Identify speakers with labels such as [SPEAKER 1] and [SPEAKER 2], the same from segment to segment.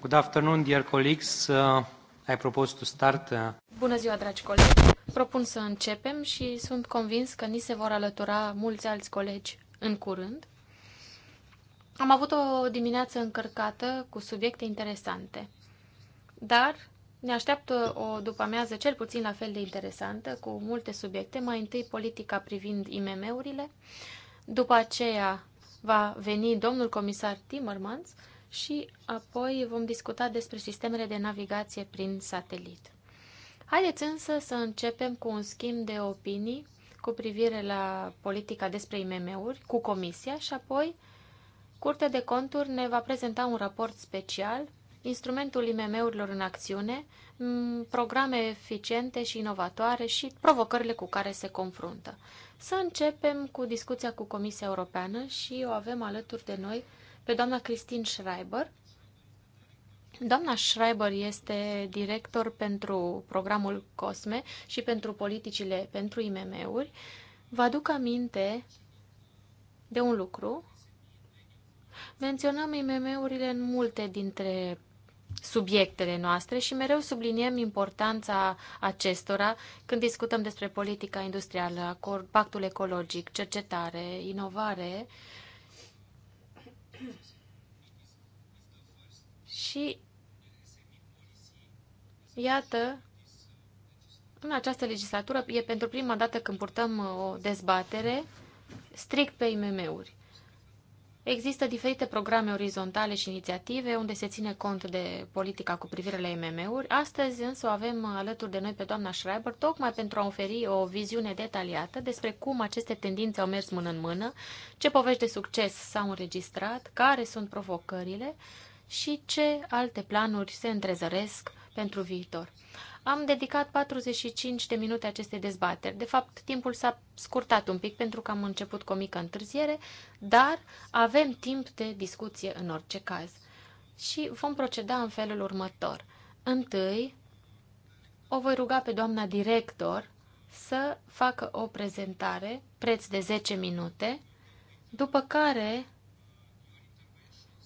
[SPEAKER 1] Good afternoon, dear colleagues. Uh, I propose to start. Uh...
[SPEAKER 2] Bună ziua, dragi colegi. Propun să începem și sunt convins că ni se vor alătura mulți alți colegi în curând. Am avut o dimineață încărcată cu subiecte interesante, dar ne așteaptă o după-amiază cel puțin la fel de interesantă, cu multe subiecte, mai întâi politica privind IMM-urile, după aceea va veni domnul comisar Timmermans și apoi vom discuta despre sistemele de navigație prin satelit. Haideți însă să începem cu un schimb de opinii cu privire la politica despre IMM-uri cu Comisia și apoi Curtea de Conturi ne va prezenta un raport special instrumentul IMM-urilor în acțiune, programe eficiente și inovatoare și provocările cu care se confruntă. Să începem cu discuția cu Comisia Europeană și o avem alături de noi pe doamna Christine Schreiber. Doamna Schreiber este director pentru programul COSME și pentru politicile pentru IMM-uri. Vă aduc aminte de un lucru Menționăm IMM-urile în multe dintre subiectele noastre și mereu subliniem importanța acestora când discutăm despre politica industrială, pactul ecologic, cercetare, inovare. Și iată, în această legislatură e pentru prima dată când purtăm o dezbatere strict pe IMM-uri. Există diferite programe orizontale și inițiative unde se ține cont de politica cu privire la MM-uri. Astăzi însă o avem alături de noi pe doamna Schreiber, tocmai pentru a oferi o viziune detaliată despre cum aceste tendințe au mers mână în mână, ce povești de succes s-au înregistrat, care sunt provocările și ce alte planuri se întrezăresc pentru viitor. Am dedicat 45 de minute acestei dezbateri. De fapt, timpul s-a scurtat un pic pentru că am început cu o mică întârziere, dar avem timp de discuție în orice caz. Și vom proceda în felul următor. Întâi, o voi ruga pe doamna director să facă o prezentare, preț de 10 minute, după care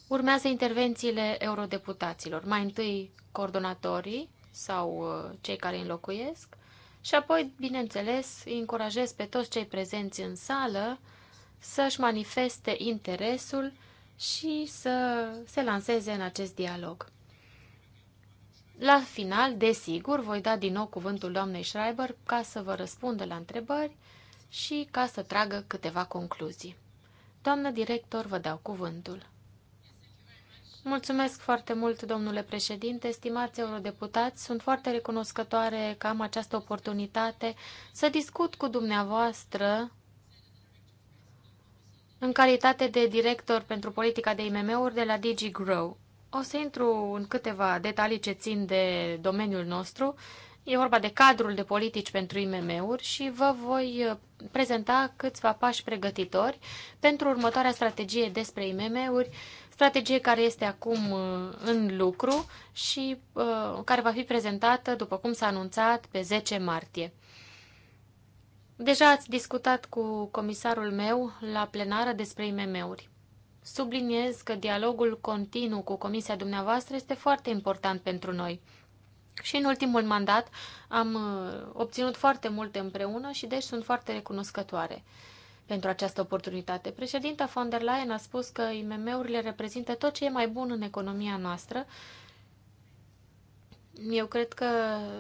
[SPEAKER 2] urmează intervențiile eurodeputaților. Mai întâi coordonatorii, sau uh, cei care îi înlocuiesc și apoi, bineînțeles, îi încurajez pe toți cei prezenți în sală să-și manifeste interesul și să se lanseze în acest dialog. La final, desigur, voi da din nou cuvântul doamnei Schreiber ca să vă răspundă la întrebări și ca să tragă câteva concluzii. Doamnă director, vă dau cuvântul. Mulțumesc foarte mult, domnule președinte, stimați eurodeputați. Sunt foarte recunoscătoare că am această oportunitate să discut cu dumneavoastră în calitate de director pentru politica de IMM-uri de la DigiGrow. O să intru în câteva detalii ce țin de domeniul nostru. E vorba de cadrul de politici pentru IMM-uri și vă voi prezenta câțiva pași pregătitori pentru următoarea strategie despre IMM-uri strategie care este acum uh, în lucru și uh, care va fi prezentată, după cum s-a anunțat, pe 10 martie. Deja ați discutat cu comisarul meu la plenară despre IMM-uri. Subliniez că dialogul continuu cu comisia dumneavoastră este foarte important pentru noi. Și în ultimul mandat am uh, obținut foarte multe împreună și deci sunt foarte recunoscătoare pentru această oportunitate. Președinta von der Leyen a spus că IMM-urile reprezintă tot ce e mai bun în economia noastră. Eu cred că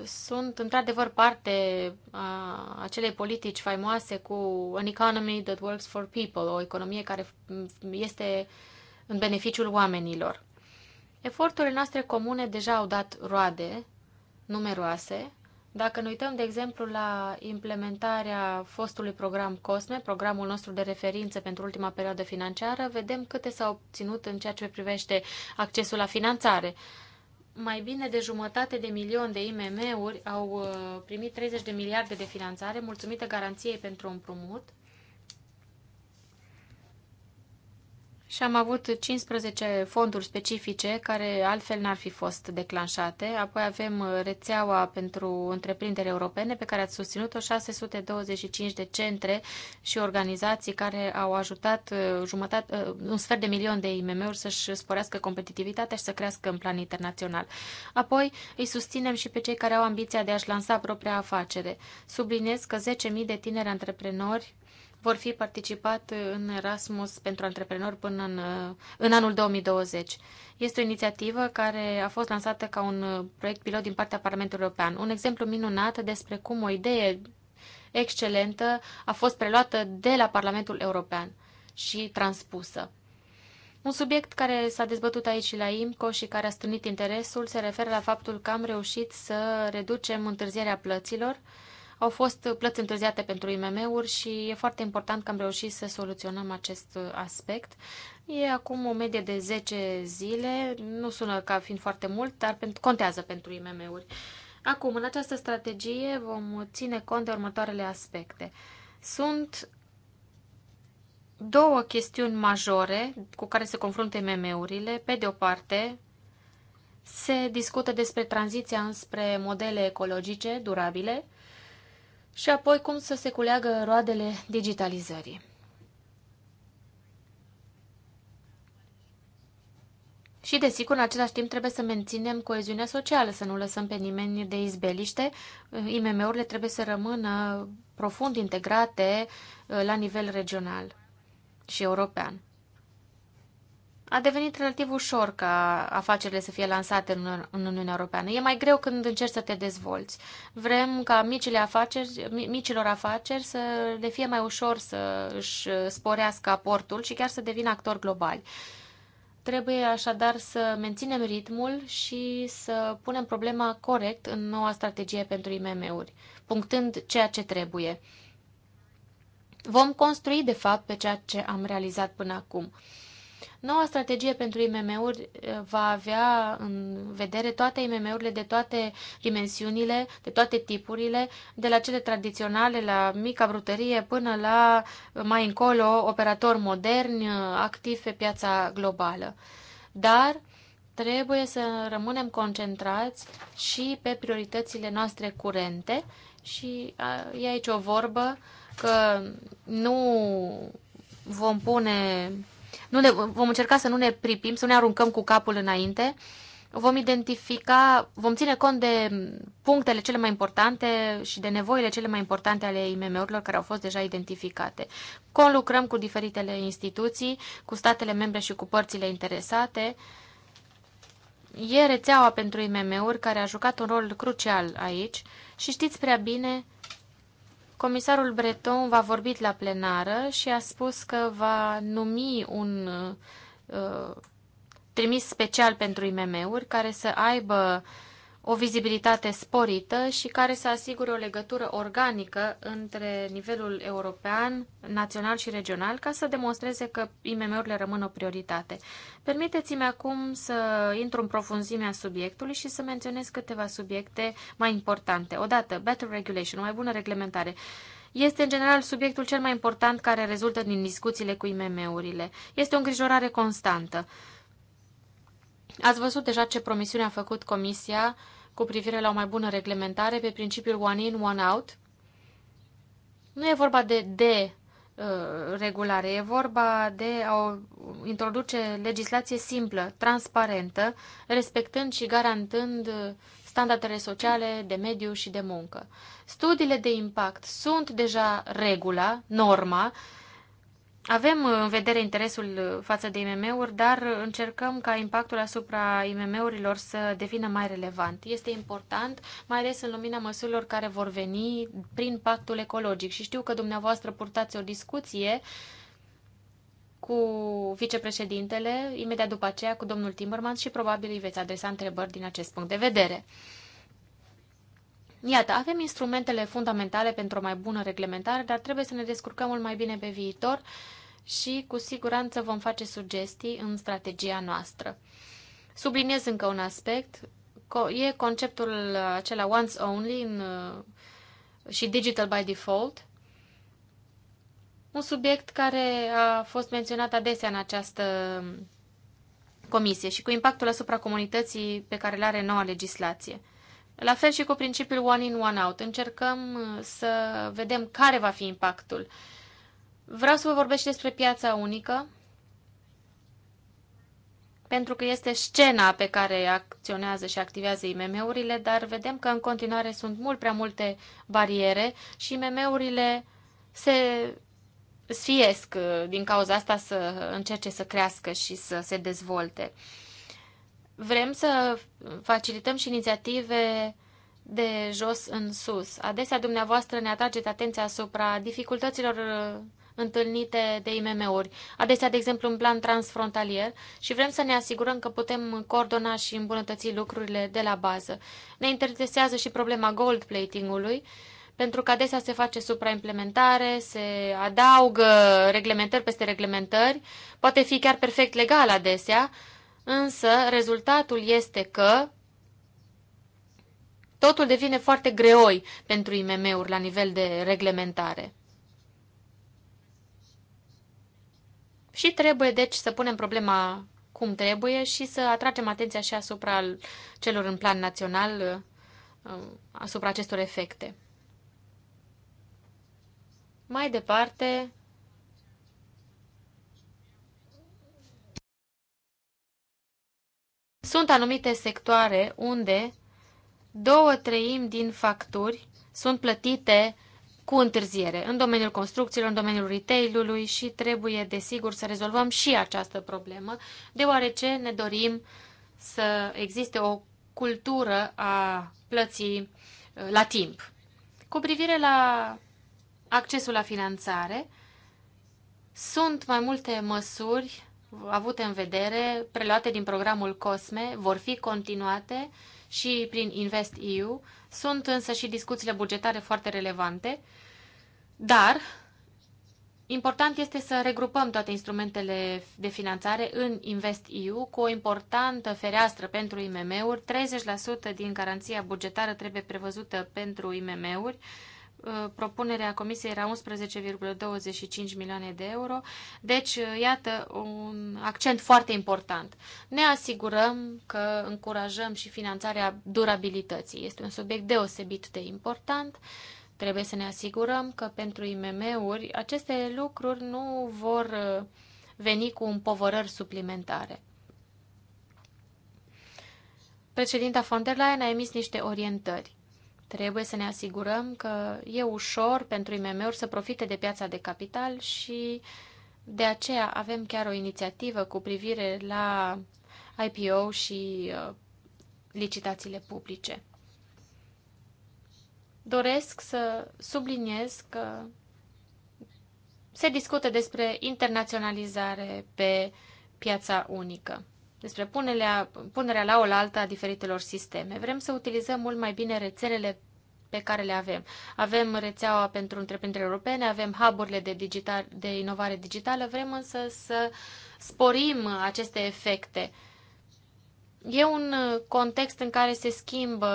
[SPEAKER 2] sunt într-adevăr parte a acelei politici faimoase cu an economy that works for people, o economie care este în beneficiul oamenilor. Eforturile noastre comune deja au dat roade numeroase dacă ne uităm, de exemplu, la implementarea fostului program COSME, programul nostru de referință pentru ultima perioadă financiară, vedem câte s au obținut în ceea ce privește accesul la finanțare. Mai bine de jumătate de milion de IMM-uri au uh, primit 30 de miliarde de finanțare mulțumită garanției pentru împrumut, și am avut 15 fonduri specifice care altfel n-ar fi fost declanșate. Apoi avem uh, rețeaua pentru întreprinderi europene pe care ați susținut-o, 625 de centre și organizații care au ajutat uh, jumătate, uh, un sfert de milion de IMM-uri să-și sporească competitivitatea și să crească în plan internațional. Apoi îi susținem și pe cei care au ambiția de a-și lansa propria afacere. Subliniez că 10.000 de tineri antreprenori vor fi participat în Erasmus pentru antreprenori până în, în anul 2020. Este o inițiativă care a fost lansată ca un proiect pilot din partea Parlamentului European. Un exemplu minunat despre cum o idee excelentă a fost preluată de la Parlamentul European și transpusă. Un subiect care s-a dezbătut aici și la IMCO și care a strânit interesul se referă la faptul că am reușit să reducem întârzierea plăților au fost plăți întârziate pentru IMM-uri și e foarte important că am reușit să soluționăm acest aspect. E acum o medie de 10 zile, nu sună ca fiind foarte mult, dar pentru, contează pentru IMM-uri. Acum, în această strategie vom ține cont de următoarele aspecte. Sunt două chestiuni majore cu care se confruntă MM-urile. Pe de o parte, se discută despre tranziția înspre modele ecologice durabile și apoi cum să se culeagă roadele digitalizării. Și, desigur, în același timp trebuie să menținem coeziunea socială, să nu lăsăm pe nimeni de izbeliște. IMM-urile trebuie să rămână profund integrate uh, la nivel regional și european a devenit relativ ușor ca afacerile să fie lansate în Uniunea Europeană. E mai greu când încerci să te dezvolți. Vrem ca micile afaceri, micilor afaceri să le fie mai ușor să își sporească aportul și chiar să devină actori globali. Trebuie așadar să menținem ritmul și să punem problema corect în noua strategie pentru IMM-uri, punctând ceea ce trebuie. Vom construi, de fapt, pe ceea ce am realizat până acum. Noua strategie pentru IMM-uri eh, va avea în vedere toate IMM-urile de toate dimensiunile, de toate tipurile, de la cele tradiționale, la mica brutărie, până la eh, mai încolo operatori moderni, eh, activi pe piața globală. Dar trebuie să rămânem concentrați și pe prioritățile noastre curente și e aici o vorbă că nu vom pune nu ne, vom încerca să nu ne pripim, să nu ne aruncăm cu capul înainte. Vom identifica, vom ține cont de punctele cele mai importante și de nevoile cele mai importante ale IMM-urilor care au fost deja identificate. Conlucrăm cu diferitele instituții, cu statele membre și cu părțile interesate. E rețeaua pentru IMM-uri care a jucat un rol crucial aici și știți prea bine Comisarul Breton va vorbit la plenară și a spus că va numi un uh, trimis special pentru IMM-uri care să aibă uh, o vizibilitate sporită și care să asigure o legătură organică între nivelul european, național și regional ca să demonstreze că IMM-urile rămân o prioritate. Permiteți-mi acum să intru în profunzimea subiectului și să menționez câteva subiecte mai importante. Odată, better regulation, o mai bună reglementare. Este în general subiectul cel mai important care rezultă din discuțiile cu IMM-urile. Este o îngrijorare constantă. Ați văzut deja ce promisiune a făcut Comisia uh, cu privire la o mai bună reglementare pe principiul one in, one out. Nu e vorba de de regulare, e vorba de a introduce legislație simplă, transparentă, respectând și garantând standardele sociale, de mediu și de muncă. Studiile de impact sunt deja regula, norma, avem uh, în vedere interesul uh, față de IMM-uri, dar uh, încercăm ca impactul asupra IMM-urilor să devină mai relevant. Este important, mai ales în lumina măsurilor care vor veni prin pactul ecologic. Și știu că dumneavoastră purtați o discuție cu vicepreședintele, imediat după aceea cu domnul Timmermans și probabil îi veți adresa întrebări din acest punct de vedere. Iată, avem instrumentele fundamentale pentru o mai bună reglementare, dar trebuie să ne descurcăm mult mai bine pe viitor și cu siguranță vom face sugestii în strategia noastră. Subliniez încă un aspect, e conceptul acela once only în, și digital by default, un subiect care a fost menționat adesea în această comisie și cu impactul asupra comunității pe care le are noua legislație. La fel și cu principiul one in, one out. Încercăm uh, să vedem care va fi impactul. Vreau să vă vorbesc și despre piața unică, pentru că este scena pe care acționează și activează IMM-urile, dar vedem că în continuare sunt mult prea multe bariere și IMM-urile se sfiesc uh, din cauza asta să încerce să crească și să se dezvolte. Vrem să facilităm și inițiative de jos în sus. Adesea dumneavoastră ne atrageți atenția asupra dificultăților uh, întâlnite de IMM-uri, adesea, de exemplu, un plan transfrontalier și vrem să ne asigurăm că putem coordona și îmbunătăți lucrurile de la bază. Ne interesează și problema gold plating-ului, pentru că adesea se face supraimplementare, se adaugă reglementări peste reglementări, poate fi chiar perfect legal adesea, însă rezultatul este că totul devine foarte greoi pentru IMM-uri la nivel de reglementare. Și trebuie, deci, să punem problema cum trebuie și să atragem atenția și asupra celor în plan național, uh, asupra acestor efecte. Mai departe, Sunt anumite sectoare unde două treimi din facturi sunt plătite cu întârziere în domeniul construcțiilor, în domeniul retailului și trebuie, desigur, să rezolvăm și această problemă, deoarece ne dorim să existe o cultură a plății uh, la timp. Cu privire la accesul la finanțare, sunt mai multe măsuri avute în vedere, preluate din programul COSME, vor fi continuate și prin Invest EU. Sunt însă și discuțiile bugetare foarte relevante, dar important este să regrupăm toate instrumentele de finanțare în Invest EU cu o importantă fereastră pentru IMM-uri. 30% din garanția bugetară trebuie prevăzută pentru IMM-uri Uh, propunerea comisiei era 11,25 milioane de euro. Deci, uh, iată, un accent foarte important. Ne asigurăm că încurajăm și finanțarea durabilității. Este un subiect deosebit de important. Trebuie să ne asigurăm că pentru IMM-uri aceste lucruri nu vor uh, veni cu împovărări suplimentare. Președinta von der Leyen a emis niște orientări Trebuie să ne asigurăm că e ușor pentru IMM-uri să profite de piața de capital și de aceea avem chiar o inițiativă cu privire la IPO și uh, licitațiile publice. Doresc să subliniez că se discută despre internaționalizare pe piața unică despre punerea, punerea la oaltă a diferitelor sisteme. Vrem să utilizăm mult mai bine rețelele pe care le avem. Avem rețeaua pentru întreprinderi europene, avem hub-urile de, digital, de inovare digitală, vrem însă să sporim aceste efecte. E un context în care se schimbă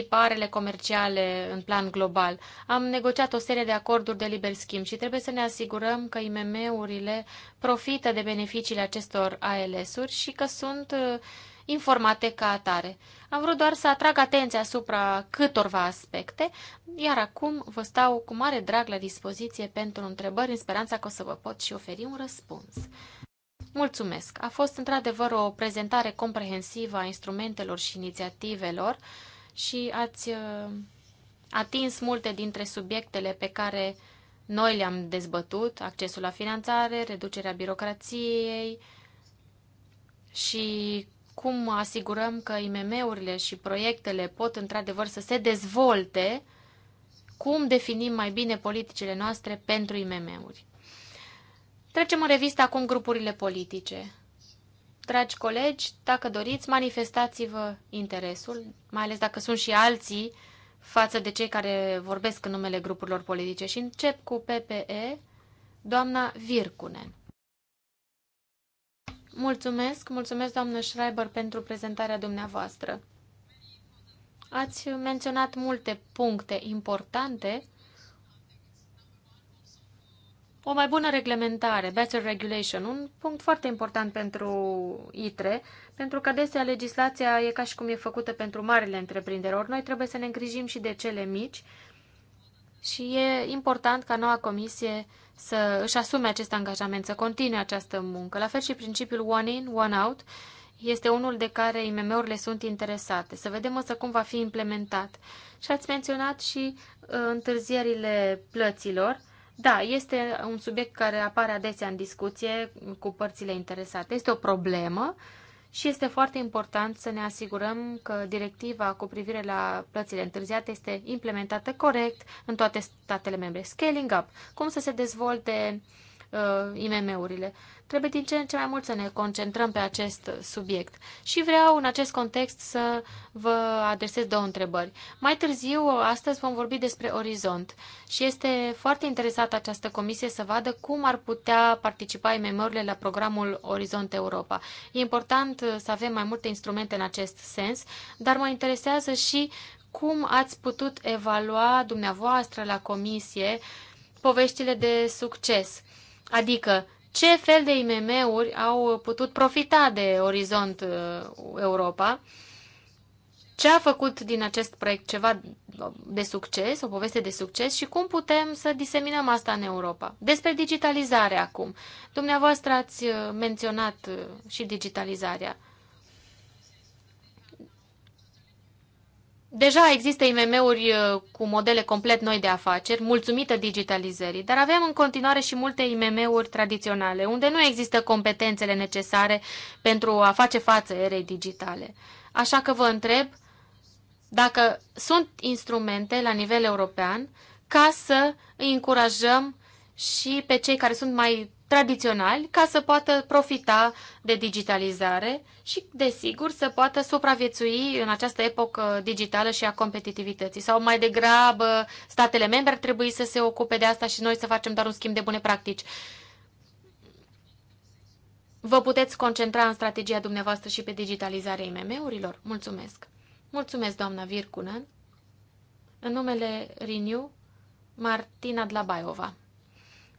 [SPEAKER 2] tiparele comerciale în plan global. Am negociat o serie de acorduri de liber schimb și trebuie să ne asigurăm că IMM-urile profită de beneficiile acestor ALS-uri și că sunt uh, informate ca atare. Am vrut doar să atrag atenția asupra câtorva aspecte, iar acum vă stau cu mare drag la dispoziție pentru întrebări în speranța că o să vă pot și oferi un răspuns. Mulțumesc! A fost într-adevăr o prezentare comprehensivă a instrumentelor și inițiativelor și ați uh, atins multe dintre subiectele pe care noi le-am dezbătut, accesul la finanțare, reducerea birocrației și cum asigurăm că IMM-urile și proiectele pot într-adevăr să se dezvolte, cum definim mai bine politicile noastre pentru IMM-uri. Trecem în revistă acum grupurile politice. Dragi colegi, dacă doriți, manifestați-vă interesul, mai ales dacă sunt și alții față de cei care vorbesc în numele grupurilor politice. Și încep cu PPE, doamna Virkunen. Mulțumesc, mulțumesc, doamnă Schreiber, pentru prezentarea dumneavoastră. Ați menționat multe puncte importante o mai bună reglementare, better regulation, un punct foarte important pentru ITRE, pentru că adesea legislația e ca și cum e făcută pentru marile întreprinderi, ori noi trebuie să ne îngrijim și de cele mici și e important ca noua comisie să își asume acest angajament, să continue această muncă. La fel și principiul one in, one out este unul de care IMM-urile sunt interesate. Să vedem însă cum va fi implementat. Și ați menționat și uh, întârzierile plăților. Da, este un subiect care apare adesea în discuție cu părțile interesate. Este o problemă și este foarte important să ne asigurăm că directiva cu privire la plățile întârziate este implementată corect în toate statele membre. Scaling up, cum să se dezvolte uh, uh, IMM-urile. Trebuie din ce în ce mai mult să ne concentrăm pe acest subiect. Și vreau în acest context să vă adresez două întrebări. Mai târziu, astăzi, vom vorbi despre Orizont și este foarte interesată această comisie să vadă cum ar putea participa IMM-urile la programul Orizont Europa. E important uh, să avem mai multe instrumente în acest sens, dar mă interesează și cum ați putut evalua dumneavoastră la comisie poveștile de succes Adică, ce fel de IMM-uri au putut profita de Orizont uh, Europa? Ce a făcut din acest proiect ceva de succes, o poveste de succes și cum putem să diseminăm asta în Europa? Despre digitalizare acum. Dumneavoastră ați uh, menționat uh, și digitalizarea. Deja există IMM-uri uh, cu modele complet noi de afaceri, mulțumită digitalizării, dar avem în continuare și multe IMM-uri tradiționale, unde nu există competențele necesare pentru a face față erei digitale. Așa că vă întreb dacă sunt instrumente la nivel european ca să îi încurajăm și pe cei care sunt mai tradiționali ca să poată profita de digitalizare și, desigur, să poată supraviețui în această epocă digitală și a competitivității. Sau mai degrabă, statele membre ar trebui să se ocupe de asta și noi să facem doar un schimb de bune practici. Vă puteți concentra în strategia dumneavoastră și pe digitalizarea IMM-urilor? Mulțumesc! Mulțumesc, doamna Vircunen! În numele Renew, Martina Dlabaiova.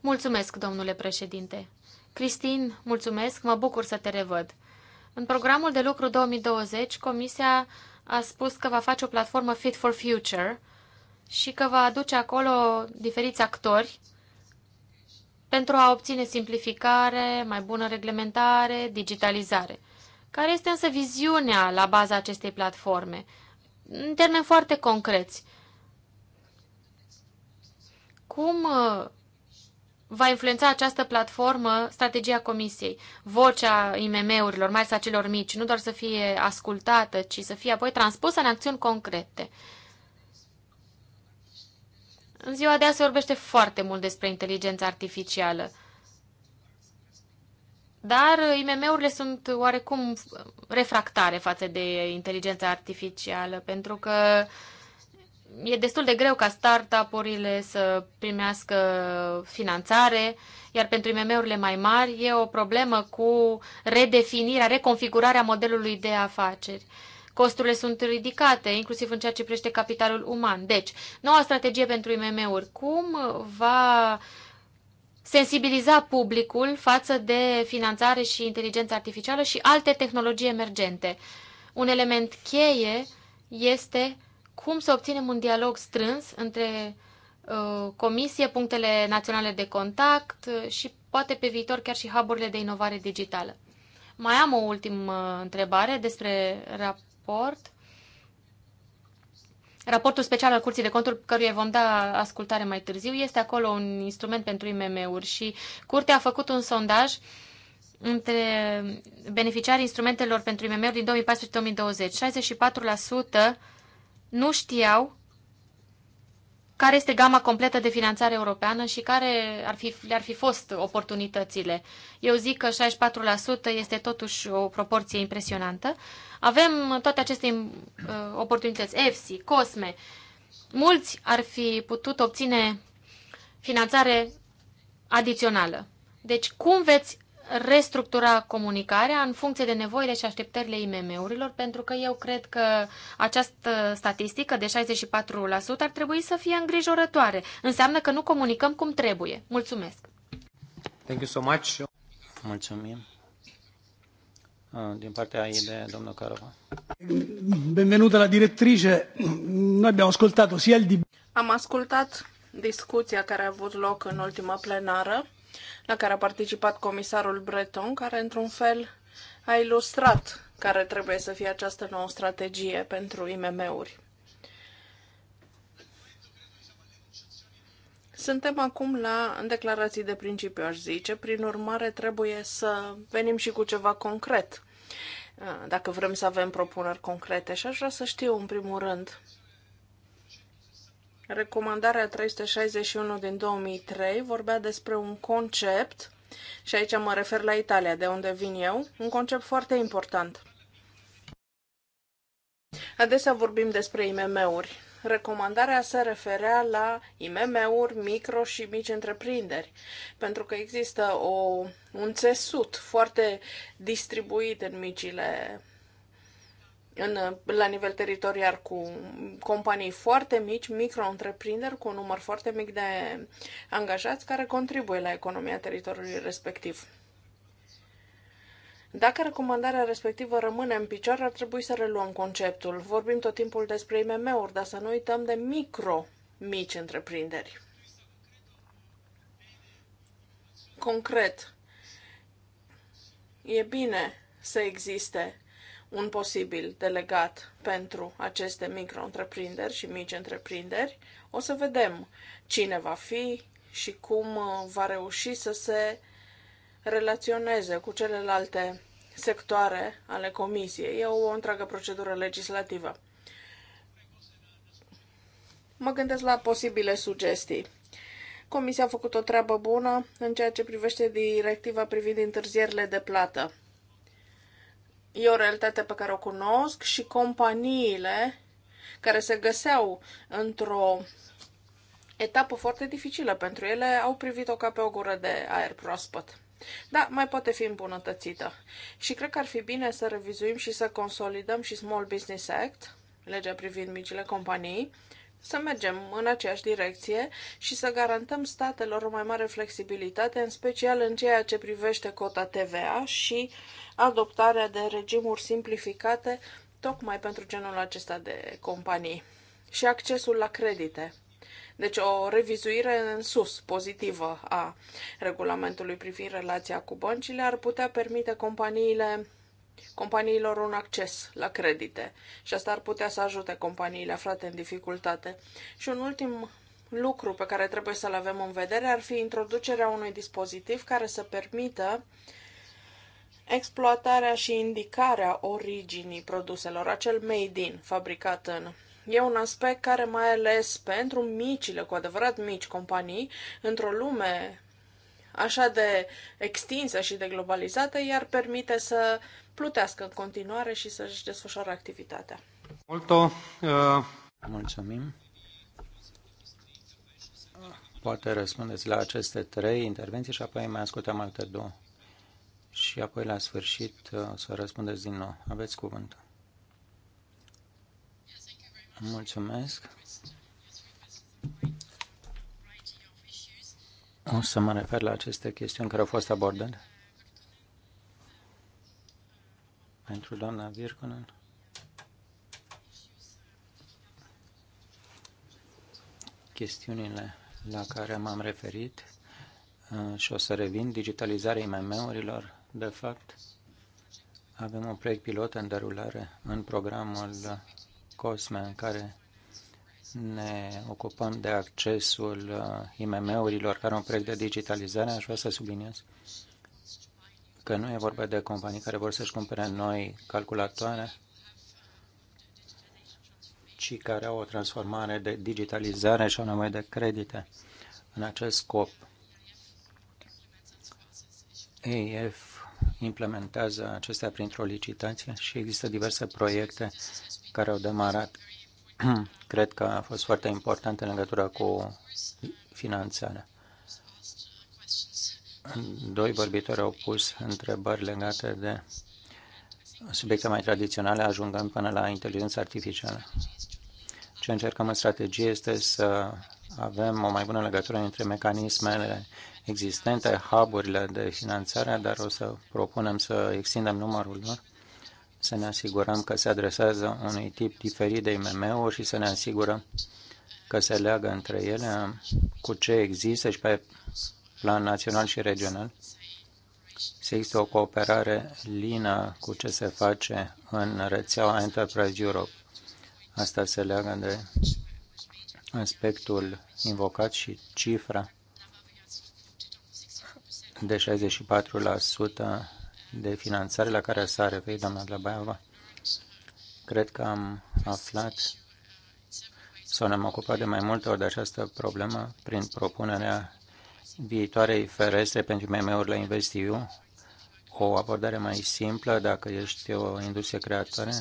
[SPEAKER 2] Mulțumesc, domnule președinte. Cristin, mulțumesc, mă bucur să te revăd. În programul de lucru 2020, Comisia a spus că va face o platformă Fit for Future și că va aduce acolo diferiți actori pentru a obține simplificare, mai bună reglementare, digitalizare. Care este însă viziunea la baza acestei platforme? În termeni foarte concreți, cum uh, va influența această platformă strategia Comisiei, vocea IMM-urilor, mai ales a celor mici, nu doar să fie ascultată, ci să fie apoi transpusă în acțiuni concrete. În ziua de azi se vorbește foarte mult despre inteligența artificială, dar IMM-urile sunt oarecum refractare față de inteligența artificială, pentru că uh, e destul de greu ca startup-urile să primească finanțare, iar pentru IMM-urile mai mari e o problemă cu redefinirea, reconfigurarea modelului de afaceri. Costurile sunt ridicate, inclusiv în ceea ce privește capitalul uman. Deci, noua strategie pentru IMM-uri, cum va sensibiliza publicul față de finanțare și inteligență artificială și alte tehnologii emergente? Un element cheie este cum să obținem un dialog strâns între uh, comisie, punctele naționale de contact uh, și poate pe viitor chiar și hub de inovare digitală. Mai am o ultimă întrebare despre raport. Raportul special al Curții de Conturi, căruia vom da ascultare mai târziu, este acolo un instrument pentru IMM-uri și Curtea a făcut un sondaj între beneficiarii instrumentelor pentru IMM-uri din 2014-2020. 64% nu știau care este gama completă de finanțare europeană și care ar fi, le-ar fi fost oportunitățile. Eu zic că 64% este totuși o proporție impresionantă. Avem toate aceste uh, oportunități, EFSI, COSME. Mulți ar fi putut obține finanțare adițională. Deci cum veți restructura comunicarea în funcție de nevoile și așteptările IMM-urilor, pentru că eu cred că această statistică de 64% ar trebui să fie îngrijorătoare. Înseamnă că nu comunicăm cum trebuie. Mulțumesc!
[SPEAKER 1] Thank you so much. Mulțumim. Ah, din partea de domnul Carova.
[SPEAKER 3] Benvenută la directrice. Noi abbiamo ascultat. o
[SPEAKER 4] Am ascultat discuția care a avut loc în ultima plenară la care a participat comisarul Breton, care într-un fel a ilustrat care trebuie să fie această nouă strategie pentru IMM-uri. Suntem acum la declarații de principiu, aș zice. Prin urmare, trebuie să venim și cu ceva concret, uh, dacă vrem să avem propuneri concrete. Și aș vrea să știu, în primul rând, Recomandarea 361 din 2003 vorbea despre un concept, și aici mă refer la Italia, de unde vin eu, un concept foarte important. Adesea vorbim despre IMM-uri. Recomandarea se referea la IMM-uri, micro și mici întreprinderi, pentru că există o, un țesut foarte distribuit în micile în, la nivel teritorial cu companii foarte mici, micro-întreprinderi cu un număr foarte mic de angajați care contribuie la economia teritoriului respectiv. Dacă recomandarea respectivă rămâne în picioare, ar trebui să reluăm conceptul. Vorbim tot timpul despre IMM-uri, dar să nu uităm de micro-mici întreprinderi. Concret, e bine să existe un posibil delegat pentru aceste micro-întreprinderi și mici întreprinderi. O să vedem cine va fi și cum uh, va reuși să se relaționeze cu celelalte sectoare ale comisiei. E o întreagă procedură legislativă. Mă gândesc la posibile sugestii. Comisia a făcut o treabă bună în ceea ce privește directiva privind întârzierile de plată. E o realitate pe care o cunosc și companiile care se găseau într-o etapă foarte dificilă pentru ele au privit-o ca pe o gură de aer proaspăt. Da, mai poate fi îmbunătățită. Și cred că ar fi bine să revizuim și să consolidăm și Small Business Act, legea privind micile companii, să mergem în aceeași direcție și să garantăm statelor o mai mare flexibilitate, în special în ceea ce privește cota TVA și adoptarea de regimuri simplificate tocmai pentru genul acesta de companii și accesul la credite. Deci o revizuire în sus, pozitivă, a regulamentului privind relația cu băncile ar putea permite companiile companiilor un acces la credite și asta ar putea să ajute companiile aflate în dificultate. Și un ultim lucru pe care trebuie să-l avem în vedere ar fi introducerea unui dispozitiv care să permită exploatarea și indicarea originii produselor, acel made in, fabricat în. E un aspect care mai ales pentru micile, cu adevărat mici companii, într-o lume așa de extinsă și de globalizată, i-ar permite să plutească în continuare și să-și desfășoare activitatea.
[SPEAKER 1] Multo, uh... Mulțumim. Poate răspundeți la aceste trei intervenții și apoi mai ascultăm alte două. Și apoi la sfârșit uh, o să răspundeți din nou. Aveți cuvântul. Mulțumesc. O să mă refer la aceste chestiuni care au fost abordate. pentru doamna Virconen. Chestiunile la care m-am referit uh, și o să revin, digitalizarea IMM-urilor, de fapt, avem un proiect pilot în derulare în programul COSME în care ne ocupăm de accesul uh, IMM-urilor, care au un proiect de digitalizare, aș vrea să subliniez că nu e vorba de companii care vor să-și cumpere noi calculatoare, ci care au o transformare de digitalizare și au nevoie de credite în acest scop. AF implementează acestea printr-o licitație și există diverse proiecte care au demarat. Cred că a fost foarte important în legătură cu finanțarea. Doi vorbitori au pus întrebări legate de subiecte mai tradiționale, ajungând până la inteligența artificială. Ce încercăm în strategie este să avem o mai bună legătură între mecanismele existente, hub-urile de finanțare, dar o să propunem să extindem numărul lor, să ne asigurăm că se adresează unui tip diferit de IMM-uri și să ne asigurăm că se leagă între ele cu ce există și pe plan național și regional, să există o cooperare lină cu ce se face în rețeaua Enterprise Europe. Asta se leagă de aspectul invocat și cifra de 64% de finanțare la care s-a referit doamna Dlabaiova. Cred că am aflat sau ne-am ocupat de mai multe ori de această problemă prin propunerea viitoarei ferestre pentru mm urile la InvestEU, o abordare mai simplă dacă ești o industrie creatoare,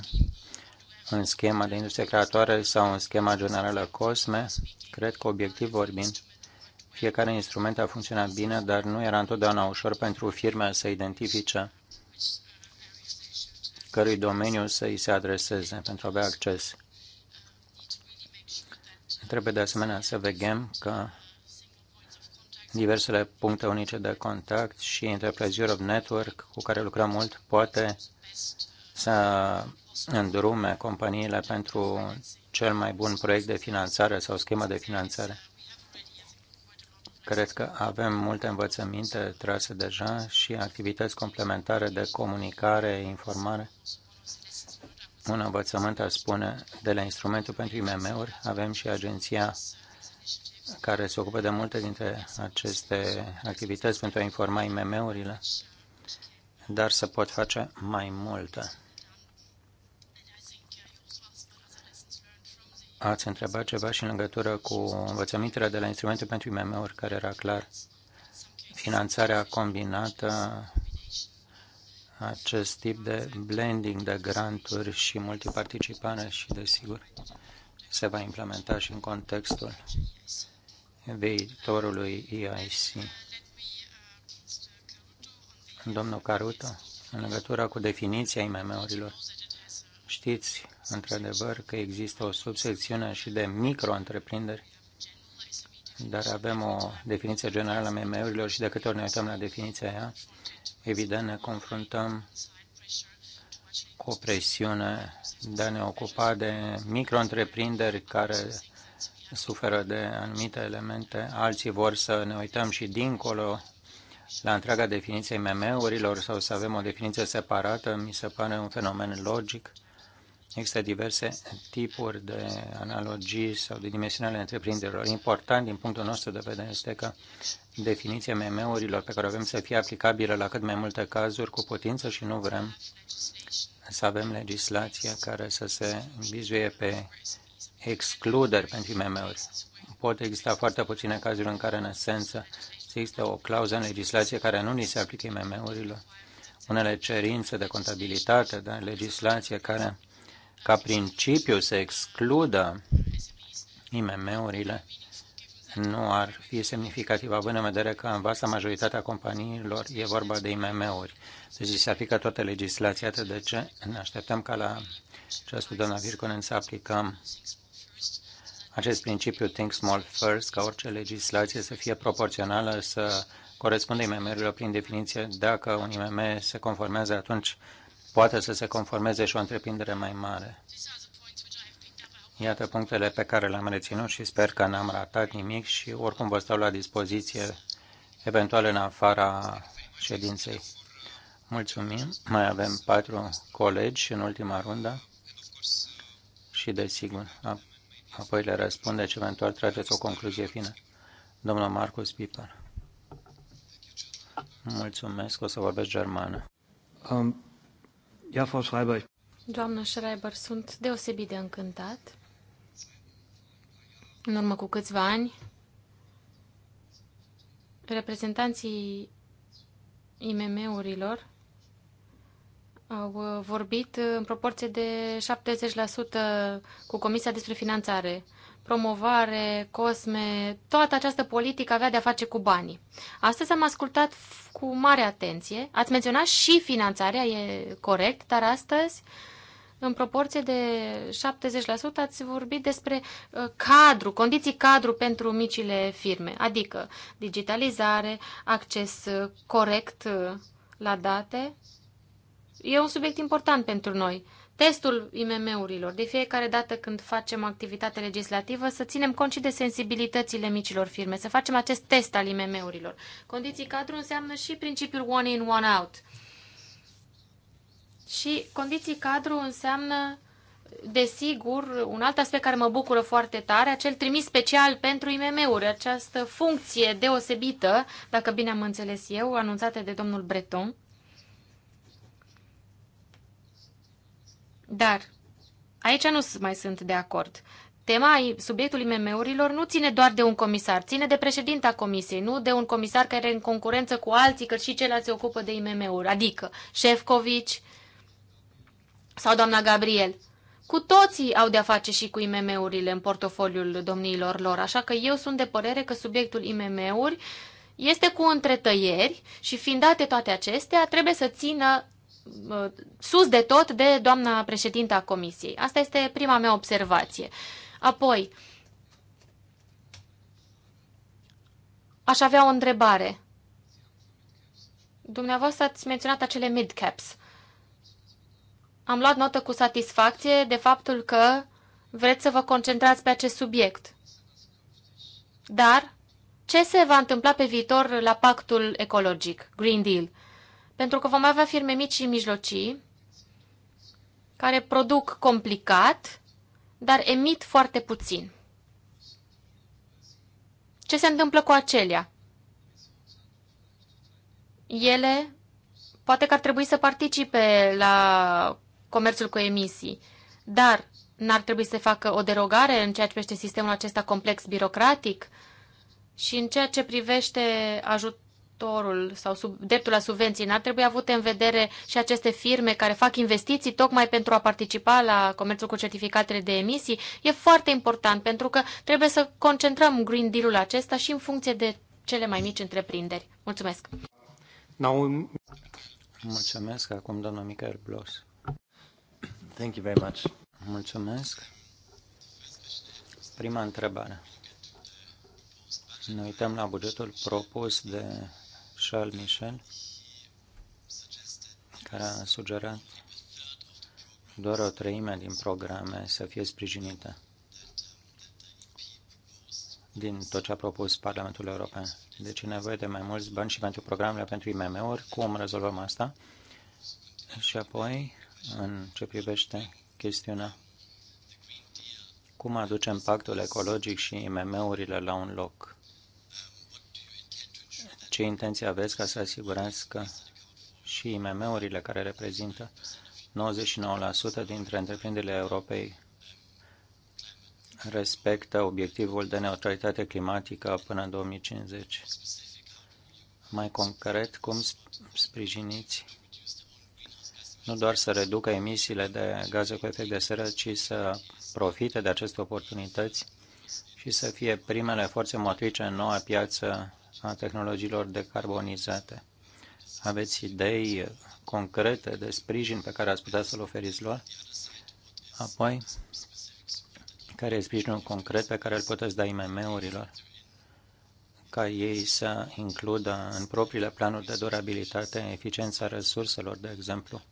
[SPEAKER 1] în schema de industrie creatoare sau în schema generală COSME, cred că obiectiv vorbind, fiecare instrument a funcționat bine, dar nu era întotdeauna ușor pentru firme să identifice cărui domeniu să îi se adreseze pentru a avea acces. Trebuie de asemenea să vegem că diversele puncte unice de contact și Enterprise Europe Network, cu care lucrăm mult, poate să îndrume companiile pentru cel mai bun proiect de finanțare sau schemă de finanțare. Cred că avem multe învățăminte trase deja și activități complementare de comunicare, informare. Un învățământ, a spune, de la instrumentul pentru IMM-uri, avem și agenția care se ocupă de multe dintre aceste activități pentru a informa IMM-urile, dar să pot face mai multă. Ați întrebat ceva și în legătură cu învățămintele de la instrumente pentru IMM-uri, care era clar finanțarea combinată, acest tip de blending de granturi și multiparticipare și, desigur, se va implementa și în contextul viitorului EIC. Domnul Caruto, în legătură cu definiția IMM-urilor, știți într-adevăr că există o subsecțiune și de micro-întreprinderi, dar avem o definiție generală a IMM-urilor și de câte ori ne uităm la definiția aia, evident ne confruntăm cu o presiune de a ne ocupa de micro-întreprinderi care suferă de anumite elemente, alții vor să ne uităm și dincolo la întreaga definiție MM-urilor sau să avem o definiție separată, mi se pare un fenomen logic. Există diverse tipuri de analogii sau de dimensiuni ale întreprinderilor. Important din punctul nostru de vedere este că definiția MM-urilor pe care o avem să fie aplicabilă la cât mai multe cazuri cu putință și nu vrem să avem legislația care să se vizuie pe excluderi pentru IMM-uri. Pot exista foarte puține cazuri în care, în esență, există o clauză în legislație care nu ni se aplică IMM-urilor, unele cerințe de contabilitate, de legislație care, ca principiu, se excludă IMM-urile nu ar fi semnificativ, având în vedere că în vasta majoritatea companiilor e vorba de IMM-uri. Deci se aplică toată legislația, atât de ce ne așteptăm ca la ce a spus doamna Virconen să aplicăm acest principiu Think Small First, ca orice legislație să fie proporțională, să corespundă IMM-urilor prin definiție. Dacă un IMM se conformează, atunci poate să se conformeze și o întreprindere mai mare. Iată punctele pe care le-am reținut și sper că n-am ratat nimic și oricum vă stau la dispoziție eventual în afara ședinței. Mulțumim. Mai avem patru colegi în ultima rundă și desigur apoi le și eventual trageți o concluzie fină. Domnul Marcus Piper. Mulțumesc, o să vorbesc germană. Um, ja, Frau Schreiber.
[SPEAKER 2] Doamna Schreiber, sunt deosebit de încântat. În urmă cu câțiva ani, reprezentanții IMM-urilor au uh, vorbit uh, în proporție de 70% cu Comisia despre finanțare, promovare, cosme, toată această politică avea de-a face cu banii. Astăzi am ascultat cu mare atenție, ați menționat și finanțarea, e corect, dar astăzi în proporție de 70% ați vorbit despre uh, cadru, condiții cadru pentru micile firme, adică digitalizare, acces corect la date E un subiect important pentru noi. Testul IMM-urilor, de fiecare dată când facem activitate legislativă, să ținem cont și de sensibilitățile micilor firme, să facem acest test al IMM-urilor. Condiții cadru înseamnă și principiul one in, one out. Și condiții cadru înseamnă, desigur, un alt aspect care mă bucură foarte tare, acel trimis special pentru IMM-uri, această funcție deosebită, dacă bine am înțeles eu, anunțată de domnul Breton. Dar aici nu mai sunt de acord. Tema subiectul IMM-urilor nu ține doar de un comisar, ține de președinta comisiei, nu de un comisar care e în concurență cu alții, că și ceilalți se ocupă de IMM-uri, adică Șefcovici sau doamna Gabriel. Cu toții au de-a face și cu IMM-urile în portofoliul domniilor lor, așa că eu sunt de părere că subiectul IMM-uri este cu întretăieri și fiind date toate acestea, trebuie să țină Uh, sus de tot de doamna președinta a comisiei. Asta este prima mea observație. Apoi, aș avea o întrebare. Dumneavoastră ați menționat acele mid-caps. Am luat notă cu satisfacție de faptul că vreți să vă concentrați pe acest subiect. Dar ce se va întâmpla pe viitor la pactul ecologic, Green Deal? pentru că vom avea firme mici și mijlocii care produc complicat, dar emit foarte puțin. Ce se întâmplă cu acelea? Ele poate că ar trebui să participe la comerțul cu emisii, dar n-ar trebui să facă o derogare în ceea ce privește sistemul acesta complex birocratic și în ceea ce privește ajut ajutorul sau sub, dreptul la subvenții, n-ar trebui avut în vedere și aceste firme care fac investiții tocmai pentru a participa la comerțul cu certificatele de emisii? E foarte important pentru că trebuie să concentrăm Green Deal-ul acesta și în funcție de cele mai mici întreprinderi. Mulțumesc!
[SPEAKER 1] Now... Mulțumesc acum, doamna Michael Blos. Thank you very much. Mulțumesc. Prima întrebare. Ne uităm la bugetul propus de Charles Michel, care a sugerat doar o treime din programe să fie sprijinită din tot ce a propus Parlamentul European. Deci e nevoie de mai mulți bani și pentru programele pentru IMM-uri. Cum rezolvăm asta? Și apoi, în ce privește chestiunea, cum aducem pactul ecologic și IMM-urile la un loc? ce intenții aveți ca să asigurați că și IMM-urile care reprezintă 99% dintre întreprinderile Europei respectă obiectivul de neutralitate climatică până în 2050. Mai concret, cum sprijiniți nu doar să reducă emisiile de gaze cu efect de seră, ci să profite de aceste oportunități și să fie primele forțe motrice în noua piață a tehnologiilor decarbonizate. Aveți idei concrete de sprijin pe care ați putea să-l oferiți lor? Apoi, care e sprijinul concret pe care îl puteți da IMM-urilor ca ei să includă în propriile planuri de durabilitate eficiența resurselor, de exemplu?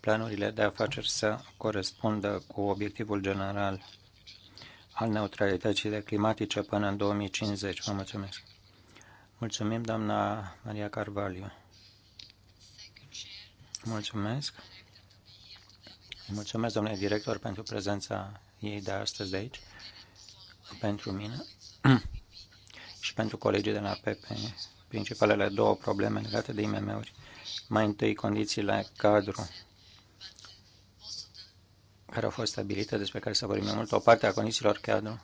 [SPEAKER 1] Planurile de afaceri să corespundă cu obiectivul general al neutralității de climatice până în 2050. Vă mulțumesc! Mulțumim, doamna Maria Carvalho. Mulțumesc. Mulțumesc, domnule director, pentru prezența ei de astăzi de aici, pentru mine și pentru colegii de la PP. Principalele două probleme legate de IMM-uri. Mai întâi, condițiile cadru care au fost stabilite, despre care să vorbim mai mult, o parte a condițiilor cadru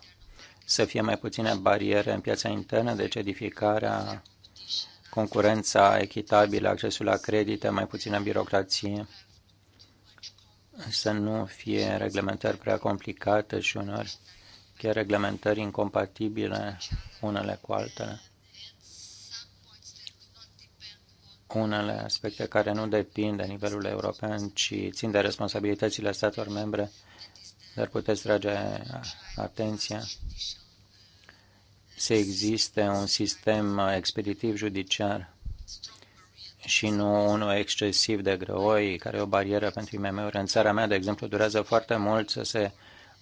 [SPEAKER 1] să fie mai puține bariere în piața internă, deci edificarea, concurența echitabilă, accesul la credite, mai puțină birocrație, să nu fie reglementări prea complicate și unor chiar reglementări incompatibile unele cu altele. Unele aspecte care nu depind de nivelul european, ci țin de responsabilitățile statelor membre dar puteți trage atenția să existe un sistem expeditiv judiciar și nu unul excesiv de greoi, care e o barieră pentru IMM-uri. În țara mea, de exemplu, durează foarte mult să se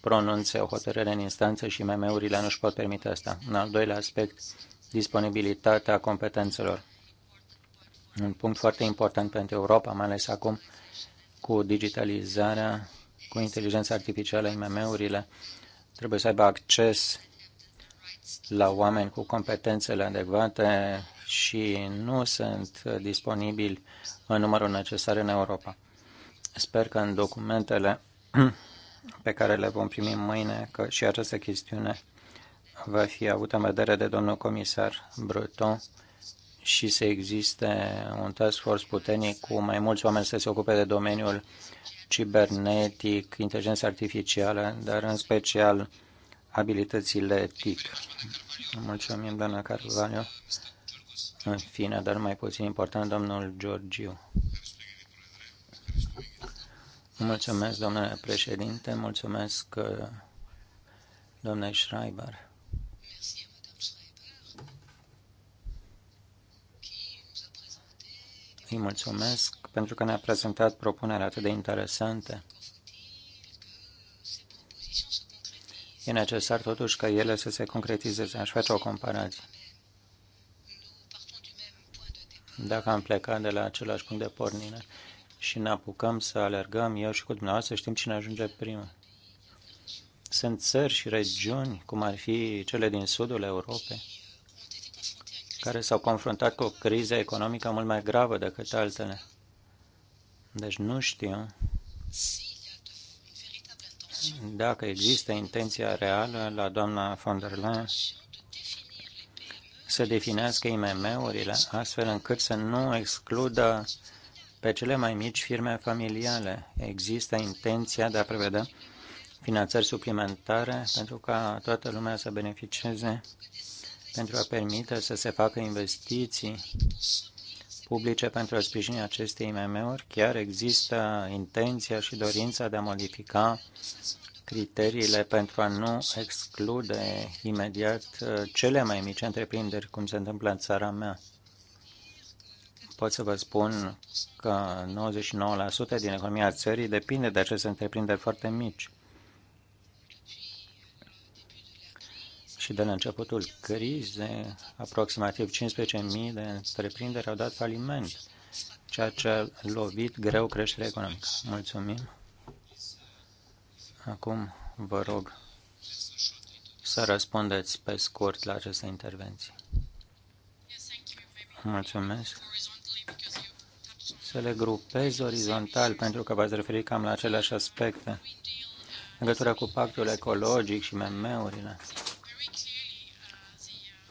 [SPEAKER 1] pronunțe o hotărâre în instanță și IMM-urile nu își pot permite asta. În al doilea aspect, disponibilitatea competențelor. Un punct foarte important pentru Europa, mai ales acum cu digitalizarea cu inteligența artificială, IMM-urile trebuie să aibă acces la oameni cu competențele adecvate și nu sunt disponibili în numărul necesar în Europa. Sper că în documentele pe care le vom primi mâine, că și această chestiune va fi avută în vedere de domnul comisar Breton și să existe un task force puternic cu mai mulți oameni să se ocupe de domeniul cibernetic, inteligența artificială, dar în special abilitățile TIC. Mulțumim, doamna Carvalho. În fine, dar mai puțin important, domnul Georgiu. Mulțumesc, domnule președinte, mulțumesc, uh, domnule Schreiber. Îi mulțumesc pentru că ne-a prezentat propuneri atât de interesante. E necesar totuși ca ele să se concretizeze. Aș face o comparație. Dacă am plecat de la același punct de pornire și ne apucăm să alergăm eu și cu dumneavoastră, știm cine ajunge primul. Sunt țări și regiuni, cum ar fi cele din sudul Europei, care s-au confruntat cu o criză economică mult mai gravă decât altele. Deci nu știu dacă există intenția reală la doamna von der Leyen să definească IMM-urile astfel încât să nu excludă pe cele mai mici firme familiale. Există intenția de a prevedea finanțări suplimentare pentru ca toată lumea să beneficieze pentru a permite să se facă investiții publice pentru a sprijini aceste IMM-uri? Chiar există intenția și dorința de a modifica criteriile pentru a nu exclude imediat uh, cele mai mici întreprinderi, cum se întâmplă în țara mea? pot să vă spun că 99% din economia țării depinde de aceste întreprinderi foarte mici. și de la începutul crizei, aproximativ 15.000 de întreprinderi au dat faliment, ceea ce a lovit greu creșterea economică. Mulțumim. Acum vă rog să răspundeți pe scurt la aceste intervenții. Mulțumesc. Să le grupez orizontal, pentru că v-ați referit cam la aceleași aspecte. În cu pactul ecologic și MM-urile.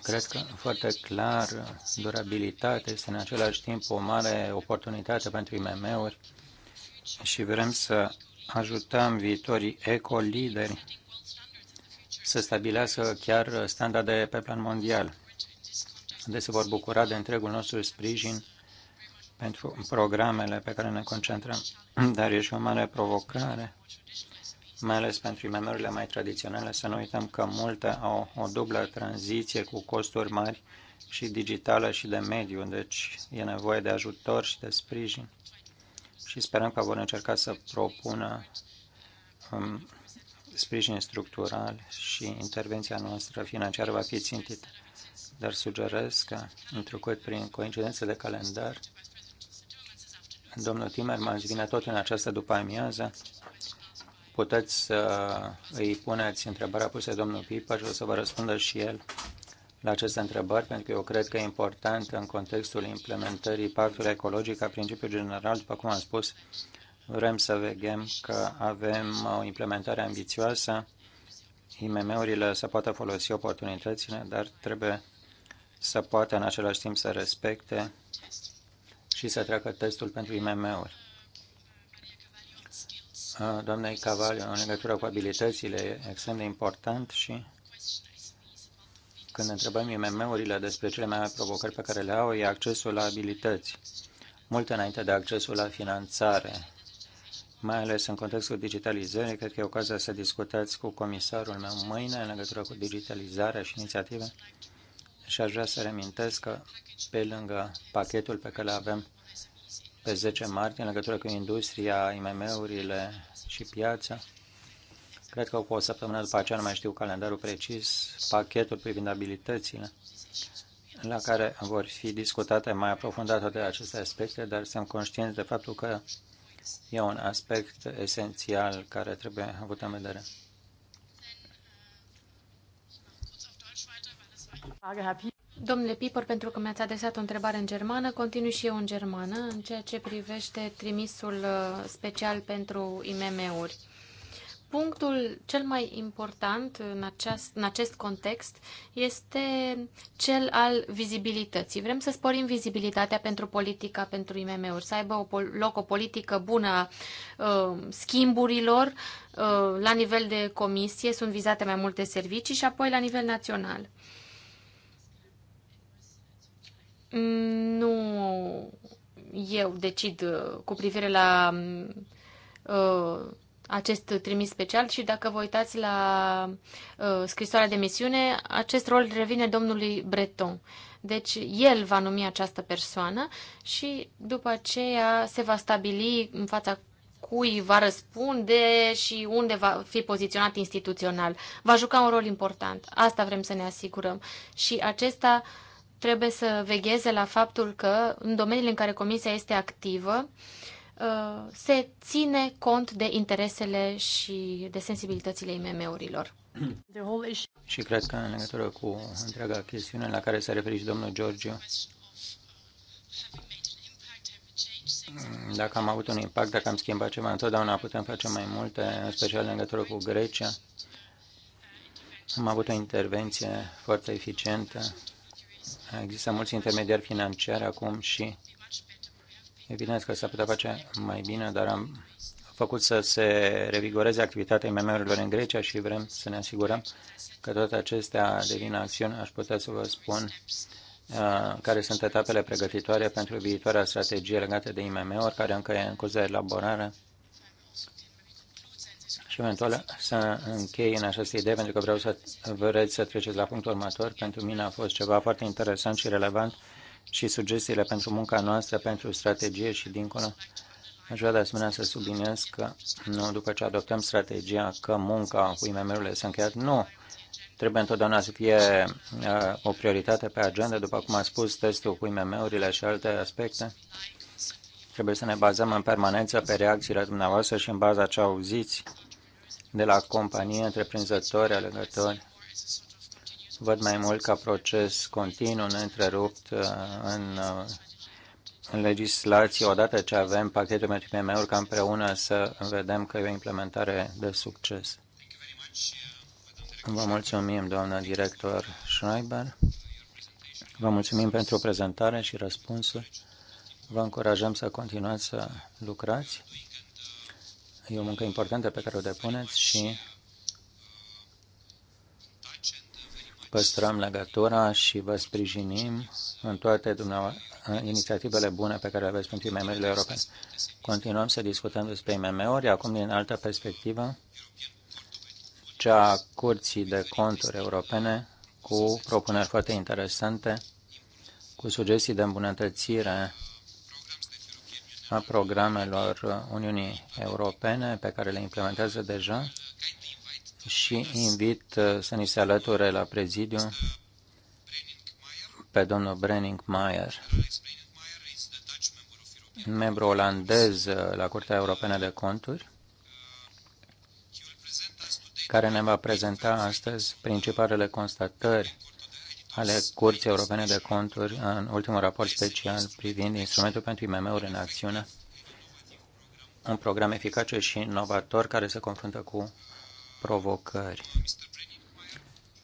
[SPEAKER 1] Cred că foarte clar durabilitate este în același timp o mare oportunitate pentru IMM-uri și vrem să ajutăm viitorii ecolideri să stabilească chiar standarde pe plan mondial. Deci se vor bucura de întregul nostru sprijin pentru programele pe care ne concentrăm. Dar e și o mare provocare mai ales pentru imm mai tradiționale, să nu uităm că multe au o dublă tranziție cu costuri mari și digitală și de mediu, deci e nevoie de ajutor și de sprijin. Și sperăm că vor încerca să propună um, sprijin structural și intervenția noastră financiară va fi țintită. Dar sugerez că, întrucât prin coincidență de calendar, domnul Timmermans vine tot în această după amiază puteți să îi puneți întrebarea pusă domnul Pipa și o să vă răspundă și el la aceste întrebări, pentru că eu cred că e important în contextul implementării pactului ecologic, ca principiu general, după cum am spus, vrem să vedem că avem o implementare ambițioasă, IMM-urile să poată folosi oportunitățile, dar trebuie să poată în același timp să respecte și să treacă testul pentru IMM-uri doamnei Cavalio în legătură cu abilitățile e extrem de important și când întrebăm IMM-urile despre cele mai mari provocări pe care le au, e accesul la abilități, mult înainte de accesul la finanțare. Mai ales în contextul digitalizării, cred că e ocazia să discutați cu comisarul meu mâine în legătură cu digitalizarea și inițiative. Și aș vrea să remintesc că pe lângă pachetul pe care îl avem pe 10 martie în legătură cu industria, IMM-urile și piața. Cred că cu o săptămână după aceea nu mai știu calendarul precis, pachetul privind abilitățile, la care vor fi discutate mai aprofundat toate aceste aspecte, dar sunt conștient de faptul că e un aspect esențial care trebuie avut în vedere.
[SPEAKER 2] Domnule Piper, pentru că mi-ați adresat o întrebare în germană, continui și eu în germană, în ceea ce privește trimisul uh, special pentru IMM-uri. Punctul cel mai important în, aceast, în acest context este cel al vizibilității. Vrem să sporim vizibilitatea pentru politica pentru IMM-uri, să aibă o, loc o politică bună a uh, schimburilor uh, la nivel de comisie, sunt vizate mai multe servicii și apoi la nivel național. Uh, nu eu decid uh, cu privire la uh, acest trimis special și dacă vă uitați la uh, scrisoarea de misiune, acest rol revine domnului Breton. Deci el va numi această persoană și după aceea se va stabili în fața cui va răspunde și unde va fi poziționat instituțional. Va juca un rol important. Asta vrem să ne asigurăm. Și acesta uh, trebuie să vegheze la faptul că în domeniile în care comisia este activă uh, se ține cont de interesele și de sensibilitățile IMM-urilor.
[SPEAKER 1] Și cred că în legătură cu întreaga chestiune la care se referit și domnul Georgiu, dacă am avut un impact, dacă am schimbat ceva, întotdeauna putem face mai multe, în special în legătură cu Grecia. Am avut o intervenție foarte eficientă Există mulți intermediari financiari acum și evident că s-ar putea face mai bine, dar am făcut să se revigoreze activitatea IMM-urilor în Grecia și vrem să ne asigurăm că toate acestea devin acțiuni. Aș putea să vă spun uh, care sunt etapele pregătitoare pentru viitoarea strategie legată de IMM-uri, care încă e în curs de elaborare și eventual să închei în această idee, pentru că vreau să vreți să treceți la punctul următor. Pentru mine a fost ceva foarte interesant și relevant și sugestiile pentru munca noastră, pentru strategie și dincolo. Aș vrea de asemenea să subliniez că nu după ce adoptăm strategia că munca cu IMM-urile s-a încheiat, nu. Trebuie întotdeauna să fie uh, o prioritate pe agenda, după cum a spus testul cu IMM-urile și alte aspecte. Trebuie să ne bazăm în permanență pe reacțiile dumneavoastră și în baza ce auziți de la companii, întreprinzători, alegători. Văd mai mult ca proces continuu, neîntrerupt uh, în, uh, în legislație, odată ce avem pachetul pentru PME-uri, ca împreună să vedem că e o implementare de succes. Vă mulțumim, doamna director Schreiber. Vă mulțumim pentru prezentare și răspunsuri. Vă încurajăm să continuați să lucrați E o muncă importantă pe care o depuneți și păstrăm legătura și vă sprijinim în toate inițiativele bune pe care le aveți pentru IMM-urile europene. Continuăm să discutăm despre IMM-uri, acum din altă perspectivă, cea a Curții de Conturi Europene, cu propuneri foarte interesante, cu sugestii de îmbunătățire a programelor Uniunii Europene pe care le implementează deja și invit uh, să ni se alăture la prezidiu pe domnul Brenning Mayer, membru olandez uh, la Curtea Europeană de Conturi, care ne va prezenta astăzi principalele constatări ale Curții Europene de Conturi în ultimul raport special privind instrumentul pentru IMM-uri în acțiune, un program eficace și inovator care se confruntă cu provocări.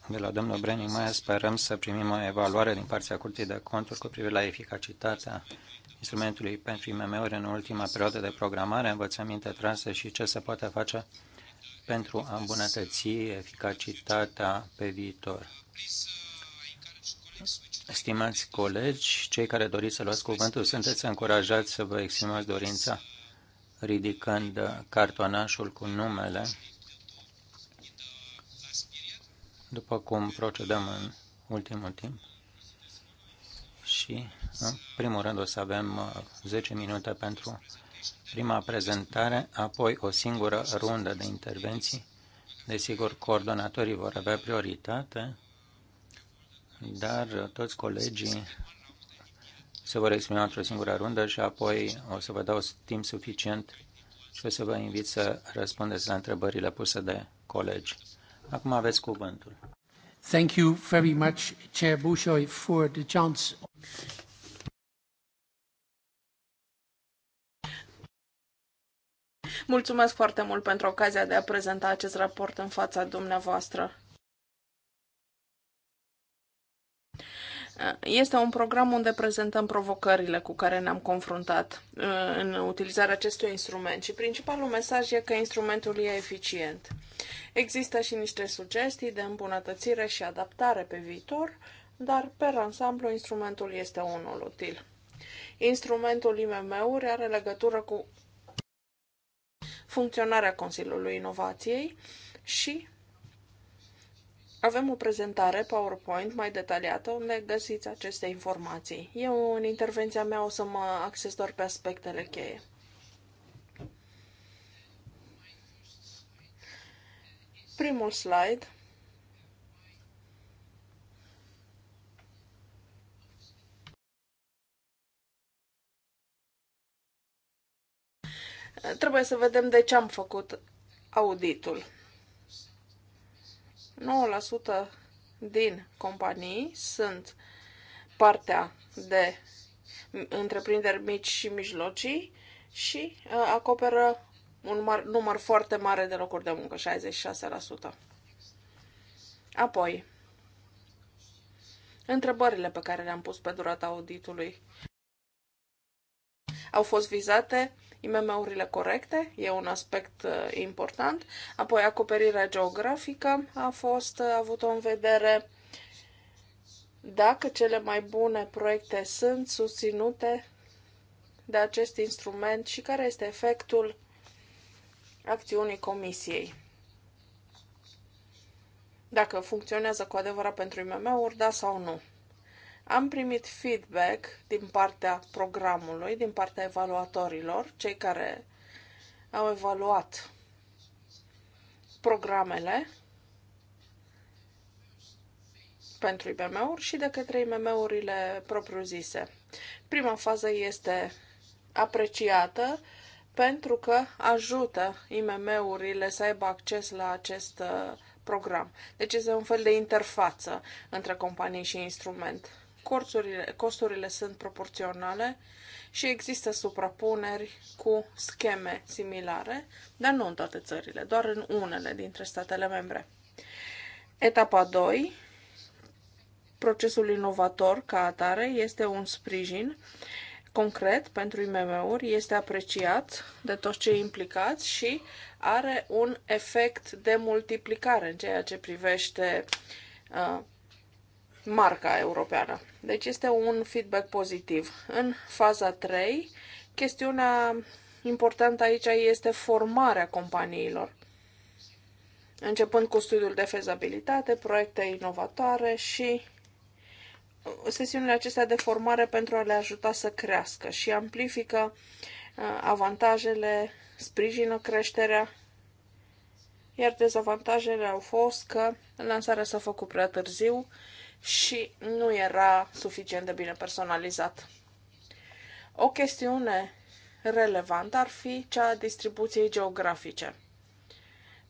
[SPEAKER 1] De la domnul Brenning mai sperăm să primim o evaluare din partea Curții de Conturi cu privire la eficacitatea instrumentului pentru IMM-uri în ultima perioadă de programare, învățăminte trase și ce se poate face pentru a îmbunătăți eficacitatea pe viitor. Stimați colegi, cei care doriți să luați cuvântul, sunteți încurajați să vă exprimați dorința ridicând cartonașul cu numele, după cum procedăm în ultimul timp. Și, în primul rând, o să avem 10 uh, minute pentru prima prezentare, apoi o singură rundă de intervenții. Desigur, coordonatorii vor avea prioritate dar uh, toți colegii se vor exprima într-o singură rundă și apoi o să vă dau timp suficient și o să vă invit să răspundeți la întrebările puse de colegi. Acum aveți cuvântul. Thank you very much, Chair Bushoi,
[SPEAKER 4] for the chance. Mulțumesc foarte mult pentru ocazia de a prezenta acest raport în fața dumneavoastră. Este un program unde prezentăm provocările cu care ne-am confruntat uh, în utilizarea acestui instrument și principalul mesaj e că instrumentul e eficient. Există și niște sugestii de îmbunătățire și adaptare pe viitor, dar pe ansamblu instrumentul este unul util. Instrumentul IMM-uri are legătură cu funcționarea Consiliului Inovației și avem o prezentare PowerPoint mai detaliată unde găsiți aceste informații. Eu, în intervenția mea, o să mă acces doar pe aspectele cheie. Primul slide trebuie să vedem de ce am făcut auditul. 9% din companii sunt partea de întreprinderi mici și mijlocii și uh, acoperă un mar, număr foarte mare de locuri de muncă, 66%. Apoi, întrebările pe care le-am pus pe durata auditului au fost vizate IMM-urile corecte e un aspect uh, important. Apoi, acoperirea geografică a fost uh, avută în vedere dacă cele mai bune proiecte sunt susținute de acest instrument și care este efectul acțiunii comisiei. Dacă funcționează cu adevărat pentru IMM-uri, da sau nu. Am primit feedback din partea programului, din partea evaluatorilor, cei care au evaluat programele pentru IMM-uri și de către IMM-urile propriu-zise. Prima fază este apreciată pentru că ajută IMM-urile să aibă acces la acest uh, program. Deci este un fel de interfață între companie și instrument costurile, costurile sunt proporționale și există suprapuneri cu scheme similare, dar nu în toate țările, doar în unele dintre statele membre. Etapa 2 procesul inovator ca atare este un sprijin concret pentru IMM-uri, este apreciat de toți cei implicați și are un efect de multiplicare în ceea ce privește uh, marca europeană. Deci este un feedback pozitiv. În faza 3, chestiunea importantă aici este formarea companiilor. Începând cu studiul de fezabilitate, proiecte inovatoare și uh, sesiunile acestea de formare pentru a le ajuta să crească și amplifică uh, avantajele, sprijină creșterea, iar dezavantajele au fost că lansarea s-a făcut prea târziu, și nu era suficient de bine personalizat. O chestiune relevantă ar fi cea a distribuției geografice.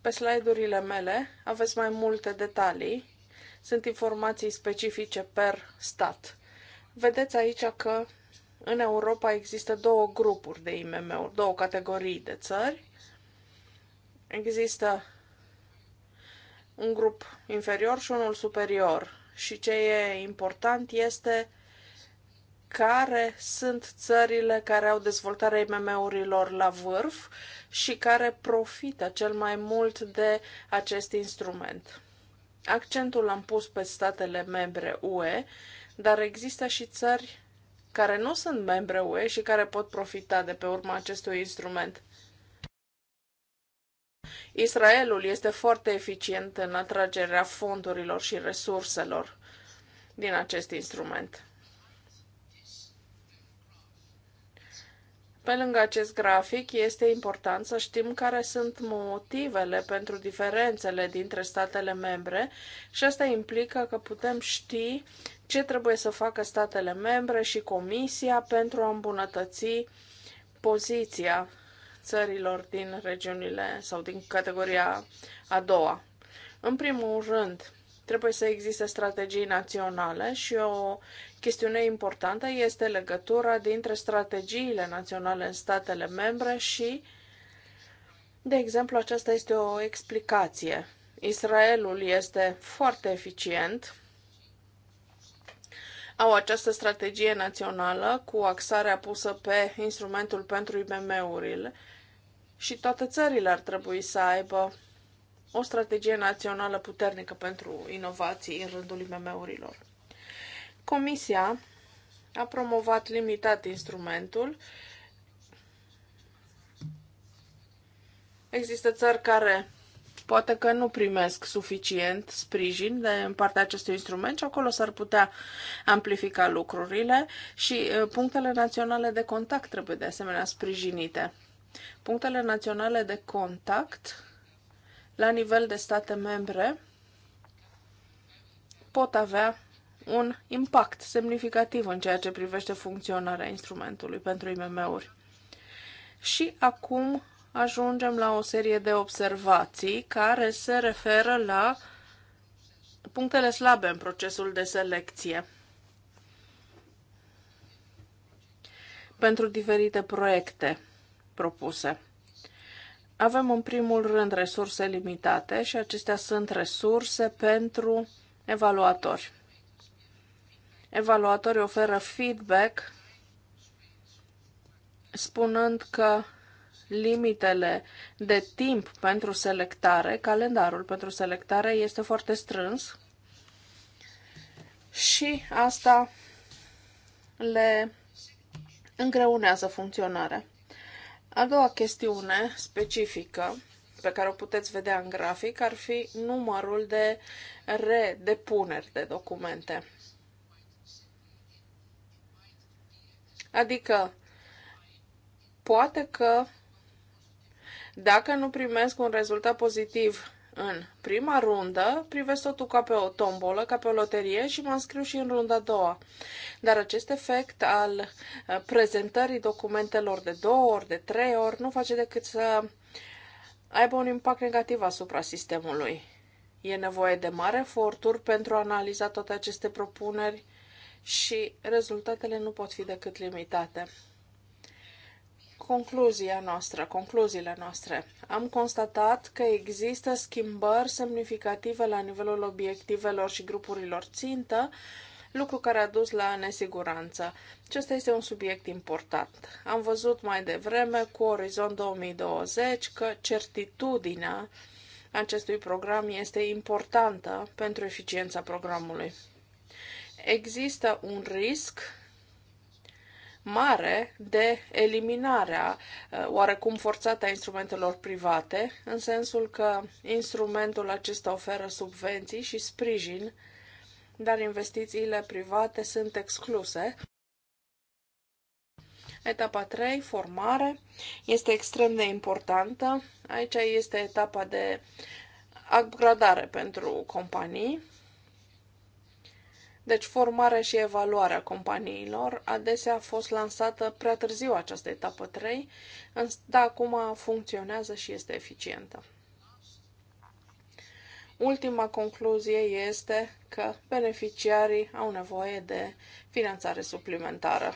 [SPEAKER 4] Pe slide-urile mele aveți mai multe detalii. Sunt informații specifice per stat. Vedeți aici că în Europa există două grupuri de IMM-uri, două categorii de țări. Există un grup inferior și unul superior și ce e important este care sunt țările care au dezvoltarea IMM-urilor la vârf și care profită cel mai mult de acest instrument. Accentul l-am pus pe statele membre UE, dar există și țări care nu sunt membre UE și care pot profita de pe urma acestui instrument. Israelul este foarte eficient în atragerea fondurilor și resurselor din acest instrument. Pe lângă acest grafic, este important să știm care sunt motivele pentru diferențele dintre statele membre și asta implică că putem ști ce trebuie să facă statele membre și Comisia pentru a îmbunătăți poziția țărilor din regiunile sau din categoria a doua. În primul rând, trebuie să existe strategii naționale și o chestiune importantă este legătura dintre strategiile naționale în statele membre și, de exemplu, aceasta este o explicație. Israelul este foarte eficient au această strategie națională cu axarea pusă pe instrumentul pentru IMM-urile și toate țările ar trebui să aibă o strategie națională puternică pentru inovații în rândul IMM-urilor. Comisia a promovat limitat instrumentul. Există țări care poate că nu primesc suficient sprijin de în partea acestui instrument și acolo s-ar putea amplifica lucrurile și uh, punctele naționale de contact trebuie de asemenea sprijinite. Punctele naționale de contact la nivel de state membre pot avea un impact semnificativ în ceea ce privește funcționarea instrumentului pentru IMM-uri. Și acum ajungem la o serie de observații care se referă la punctele slabe în procesul de selecție. Pentru diferite proiecte propuse. Avem în primul rând resurse limitate și acestea sunt resurse pentru evaluatori. Evaluatorii oferă feedback spunând că limitele de timp pentru selectare, calendarul pentru selectare este foarte strâns și asta le îngreunează funcționarea. A doua chestiune specifică pe care o puteți vedea în grafic ar fi numărul de redepuneri de documente. Adică, poate că dacă nu primesc un rezultat pozitiv în prima rundă, privesc totul ca pe o tombolă, ca pe o loterie și mă înscriu și în runda a doua. Dar acest efect al uh, prezentării documentelor de două ori, de trei ori, nu face decât să aibă un impact negativ asupra sistemului. E nevoie de mari eforturi pentru a analiza toate aceste propuneri și rezultatele nu pot fi decât limitate concluzia noastră, concluziile noastre. Am constatat că există schimbări semnificative la nivelul obiectivelor și grupurilor țintă, lucru care a dus la nesiguranță. Acesta este un subiect important. Am văzut mai devreme cu Orizont 2020 că certitudinea acestui program este importantă pentru eficiența programului. Există un risc mare de eliminarea uh, oarecum forțată a instrumentelor private, în sensul că instrumentul acesta oferă subvenții și sprijin, dar investițiile private sunt excluse. Etapa 3, formare, este extrem de importantă. Aici este etapa de upgradare pentru companii. Deci formarea și evaluarea companiilor adesea a fost lansată prea târziu această etapă 3, însă da, acum funcționează și este eficientă. Ultima concluzie este că beneficiarii au nevoie de finanțare suplimentară.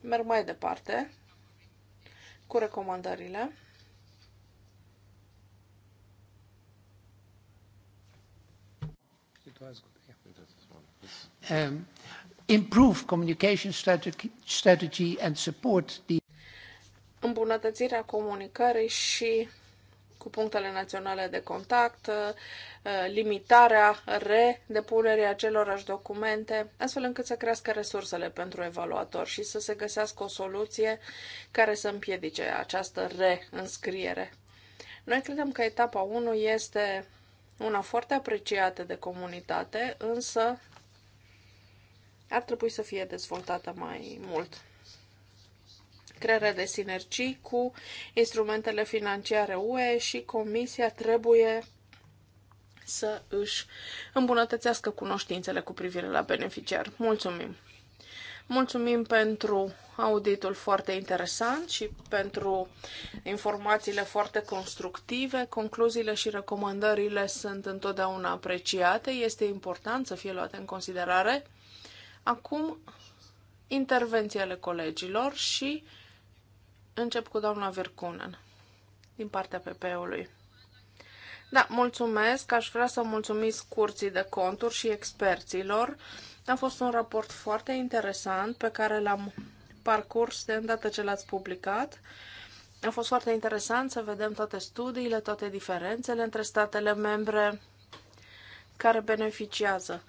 [SPEAKER 4] Merg mai departe cu recomandările. It was good
[SPEAKER 1] um, improve communication strategy, strategy and support the
[SPEAKER 4] îmbunătățirea comunicării și cu punctele naționale de contact, uh, limitarea redepunerii acelorași documente, astfel încât să crească resursele pentru evaluator și să se găsească o soluție care să împiedice această reînscriere. Noi credem că etapa 1 este una foarte apreciată de comunitate, însă ar trebui să fie dezvoltată mai mult. Crearea de sinergii cu instrumentele financiare UE și Comisia trebuie să își îmbunătățească cunoștințele cu privire la beneficiar. Mulțumim! Mulțumim pentru auditul foarte interesant și pentru informațiile foarte constructive. Concluziile și recomandările sunt întotdeauna apreciate. Este important să fie luate în considerare Acum, intervențiile colegilor și încep cu doamna Virkunen, din partea PP-ului. Da, mulțumesc. Aș vrea să mulțumesc curții de conturi și experților. A fost un raport foarte interesant pe care l-am parcurs de îndată ce l-ați publicat. A fost foarte interesant să vedem toate studiile, toate diferențele între statele membre care beneficiază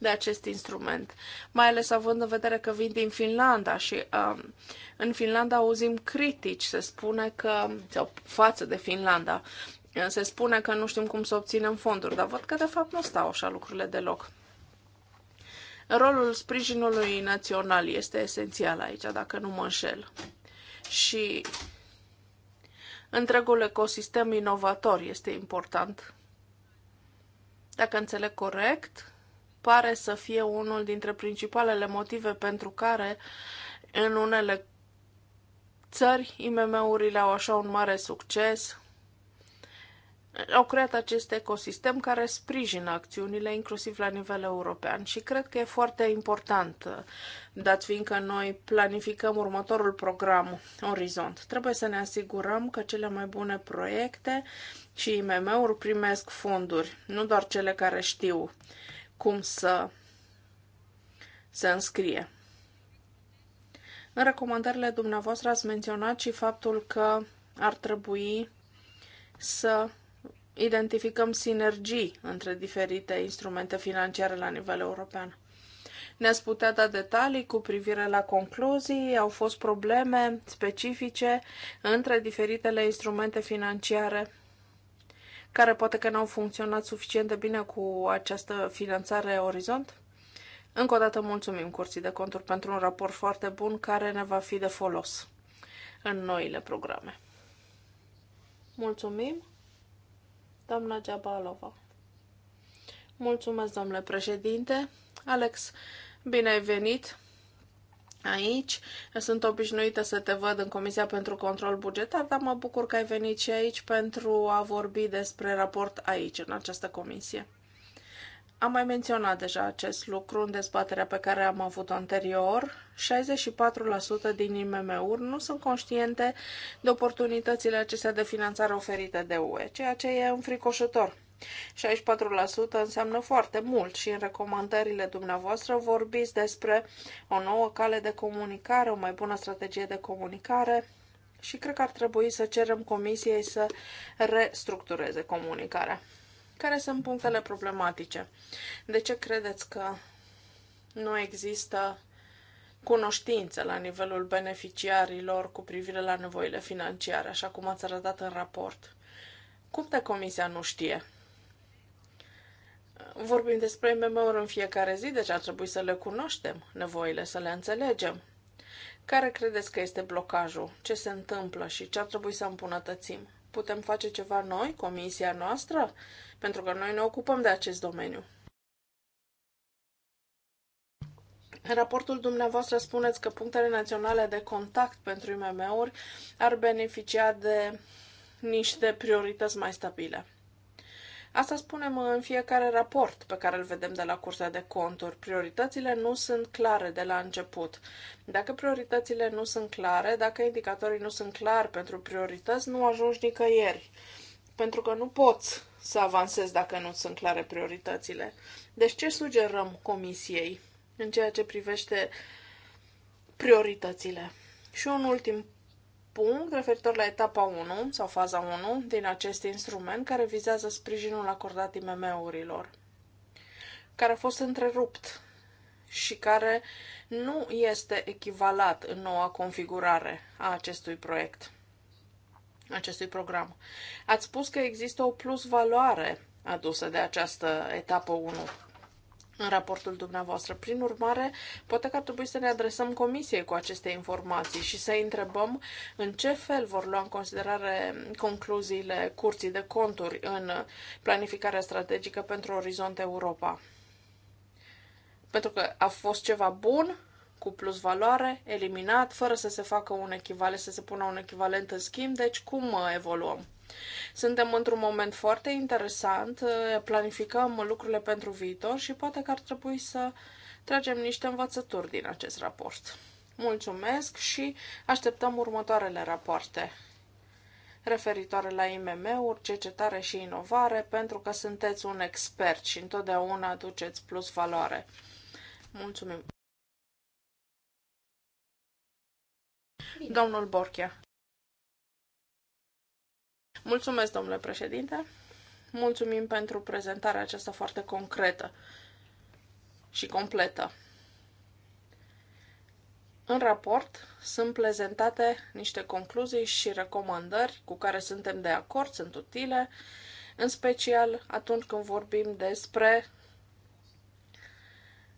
[SPEAKER 4] de acest instrument, mai ales având în vedere că vin din Finlanda și um, în Finlanda auzim critici, se spune că, sau față de Finlanda, uh, se spune că nu știm cum să obținem fonduri, dar văd că de fapt nu stau așa lucrurile deloc. Rolul sprijinului național este esențial aici, dacă nu mă înșel. Și întregul ecosistem inovator este important. Dacă înțeleg corect, pare să fie unul dintre principalele motive pentru care în unele țări IMM-urile au așa un mare succes. Au creat acest ecosistem care sprijină acțiunile inclusiv la nivel european și cred că e foarte important, dat fiindcă noi planificăm următorul program Orizont. Trebuie să ne asigurăm că cele mai bune proiecte și IMM-uri primesc fonduri, nu doar cele care știu cum să se înscrie. În recomandările dumneavoastră ați menționat și faptul că ar trebui să identificăm sinergii între diferite instrumente financiare la nivel european. Ne-ați putea da detalii cu privire la concluzii? Au fost probleme specifice între diferitele instrumente financiare? care poate că n-au funcționat suficient de bine cu această finanțare Orizont? Încă o dată mulțumim Curții de Conturi pentru un raport foarte bun care ne va fi de folos în noile programe. Mulțumim, doamna Geabalova. Mulțumesc, domnule președinte. Alex, bine ai venit! aici. Eu sunt obișnuită să te văd în Comisia pentru Control Bugetar, dar mă bucur că ai venit și aici pentru a vorbi despre raport aici, în această comisie. Am mai menționat deja acest lucru în dezbaterea pe care am avut-o anterior. 64% din IMM-uri nu sunt conștiente de oportunitățile acestea de finanțare oferite de UE, ceea ce e înfricoșător. 64% înseamnă foarte mult și în recomandările dumneavoastră vorbiți despre o nouă cale de comunicare, o mai bună strategie de comunicare și cred că ar trebui să cerem comisiei să restructureze comunicarea. Care sunt punctele problematice? De ce credeți că nu există cunoștință la nivelul beneficiarilor cu privire la nevoile financiare, așa cum ați arătat în raport. Cum te comisia nu știe? vorbim despre MMO-uri în fiecare zi, deci ar trebui să le cunoaștem, nevoile să le înțelegem. Care credeți că este blocajul? Ce se întâmplă și ce ar trebui să îmbunătățim? Putem face ceva noi, comisia noastră? Pentru că noi ne ocupăm de acest domeniu. În raportul dumneavoastră spuneți că punctele naționale de contact pentru IMM-uri ar beneficia de niște priorități mai stabile. Asta spunem în fiecare raport pe care îl vedem de la cursa de Conturi. Prioritățile nu sunt clare de la început. Dacă prioritățile nu sunt clare, dacă indicatorii nu sunt clari pentru priorități, nu ajungi nicăieri. Pentru că nu poți să avansezi dacă nu sunt clare prioritățile. Deci ce sugerăm Comisiei în ceea ce privește prioritățile? Și un ultim punct referitor la etapa 1 sau faza 1 din acest instrument care vizează sprijinul acordat IMM-urilor, care a fost întrerupt și care nu este echivalat în noua configurare a acestui proiect, acestui program. Ați spus că există o plus valoare adusă de această etapă 1 în raportul dumneavoastră. Prin urmare, poate că ar trebui să ne adresăm comisiei cu aceste informații și să întrebăm în ce fel vor lua în considerare concluziile curții de conturi în planificarea strategică pentru Orizont Europa. Pentru că a fost ceva bun, cu plus valoare, eliminat, fără să se facă un echivalent, să se pună un echivalent în schimb, deci cum evoluăm? Suntem într-un moment foarte interesant, eh, planificăm lucrurile pentru viitor și poate că ar trebui să tragem niște învățături din acest raport. Mulțumesc și așteptăm următoarele rapoarte referitoare la IMM-uri, cercetare și inovare, pentru că sunteți un expert și întotdeauna aduceți plus valoare. Mulțumim! Bine. Domnul Borchia. Mulțumesc, domnule președinte. Mulțumim pentru prezentarea aceasta foarte concretă și completă. În raport sunt prezentate niște concluzii și recomandări cu care suntem de acord, sunt utile, în special atunci când vorbim despre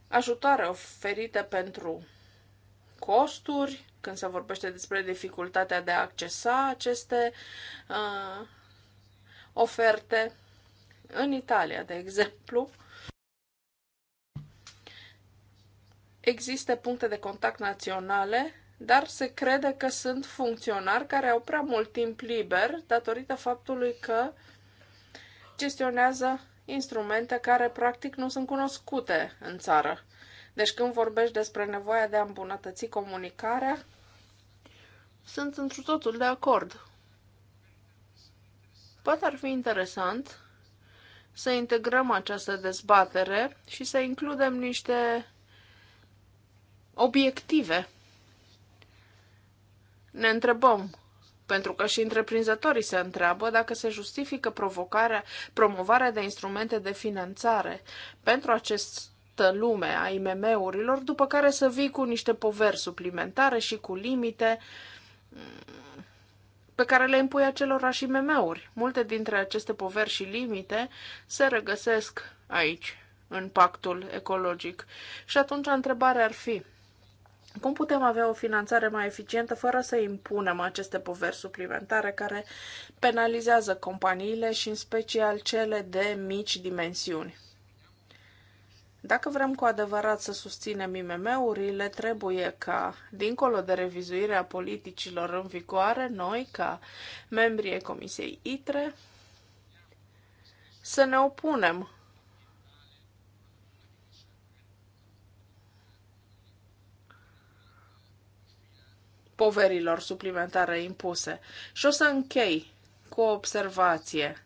[SPEAKER 4] ajutoare oferite pentru costuri, când se vorbește despre dificultatea de a accesa aceste uh, oferte. În Italia, de exemplu, există puncte de contact naționale, dar se crede că sunt funcționari care au prea mult timp liber datorită faptului că gestionează instrumente care practic nu sunt cunoscute în țară. Deci când vorbești despre nevoia de a îmbunătăți comunicarea, sunt într totul de acord. Poate ar fi interesant să integrăm această dezbatere și să includem niște obiective. Ne întrebăm, pentru că și întreprinzătorii se întreabă dacă se justifică provocarea, promovarea de instrumente de finanțare pentru acest lumea a IMM-urilor, după care să vii cu niște poveri suplimentare și cu limite mm, pe care le impui acelorași IMM-uri. Multe dintre aceste poveri și limite se regăsesc aici, în pactul ecologic. Și atunci întrebarea ar fi, cum putem avea o finanțare mai eficientă fără să impunem aceste poveri suplimentare care penalizează companiile și în special cele de mici dimensiuni? Dacă vrem cu adevărat să susținem IMM-urile, trebuie ca, dincolo de revizuirea politicilor în vigoare, noi, ca membrii Comisiei ITRE, să ne opunem poverilor suplimentare impuse. Și o să închei cu o observație.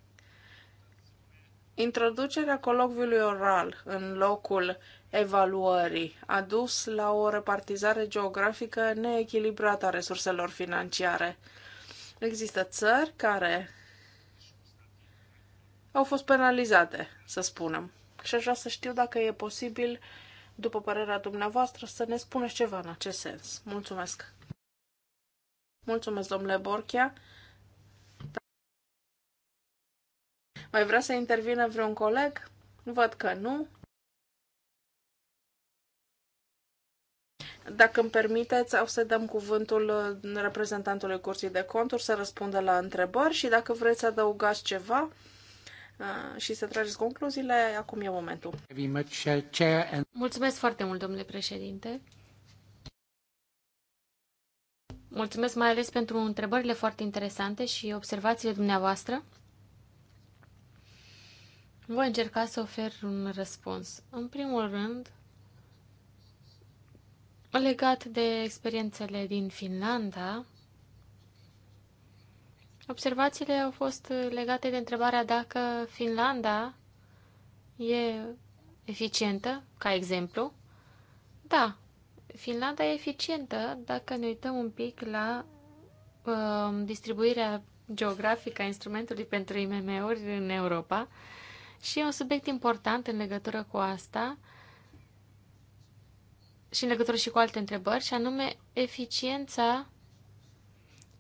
[SPEAKER 4] Introducerea colocviului oral în locul evaluării a dus la o repartizare geografică neechilibrată a resurselor financiare. Există țări care au fost penalizate, să spunem. Și aș vrea să știu dacă e posibil, după părerea dumneavoastră, să ne spuneți ceva în acest sens. Mulțumesc! Mulțumesc, domnule Borchia! Mai vrea să intervină vreun coleg? Văd că nu. Dacă îmi permiteți, o să dăm cuvântul uh, reprezentantului Curții de Conturi să răspundă la întrebări și dacă vreți să adăugați ceva uh, și să trageți concluziile, acum e momentul. Uh, Mulțumesc foarte mult, domnule președinte.
[SPEAKER 2] Mulțumesc mai ales pentru întrebările foarte interesante și observațiile dumneavoastră. Voi încerca să ofer un răspuns. În primul rând, legat de experiențele din Finlanda, observațiile au fost legate de întrebarea dacă Finlanda e eficientă, ca exemplu. Da, Finlanda e eficientă dacă ne uităm un pic la uh, distribuirea geografică a instrumentului pentru IMM-uri în Europa. Uh, și e un subiect important în legătură cu asta și în legătură și cu alte întrebări, și anume eficiența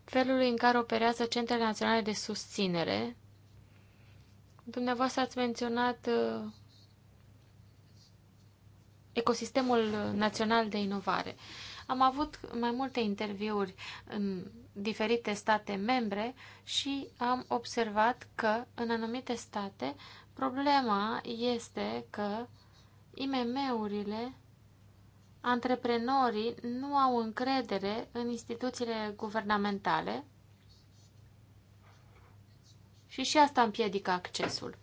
[SPEAKER 2] felului în care operează centrele naționale de susținere. Dumneavoastră ați menționat uh, ecosistemul național de inovare. Am avut mai multe interviuri în diferite state membre și am observat că în anumite state Problema este că IMM-urile, antreprenorii, nu au încredere în instituțiile guvernamentale și și asta împiedică accesul.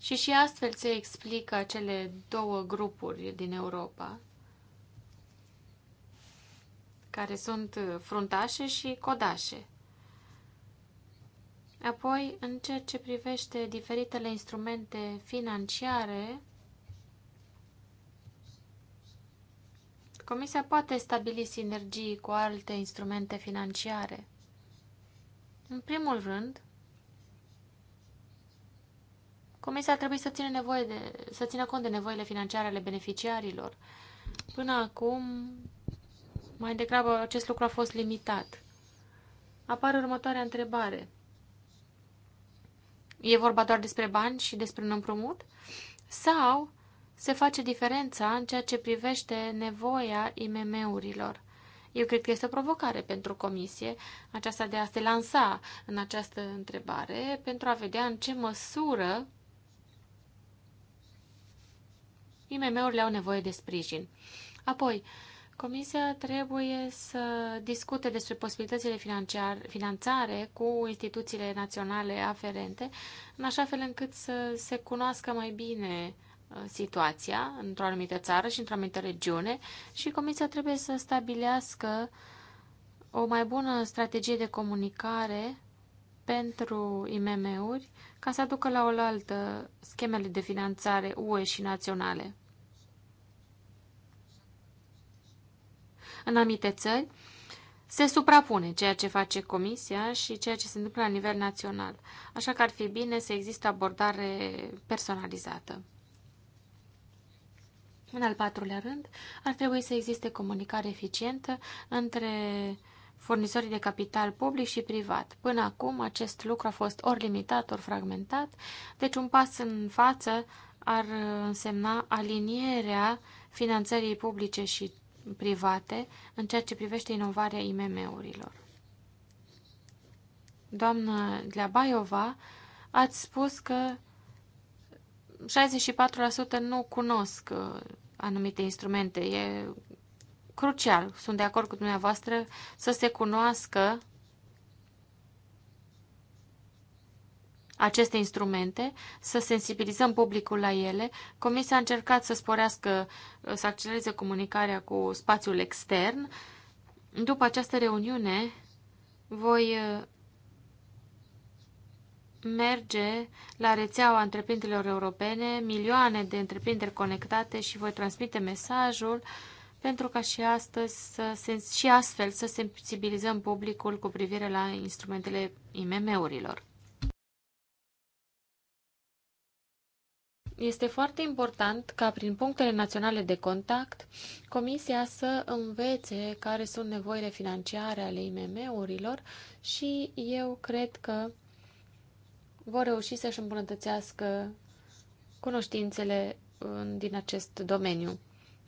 [SPEAKER 2] Și și astfel se explică acele două grupuri din Europa, care sunt fruntașe și codașe. Apoi, în ceea ce privește diferitele instrumente financiare, Comisia poate stabili sinergii cu alte instrumente financiare. În primul rând, Comisia trebuie să țină, nevoie de, să țină cont de nevoile financiare ale beneficiarilor. Până acum, mai degrabă, acest lucru a fost limitat. Apare următoarea întrebare – e vorba doar despre bani și despre un împrumut? Sau se face diferența în ceea ce privește nevoia IMM-urilor? Eu cred că este o provocare pentru comisie aceasta de a se lansa în această întrebare pentru a vedea în ce măsură IMM-urile au nevoie de sprijin. Apoi, Comisia trebuie să discute despre posibilitățile finanțare cu instituțiile naționale aferente, în așa fel încât să se cunoască mai bine uh, situația într-o anumită țară și într-o anumită regiune și Comisia trebuie să stabilească o mai bună strategie de comunicare pentru IMM-uri ca să aducă la oaltă schemele de finanțare UE și naționale. în anumite țări, se suprapune ceea ce face Comisia și ceea ce se întâmplă la nivel național. Așa că ar fi bine să existe abordare personalizată. În al patrulea rând, ar trebui să existe comunicare eficientă între furnizorii de capital public și privat. Până acum, acest lucru a fost ori limitat, ori fragmentat, deci un pas în față ar însemna alinierea finanțării publice și private în ceea ce privește inovarea IMM-urilor. Doamnă Gleabaiova, ați spus că 64% nu cunosc uh, anumite instrumente. E crucial, sunt de acord cu dumneavoastră, să se cunoască aceste instrumente, să sensibilizăm publicul la ele. Comisia a încercat să sporească, să accelereze comunicarea cu spațiul extern. După această reuniune, voi uh, merge la rețeaua întreprinderilor europene, milioane de întreprinderi conectate și voi transmite mesajul pentru ca și astăzi să, și astfel să sensibilizăm publicul cu privire la instrumentele IMM-urilor. Este foarte important ca prin punctele naționale de contact Comisia să învețe care sunt nevoile financiare ale IMM-urilor și eu cred că vor reuși să-și îmbunătățească cunoștințele din acest domeniu.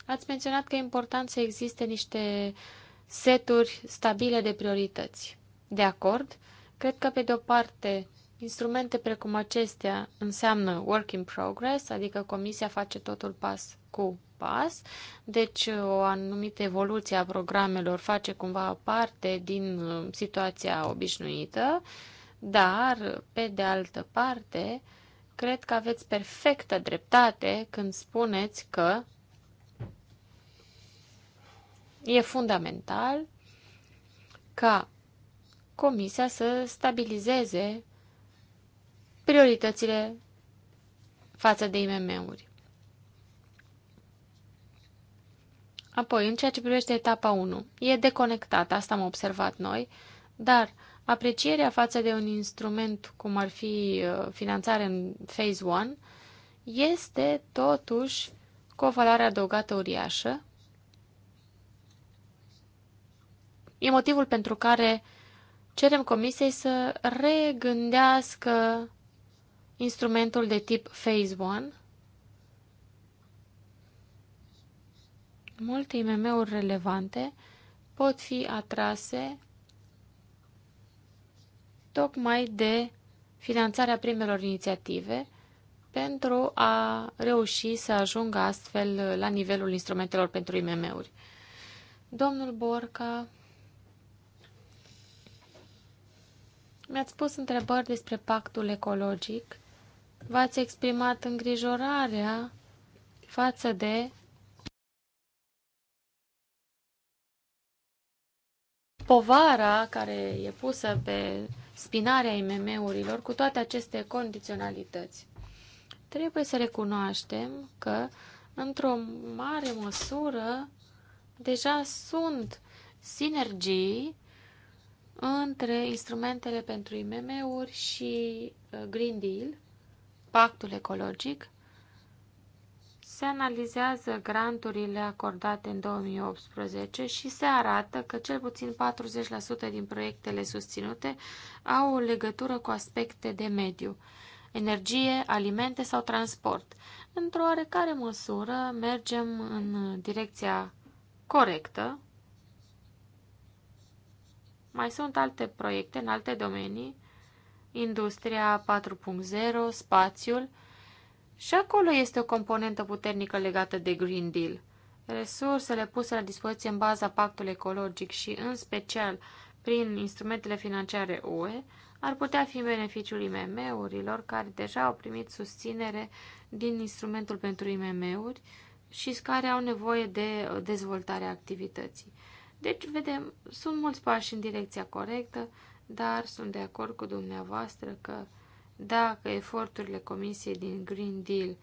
[SPEAKER 2] Ați menționat că e important să existe niște seturi stabile de priorități. De acord, cred că pe de o parte Instrumente precum acestea înseamnă work in progress, adică comisia face totul pas cu pas, deci o anumită evoluție a programelor face cumva parte din uh, situația obișnuită, dar, pe de altă parte, cred că aveți perfectă dreptate când spuneți că e fundamental ca comisia să stabilizeze prioritățile față de IMM-uri. Apoi, în ceea ce privește etapa 1, e deconectată, asta am observat noi, dar aprecierea față de un instrument cum ar fi uh, finanțare în phase 1 este totuși cu o valoare adăugată uriașă. E motivul pentru care cerem comisiei să regândească instrumentul de tip Phase 1. Multe IMM-uri relevante pot fi atrase tocmai de finanțarea primelor inițiative pentru a reuși să ajungă astfel la nivelul instrumentelor pentru IMM-uri. Domnul Borca, mi-ați pus întrebări despre pactul ecologic v-ați exprimat îngrijorarea față de povara care e pusă pe spinarea IMM-urilor cu toate aceste condiționalități. Trebuie să recunoaștem că, într-o mare măsură, deja sunt sinergii între instrumentele pentru IMM-uri și uh, Green Deal impactul ecologic, se analizează granturile acordate în 2018 și se arată că cel puțin 40% din proiectele susținute au o legătură cu aspecte de mediu, energie, alimente sau transport. Într-o oarecare măsură mergem în direcția corectă. Mai sunt alte proiecte în alte domenii industria 4.0, spațiul. Și acolo este o componentă puternică legată de Green Deal. Resursele puse la dispoziție în baza pactului ecologic și, în special, prin instrumentele financiare UE, ar putea fi în beneficiul IMM-urilor care deja au primit susținere din instrumentul pentru IMM-uri și care au nevoie de uh, dezvoltarea activității. Deci, vedem, sunt mulți pași în direcția corectă, dar sunt de acord cu dumneavoastră că dacă eforturile Comisiei din Green Deal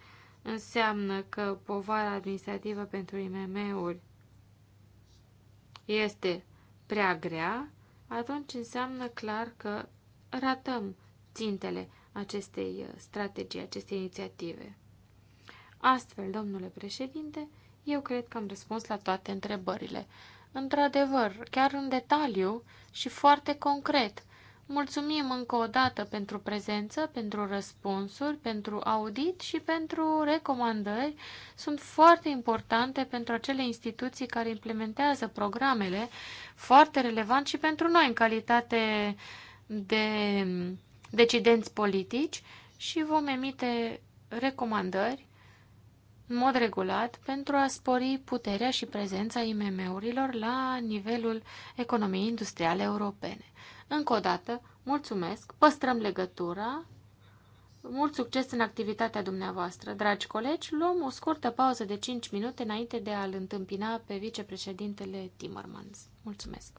[SPEAKER 2] înseamnă că povara administrativă pentru IMM-uri este prea grea, atunci înseamnă clar că ratăm țintele acestei strategii, acestei inițiative. Astfel, domnule președinte, eu cred că am răspuns la toate întrebările într-adevăr, chiar în detaliu și foarte concret. Mulțumim încă o dată pentru prezență, pentru răspunsuri, pentru audit și pentru recomandări. Sunt foarte importante pentru acele instituții care implementează programele, foarte relevant și pentru noi în calitate de decidenți politici și vom emite recomandări în mod regulat pentru a spori puterea și prezența IMM-urilor la nivelul economiei industriale europene. Încă o dată, mulțumesc, păstrăm legătura, mult succes în activitatea dumneavoastră. Dragi colegi, luăm o scurtă pauză de 5 minute înainte de a-l întâmpina pe vicepreședintele Timmermans. Mulțumesc!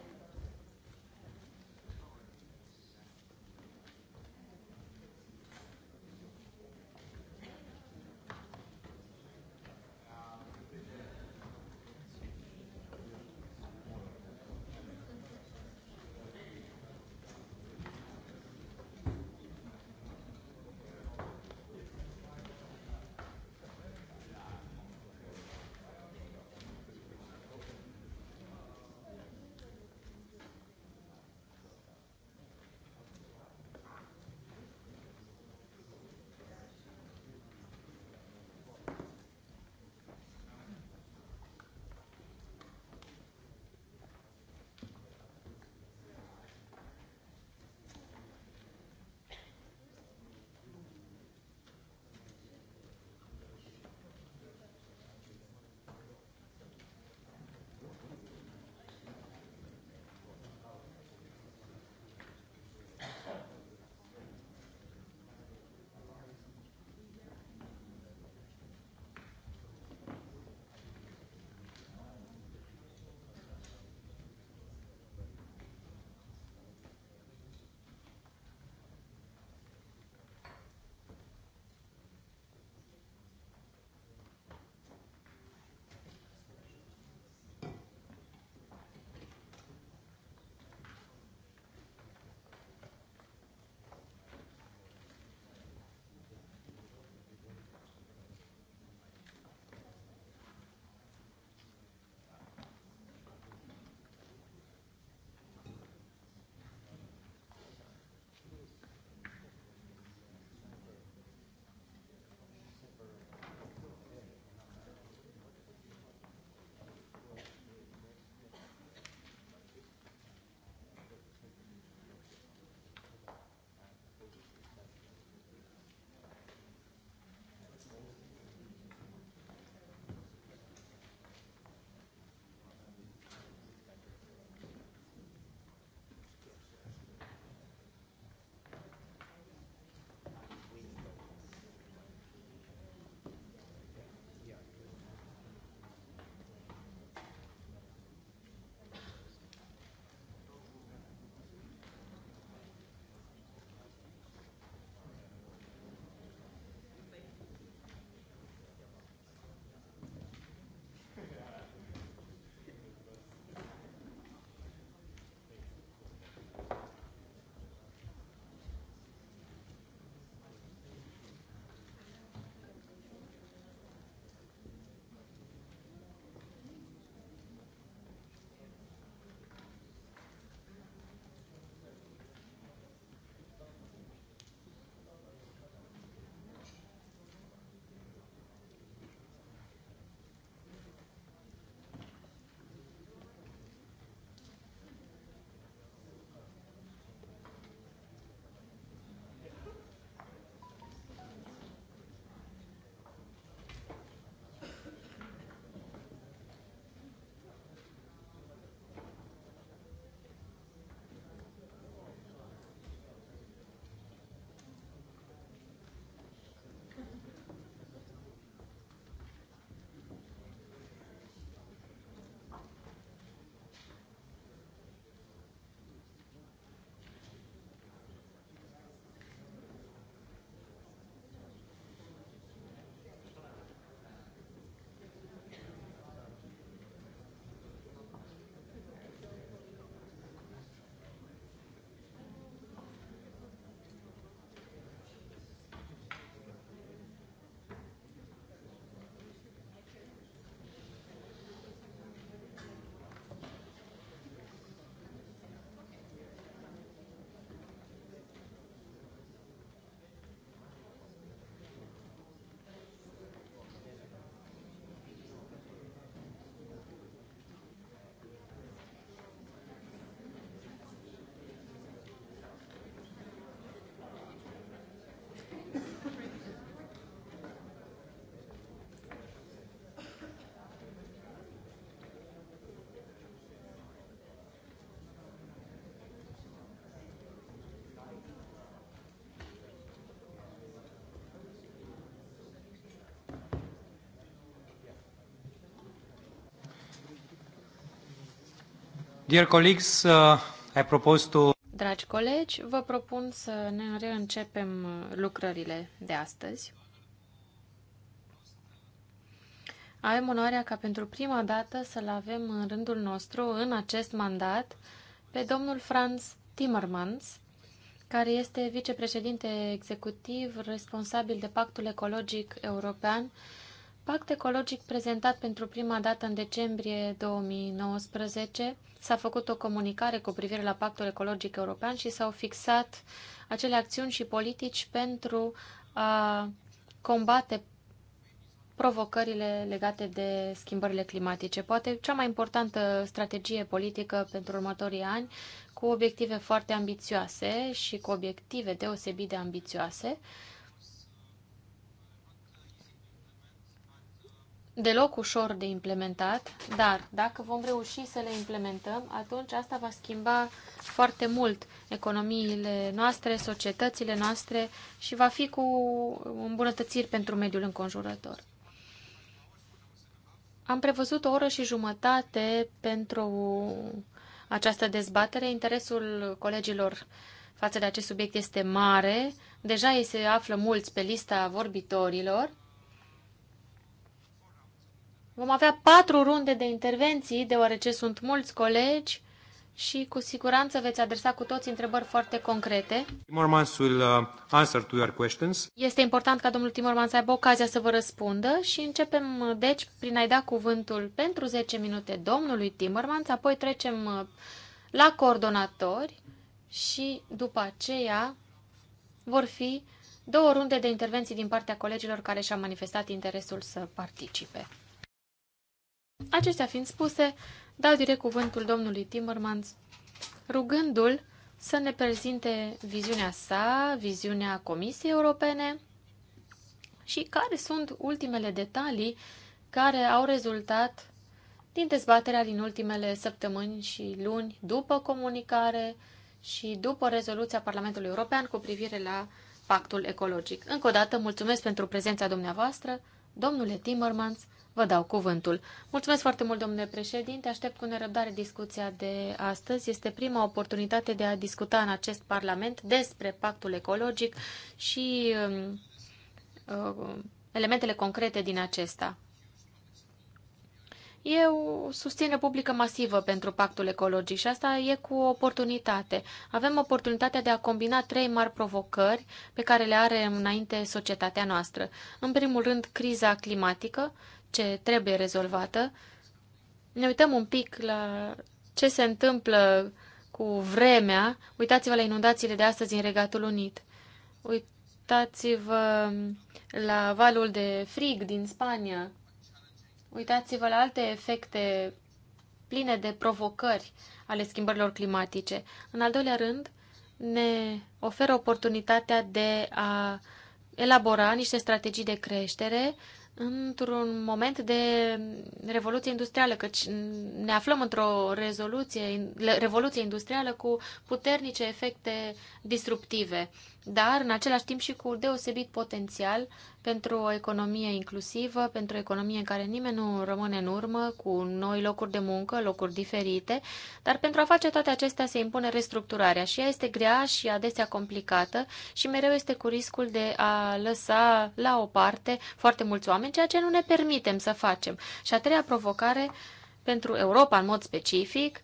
[SPEAKER 1] Dear colleagues, uh, I propose to...
[SPEAKER 2] Dragi colegi, vă propun să ne reîncepem uh, lucrările de astăzi. Avem onoarea ca pentru prima dată să-l avem în rândul nostru, în acest mandat, pe domnul Franz Timmermans, care este vicepreședinte executiv responsabil de Pactul Ecologic European impact ecologic prezentat pentru prima dată în decembrie 2019 s-a făcut o comunicare cu privire la pactul ecologic european și s-au fixat acele acțiuni și politici pentru a combate provocările legate de schimbările climatice. Poate cea mai importantă strategie politică pentru următorii ani, cu obiective foarte ambițioase și cu obiective deosebit de ambițioase, deloc ușor de implementat, dar dacă vom reuși să le implementăm, atunci asta va schimba foarte mult economiile noastre, societățile noastre și va fi cu îmbunătățiri pentru mediul înconjurător. Am prevăzut o oră și jumătate pentru această dezbatere. Interesul colegilor față de acest subiect este mare. Deja ei se află mulți pe lista vorbitorilor. Vom avea patru runde de intervenții, deoarece sunt mulți colegi și cu siguranță veți adresa cu toți întrebări foarte concrete.
[SPEAKER 1] Timmermans will uh, answer to your questions.
[SPEAKER 2] Este important ca domnul Timorman să aibă ocazia să vă răspundă și începem uh, deci prin a-i da cuvântul pentru 10 minute domnului Timorman, apoi trecem uh, la coordonatori și după aceea vor fi două runde de intervenții din partea colegilor care și-au manifestat interesul să participe. Acestea fiind spuse, dau direct cuvântul domnului Timmermans, rugându-l să ne prezinte viziunea sa, viziunea Comisiei Europene și care sunt ultimele detalii care au rezultat din dezbaterea din ultimele săptămâni și luni după comunicare și după rezoluția Parlamentului European cu privire la pactul ecologic. Încă o dată mulțumesc pentru prezența dumneavoastră, domnule Timmermans, Vă dau cuvântul. Mulțumesc foarte mult, domnule președinte. Aștept cu nerăbdare discuția de astăzi. Este prima oportunitate de a discuta în acest Parlament despre pactul ecologic și uh, elementele concrete din acesta. Eu susțin Republică Masivă pentru pactul ecologic și asta e cu oportunitate. Avem oportunitatea de a combina trei mari provocări pe care le are înainte societatea noastră. În primul rând, criza climatică ce trebuie rezolvată, ne uităm un pic la ce se întâmplă cu vremea. Uitați-vă la inundațiile de astăzi în Regatul Unit. Uitați-vă la valul de frig din Spania. Uitați-vă la alte efecte pline de provocări ale schimbărilor climatice. În al doilea rând, ne oferă oportunitatea de a elabora niște strategii de creștere într-un moment de revoluție industrială, căci ne aflăm într-o revoluție industrială cu puternice efecte disruptive dar în același timp și cu deosebit potențial pentru o economie inclusivă, pentru o economie în care nimeni nu rămâne în urmă, cu noi locuri de muncă, locuri diferite, dar pentru a face toate acestea se impune restructurarea și ea este grea și adesea complicată și mereu este cu riscul de a lăsa la o parte foarte mulți oameni, ceea ce nu ne permitem să facem. Și a treia provocare pentru Europa în mod specific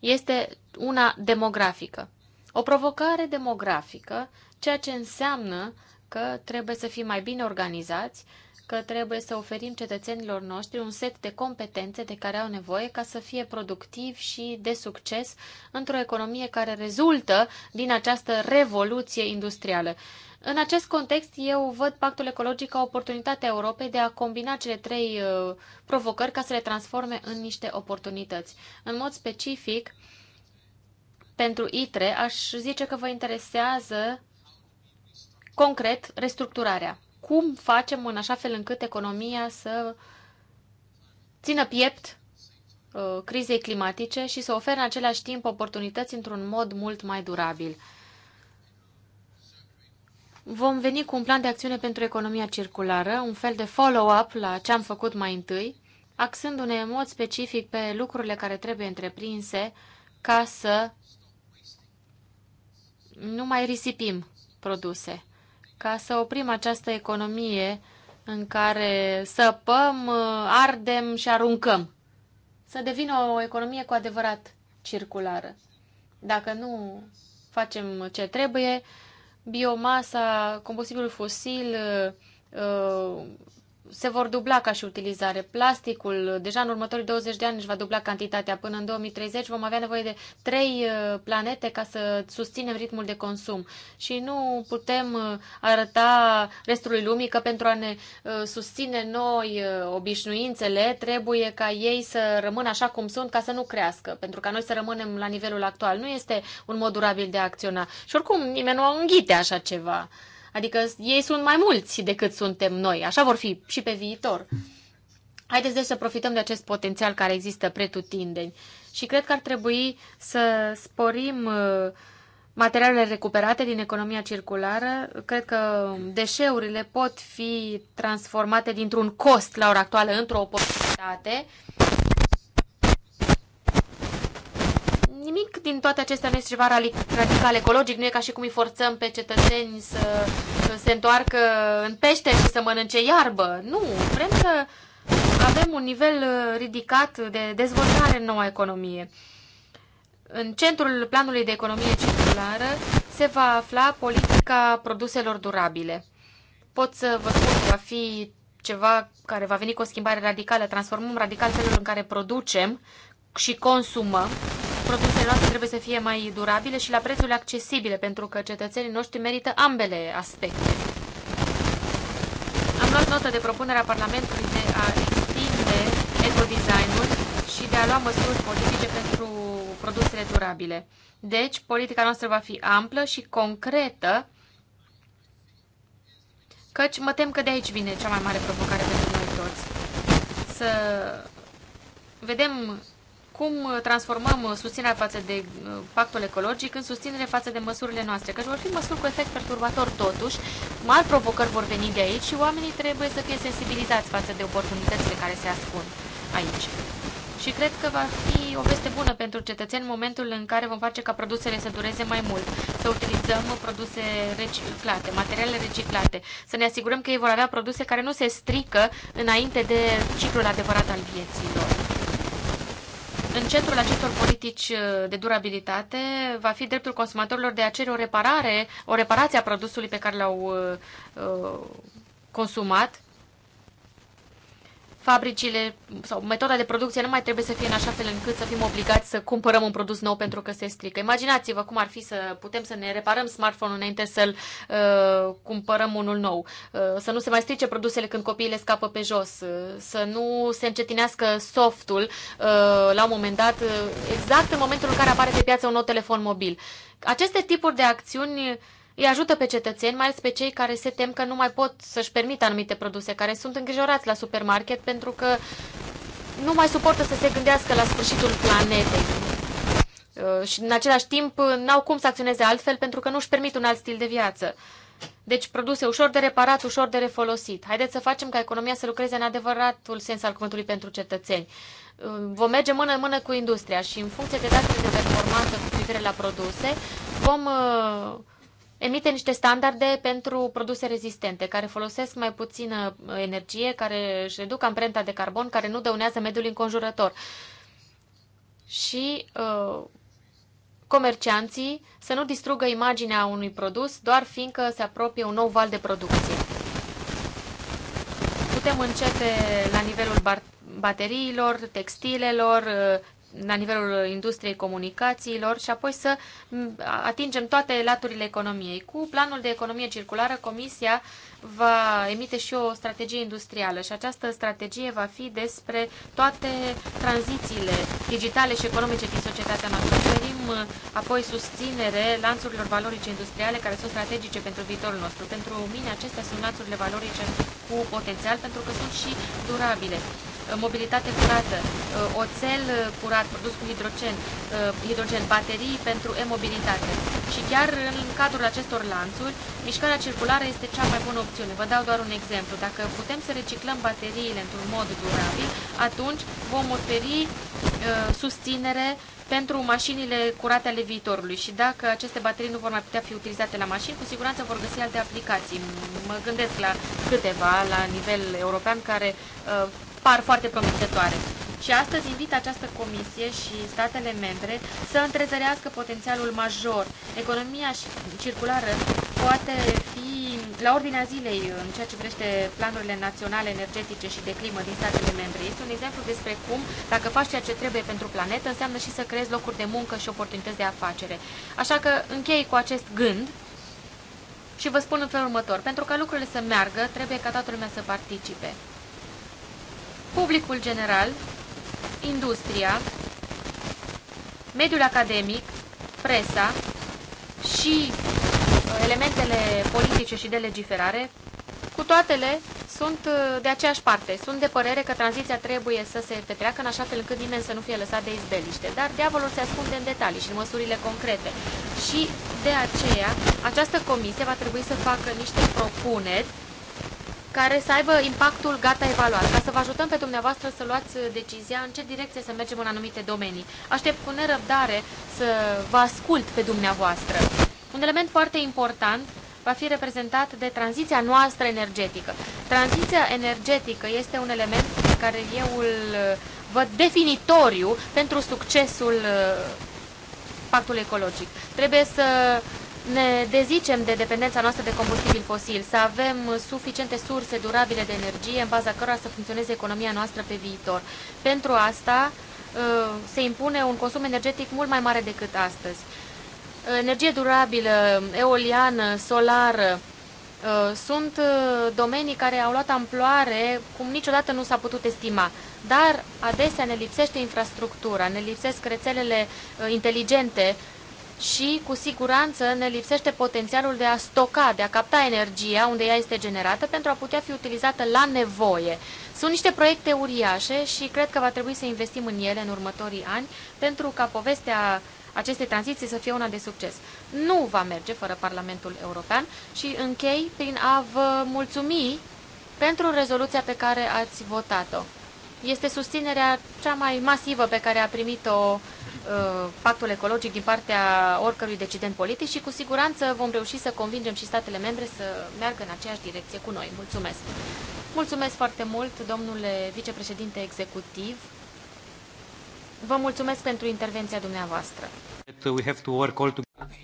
[SPEAKER 2] este una demografică. O provocare demografică ceea ce înseamnă că trebuie să fim mai bine organizați, că trebuie să oferim cetățenilor noștri un set de competențe de care au nevoie ca să fie productiv și de succes într-o economie care rezultă din această revoluție industrială. În acest context, eu văd pactul ecologic ca oportunitatea Europei de a combina cele trei uh, provocări ca să le transforme în niște oportunități. În mod specific, pentru ITRE, aș zice că vă interesează Concret, restructurarea. Cum facem în așa fel încât economia să țină piept uh, crizei climatice și să ofere în același timp oportunități într-un mod mult mai durabil? Vom veni cu un plan de acțiune pentru economia circulară, un fel de follow-up la ce am făcut mai întâi, axându-ne în mod specific pe lucrurile care trebuie întreprinse ca să nu mai risipim produse ca să oprim această economie în care săpăm, ardem și aruncăm. Să devină o economie cu adevărat circulară. Dacă nu facem ce trebuie, biomasa, combustibilul fosil, uh, se vor dubla ca și utilizare. Plasticul, deja în următorii 20 de ani, își va dubla cantitatea. Până în 2030 vom avea nevoie de trei uh, planete ca să susținem ritmul de consum. Și nu putem uh, arăta restului lumii că pentru a ne uh, susține noi obișnuințele, trebuie ca ei să rămână așa cum sunt ca să nu crească, pentru ca noi să rămânem la nivelul actual. Nu este un mod durabil de a acționa. Și oricum, nimeni nu a înghite așa ceva. Adică ei sunt mai mulți decât suntem noi. Așa vor fi și pe viitor. Haideți deci să profităm de acest potențial care există pretutindeni. Și cred că ar trebui să sporim uh, materialele recuperate din economia circulară. Cred că deșeurile pot fi transformate dintr-un cost la ora actuală într-o oportunitate Nimic din toate acestea nu este ceva radical ecologic, nu e ca și cum îi forțăm pe cetățeni să se întoarcă în pește și să mănânce iarbă. Nu, vrem să avem un nivel uh, ridicat de dezvoltare în noua economie. În centrul planului de economie circulară se va afla politica produselor durabile. Pot să vă spun că va fi ceva care va veni cu o schimbare radicală, transformăm radical felul în care producem și consumăm produsele noastre trebuie să fie mai durabile și la prețuri accesibile, pentru că cetățenii noștri merită ambele aspecte. Am luat notă de propunerea Parlamentului de a extinde ecodesignul și de a lua măsuri politice pentru produsele durabile. Deci, politica noastră va fi amplă și concretă, căci mă tem că de aici vine cea mai mare provocare pentru noi toți. Să vedem cum uh, transformăm uh, susținerea față de uh, pactul ecologic în susținere față de măsurile noastre, că vor fi măsuri cu efect perturbator totuși, mari provocări vor veni de aici și oamenii trebuie să fie sensibilizați față de oportunitățile care se ascund aici. Și cred că va fi o veste bună pentru cetățeni în momentul în care vom face ca produsele să dureze mai mult, să utilizăm produse reciclate, materiale reciclate, să ne asigurăm că ei vor avea produse care nu se strică înainte de ciclul adevărat al vieții lor. În centrul acestor politici uh, de durabilitate va fi dreptul consumatorilor de a cere o reparare, o reparație a produsului pe care l-au uh, uh consumat fabricile sau metoda de producție nu mai trebuie să fie în așa fel încât să fim obligați să cumpărăm un produs nou pentru că se strică. Imaginați-vă cum ar fi să putem să ne reparăm smartphone-ul înainte să-l uh, cumpărăm unul nou, uh, să nu se mai strice produsele când copiii le scapă pe jos, uh, să nu se încetinească softul uh, la un moment dat, uh, exact în momentul în care apare pe piață un nou telefon mobil. Aceste tipuri de acțiuni uh, îi ajută pe cetățeni, mai ales pe cei care se tem că nu mai pot să-și permită anumite produse, care sunt îngrijorați la supermarket pentru că nu mai suportă să se gândească la sfârșitul planetei. Uh, și în același timp uh, n-au cum să acționeze altfel pentru că nu-și permit un alt stil de viață. Deci produse ușor de reparat, ușor de refolosit. Haideți să facem ca economia să lucreze în adevăratul sens al cuvântului pentru cetățeni. Uh, vom merge mână în mână cu industria și în funcție de datele de performanță cu privire la produse, vom emite niște standarde pentru produse rezistente, care folosesc mai puțină energie, care își reduc amprenta de carbon, care nu dăunează mediul înconjurător. Și uh, comercianții să nu distrugă imaginea unui produs doar fiindcă se apropie un nou val de producție. Putem începe la nivelul bateriilor, textilelor, uh, la nivelul industriei comunicațiilor și apoi să atingem toate laturile economiei. Cu planul de economie circulară, Comisia va emite și o strategie industrială și această strategie va fi despre toate tranzițiile digitale și economice din societatea noastră. Oferim uh, apoi susținere lanțurilor valorice industriale care sunt strategice pentru viitorul nostru. Pentru mine acestea sunt lanțurile valorice cu potențial pentru că sunt și durabile mobilitate curată, uh, oțel uh, curat produs cu hidrogen, uh, hidrogen baterii pentru e-mobilitate. Și chiar în cadrul acestor lanțuri, mișcarea circulară este cea mai bună opțiune. Vă dau doar un exemplu. Dacă putem să reciclăm bateriile într-un mod durabil, atunci vom oferi susținere pentru mașinile curate ale viitorului și dacă aceste baterii nu vor mai putea fi utilizate la mașini, cu siguranță vor găsi alte aplicații. Mă gândesc la câteva la nivel european care uh, par foarte promițătoare. Și astăzi invit această comisie și statele membre să întrezărească potențialul major. Economia circulară poate fi la ordinea zilei în ceea ce privește planurile naționale energetice și de climă din statele membre. Este un exemplu despre cum, dacă faci ceea ce trebuie pentru planetă, înseamnă și să creezi locuri de muncă și oportunități de afacere. Așa că închei cu acest gând și vă spun în felul următor. Pentru ca lucrurile să meargă, trebuie ca toată lumea să participe publicul general, industria, mediul academic, presa și uh, elementele politice și de legiferare, cu toatele sunt uh, de aceeași parte. Sunt de părere că tranziția trebuie să se petreacă în așa fel încât nimeni să nu fie lăsat de izbeliște. Dar diavolul se ascunde în detalii și în măsurile concrete. Și de aceea această comisie va trebui să facă niște propuneri care să aibă impactul gata evaluat, ca să vă ajutăm pe dumneavoastră să luați uh, decizia în ce direcție să mergem în anumite domenii. Aștept cu nerăbdare să vă ascult pe dumneavoastră. Un element foarte important va fi reprezentat de tranziția noastră energetică. Tranziția energetică este un element pe care eu îl uh, văd definitoriu pentru succesul uh, pactului ecologic. Trebuie să ne dezicem de dependența noastră de combustibil fosil, să avem suficiente surse durabile de energie în baza cărora să funcționeze economia noastră pe viitor. Pentru asta ă, se impune un consum energetic mult mai mare decât astăzi. Energie durabilă, eoliană, solară, ă, sunt ă, domenii care au luat amploare cum niciodată nu s-a putut estima. Dar adesea ne lipsește infrastructura, ne lipsesc rețelele inteligente și cu siguranță ne lipsește potențialul de a stoca, de a capta energia unde ea este generată pentru a putea fi utilizată la nevoie. Sunt niște proiecte uriașe și cred că va trebui să investim în ele în următorii ani pentru ca povestea acestei tranziții să fie una de succes. Nu va merge fără Parlamentul European și închei prin a vă mulțumi pentru rezoluția pe care ați votat-o. Este susținerea cea mai masivă pe care a primit-o pactul uh, ecologic din partea oricărui decident politic și cu siguranță vom reuși să convingem și statele membre să meargă în aceeași direcție cu noi. Mulțumesc! Mulțumesc foarte mult, domnule vicepreședinte executiv. Vă mulțumesc pentru intervenția dumneavoastră.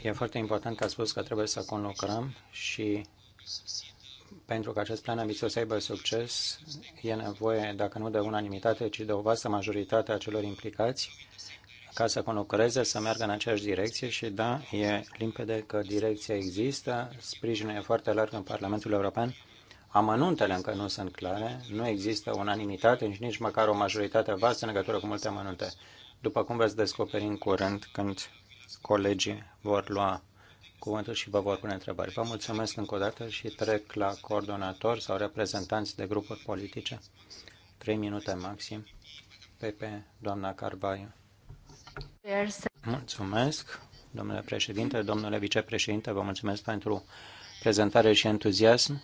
[SPEAKER 1] E foarte important că a spus că trebuie să conlucrăm și pentru că acest plan ambițios să aibă succes, e nevoie, dacă nu de unanimitate, ci de o vastă majoritate a celor implicați ca să conlucreze, să meargă în aceeași direcție și da, e limpede că direcția există, sprijinul e foarte larg în Parlamentul European, amănuntele încă nu sunt clare, nu există unanimitate și nici măcar o majoritate vastă în legătură cu multe amănunte, după cum veți descoperi în curând când colegii vor lua cuvântul și vă vor pune întrebări. Vă mulțumesc încă o dată și trec la coordonatori sau reprezentanți de grupuri politice. Trei minute maxim. Pepe, doamna Carvaiu. Mulțumesc, domnule președinte, domnule vicepreședinte, vă mulțumesc pentru prezentare și entuziasm.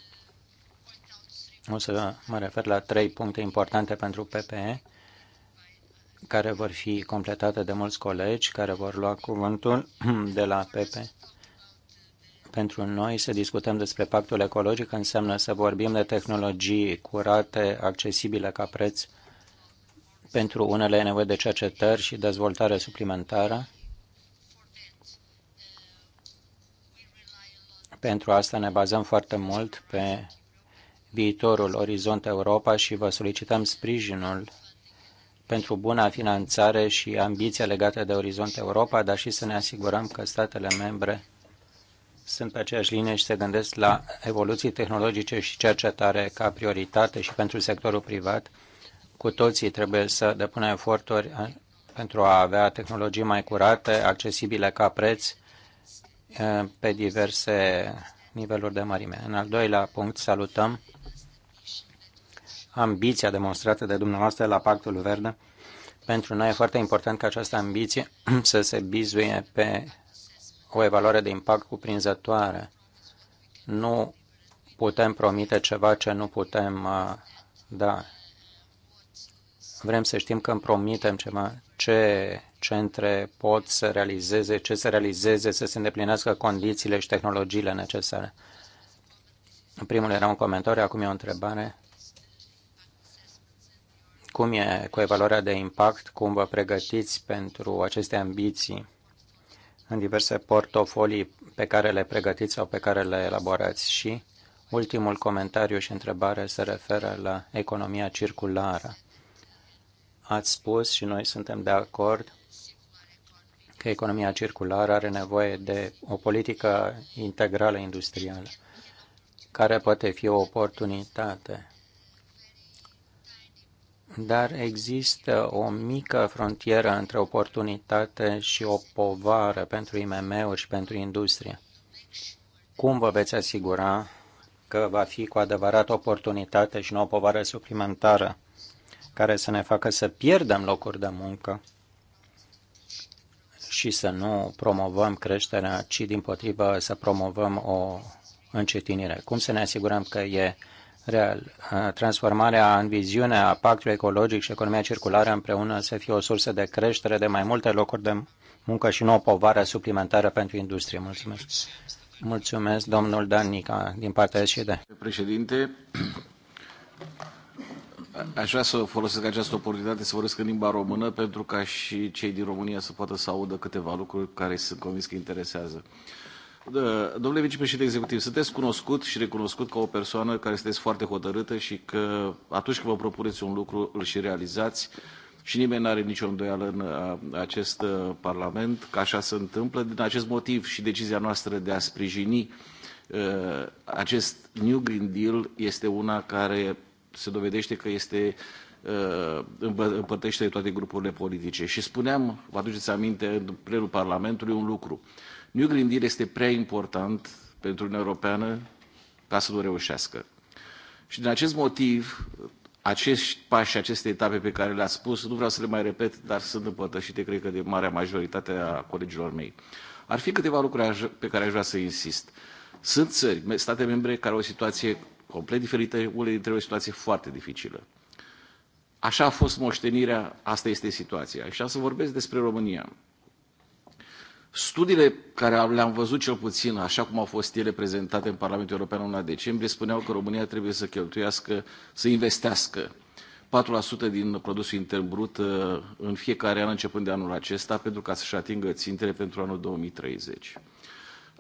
[SPEAKER 1] O să mă refer la trei puncte importante pentru PPE, care vor fi completate de mulți colegi care vor lua cuvântul de la PPE pentru noi să discutăm despre pactul ecologic înseamnă să vorbim de tehnologii curate, accesibile ca preț pentru unele e nevoie de cercetări și dezvoltare suplimentară. Pentru asta ne bazăm foarte mult pe viitorul Orizont Europa și vă solicităm sprijinul pentru buna finanțare și ambiția legată de Orizont Europa, dar și să ne asigurăm că statele membre sunt pe aceeași linie și se gândesc la evoluții tehnologice și cercetare ca prioritate și pentru sectorul privat cu toții trebuie să depunem eforturi uh, pentru a avea tehnologii mai curate, accesibile ca preț, uh, pe diverse niveluri de mărime. În al doilea punct, salutăm ambiția demonstrată de dumneavoastră la Pactul Verde. Pentru noi e foarte important ca această ambiție să se bizuie pe o evaluare de impact cuprinzătoare. Nu putem promite ceva ce nu putem uh, da. Vrem să știm când promitem ce, mai, ce centre pot să realizeze, ce să realizeze, să se îndeplinească condițiile și tehnologiile necesare. În primul era un comentariu, acum e o întrebare. Cum e cu evaluarea de impact? Cum vă pregătiți pentru aceste ambiții în diverse portofolii pe care le pregătiți sau pe care le elaborați? Și ultimul comentariu și întrebare se referă la economia circulară ați spus și noi suntem de acord că economia circulară are nevoie de o politică integrală industrială, care poate fi o oportunitate. Dar există o mică frontieră între oportunitate și o povară pentru IMM-uri și pentru industrie. Cum vă veți asigura că va fi cu adevărat oportunitate și nu o povară suplimentară care să ne facă să pierdem locuri de muncă și să nu promovăm creșterea, ci din potrivă să promovăm o încetinire. Cum să ne asigurăm că e real? Transformarea în viziune a pactului ecologic și economia circulară împreună să fie o sursă de creștere de mai multe locuri de muncă și nu o povară suplimentară pentru industrie. Mulțumesc. Mulțumesc, domnul Danica din partea SD.
[SPEAKER 3] Președinte, Aș vrea să folosesc această oportunitate să vorbesc în limba română pentru ca și cei din România să poată să audă câteva lucruri care sunt convins că interesează. Domnule vicepreședinte executiv, sunteți cunoscut și recunoscut ca o persoană care sunteți foarte hotărâtă și că atunci când vă propuneți un lucru îl și realizați și nimeni nu are nicio îndoială în acest uh, Parlament că așa se întâmplă. Din acest motiv și decizia noastră de a sprijini uh, acest New Green Deal este una care se dovedește că este uh, împărtește de toate grupurile politice. Și spuneam, vă aduceți aminte, în plenul Parlamentului un lucru. New Green Deal este prea important pentru Uniunea Europeană ca să nu reușească. Și din acest motiv, acești pași, aceste etape pe care le-ați spus, nu vreau să le mai repet, dar sunt împărtășite, cred că, de marea majoritate a colegilor mei. Ar fi câteva lucruri pe care aș vrea să insist. Sunt țări, state membre care au o situație complet diferite, unele dintre ele o situație foarte dificilă. Așa a fost moștenirea, asta este situația. Și să vorbesc despre România. Studiile care le-am văzut cel puțin, așa cum au fost ele prezentate în Parlamentul European în decembrie, spuneau că România trebuie să cheltuiască, să investească 4% din produsul intern brut uh, în fiecare an începând de anul acesta pentru ca să-și atingă țintele pentru anul 2030.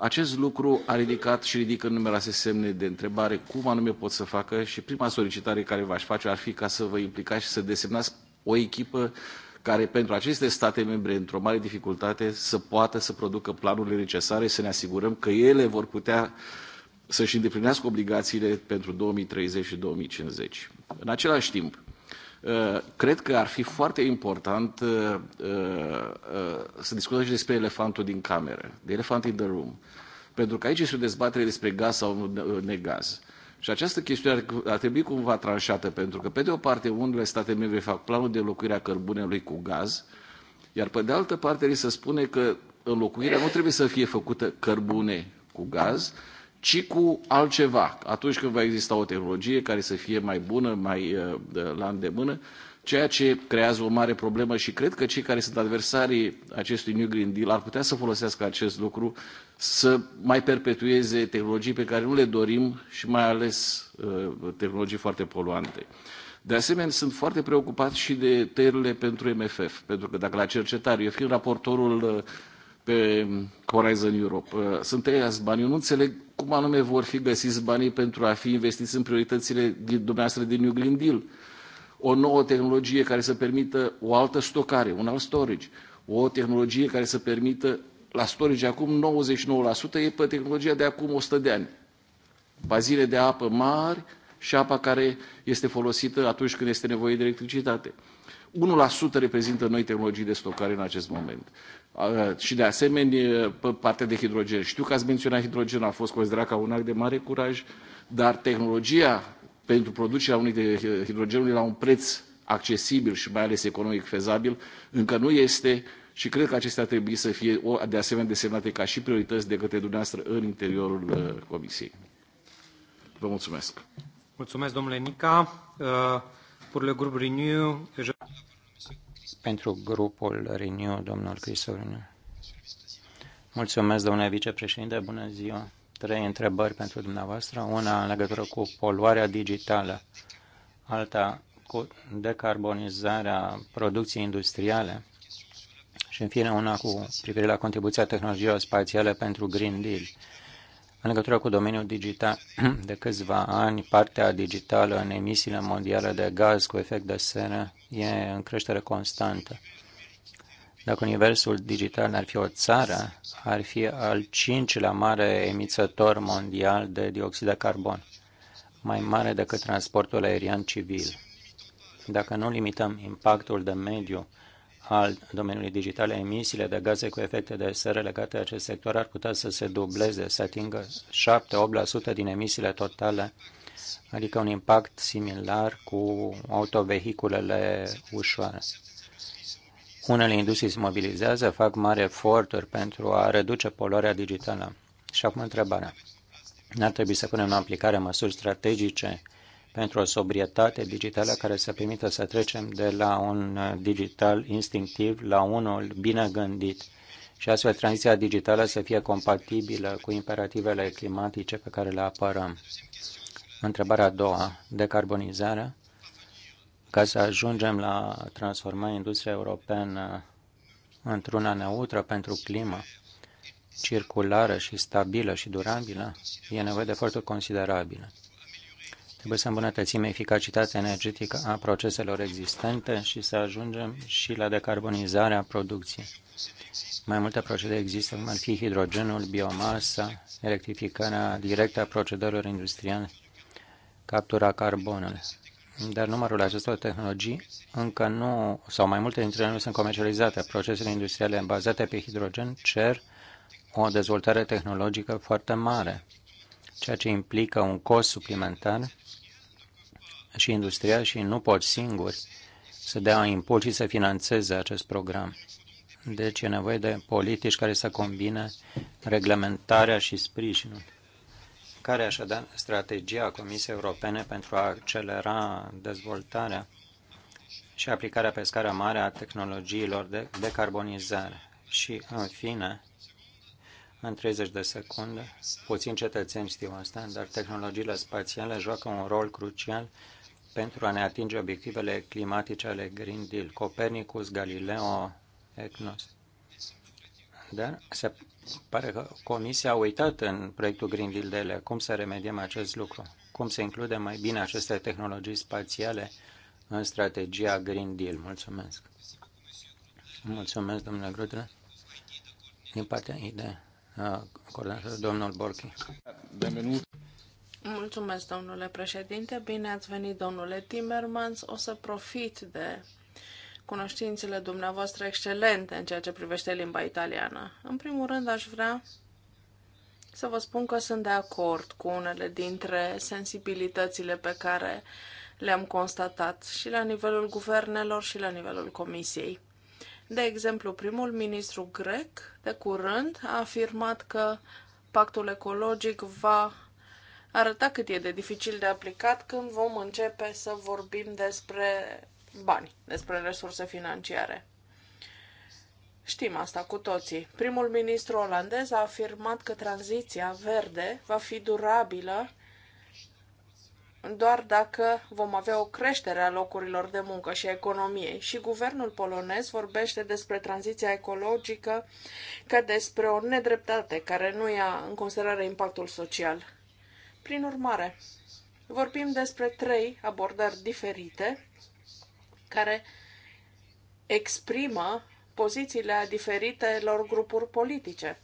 [SPEAKER 3] Acest lucru a ridicat și ridică numeroase semne de întrebare cum anume pot să facă și prima solicitare care v-aș face ar fi ca să vă implicați și să desemnați o echipă care pentru aceste state membre într-o mare dificultate să poată să producă planurile necesare, să ne asigurăm că ele vor putea să-și îndeplinească obligațiile pentru 2030 și 2050. În același timp, Uh, cred că ar fi foarte important uh, uh, să discutăm și despre elefantul din cameră, the elephant in the room. Pentru că aici este o dezbatere despre gaz sau negaz. Și această chestiune ar, ar trebui cumva tranșată, pentru că, pe de o parte, unele state membre fac planul de locuire a cărbunelui cu gaz, iar pe de altă parte, li se spune că înlocuirea nu trebuie să fie făcută cărbune cu gaz, ci cu altceva. Atunci când va exista o tehnologie care să fie mai bună, mai uh, la îndemână, ceea ce creează o mare problemă și cred că cei care sunt adversarii acestui New Green Deal ar putea să folosească acest lucru să mai perpetueze tehnologii pe care nu le dorim și mai ales uh, tehnologii foarte poluante. De asemenea, sunt foarte preocupat și de tăierile pentru MFF, pentru că dacă la cercetare, eu fiind raportorul uh, pe Horizon Europe, sunt tăiați bani, eu nu înțeleg cum anume vor fi găsiți banii pentru a fi investiți în prioritățile din, dumneavoastră din New Green Deal, o nouă tehnologie care să permită o altă stocare, un alt storage, o tehnologie care să permită la storage acum 99% e pe tehnologia de acum 100 de ani. Bazine de apă mari și apa care este folosită atunci când este nevoie de electricitate. 1% reprezintă noi tehnologii de stocare în acest moment. Și de asemenea, pe partea de hidrogen. Știu că ați menționat hidrogen, a fost considerat ca un act de mare curaj, dar tehnologia pentru producerea unui de hidrogenului la un preț accesibil și mai ales economic fezabil încă nu este și cred că acestea trebuie să fie de asemenea desemnate ca și priorități de către dumneavoastră în interiorul uh, Comisiei. Vă mulțumesc.
[SPEAKER 1] Mulțumesc, domnule Nica. Uh... Pentru grupul Renew, domnul Crisorinu. Mulțumesc, domnule vicepreședinte, bună ziua. Trei întrebări pentru dumneavoastră, una în legătură cu poluarea digitală, alta cu decarbonizarea producției industriale și, în fine, una cu privire la contribuția tehnologiilor spațiale pentru Green Deal. În legătură cu domeniul digital, de câțiva ani, partea digitală în emisiile mondiale de gaz cu efect de seră e în creștere constantă. Dacă universul digital ar fi o țară, ar fi al cincilea mare emițător mondial de dioxid de carbon, mai mare decât transportul aerian civil. Dacă nu limităm impactul de mediu al domeniului digital, emisiile de gaze cu efecte de seră legate de acest sector ar putea să se dubleze, să atingă 7-8% din emisiile totale, adică un impact similar cu autovehiculele ușoare. Unele industrii se mobilizează, fac mari eforturi pentru a reduce poluarea digitală. Și acum întrebarea. N-ar trebui să punem în aplicare măsuri strategice pentru o sobrietate digitală care să permită să trecem de la un digital instinctiv la unul bine gândit și astfel tranziția digitală să fie compatibilă cu imperativele climatice pe care le apărăm. Întrebarea a doua, decarbonizarea, ca să ajungem la transforma industria europeană într-una neutră pentru climă, circulară și stabilă și durabilă, e nevoie de eforturi considerabile. Trebuie să îmbunătățim eficacitatea energetică a proceselor existente și să ajungem și la decarbonizarea producției. Mai multe procede există, cum ar fi hidrogenul, biomasa, electrificarea directă a procedurilor industriale, captura carbonului. Dar numărul acestor tehnologii încă nu, sau mai multe dintre ele nu sunt comercializate. Procesele industriale bazate pe hidrogen cer o dezvoltare tehnologică foarte mare, ceea ce implică un cost suplimentar și industriali și nu pot singuri să dea impuls și să financeze acest program. Deci e nevoie de politici care să combine reglementarea și sprijinul. Care așadar strategia Comisiei Europene pentru a accelera dezvoltarea și aplicarea pe scară mare a tehnologiilor de decarbonizare? Și, în fine, în 30 de secunde, puțin cetățeni știu asta, dar tehnologiile spațiale joacă un rol crucial pentru a ne atinge obiectivele climatice ale Green Deal, Copernicus, Galileo, EGNOS. Dar se pare că Comisia a uitat în proiectul Green Deal de ele cum să remediem acest lucru, cum să includem mai bine aceste tehnologii spațiale în strategia Green Deal. Mulțumesc! Mulțumesc, domnule Grudre. Din partea ideea, uh, coordonatorul domnul Borchi. Bienvenut.
[SPEAKER 4] Mulțumesc, domnule președinte. Bine ați venit, domnule Timmermans. O să profit de cunoștințele dumneavoastră excelente în ceea ce privește limba italiană. În primul rând, aș vrea să vă spun că sunt de acord cu unele dintre sensibilitățile pe care le-am constatat și la nivelul guvernelor și la nivelul comisiei. De exemplu, primul ministru grec de curând a afirmat că pactul ecologic va arăta cât e de dificil de aplicat când vom începe să vorbim despre bani, despre resurse financiare. Știm asta cu toții. Primul ministru olandez a afirmat că tranziția verde va fi durabilă doar dacă vom avea o creștere a locurilor de muncă și a economiei. Și guvernul polonez vorbește despre tranziția ecologică ca despre o nedreptate care nu ia în considerare impactul social. Prin urmare, vorbim despre trei abordări diferite care exprimă pozițiile diferitelor grupuri politice.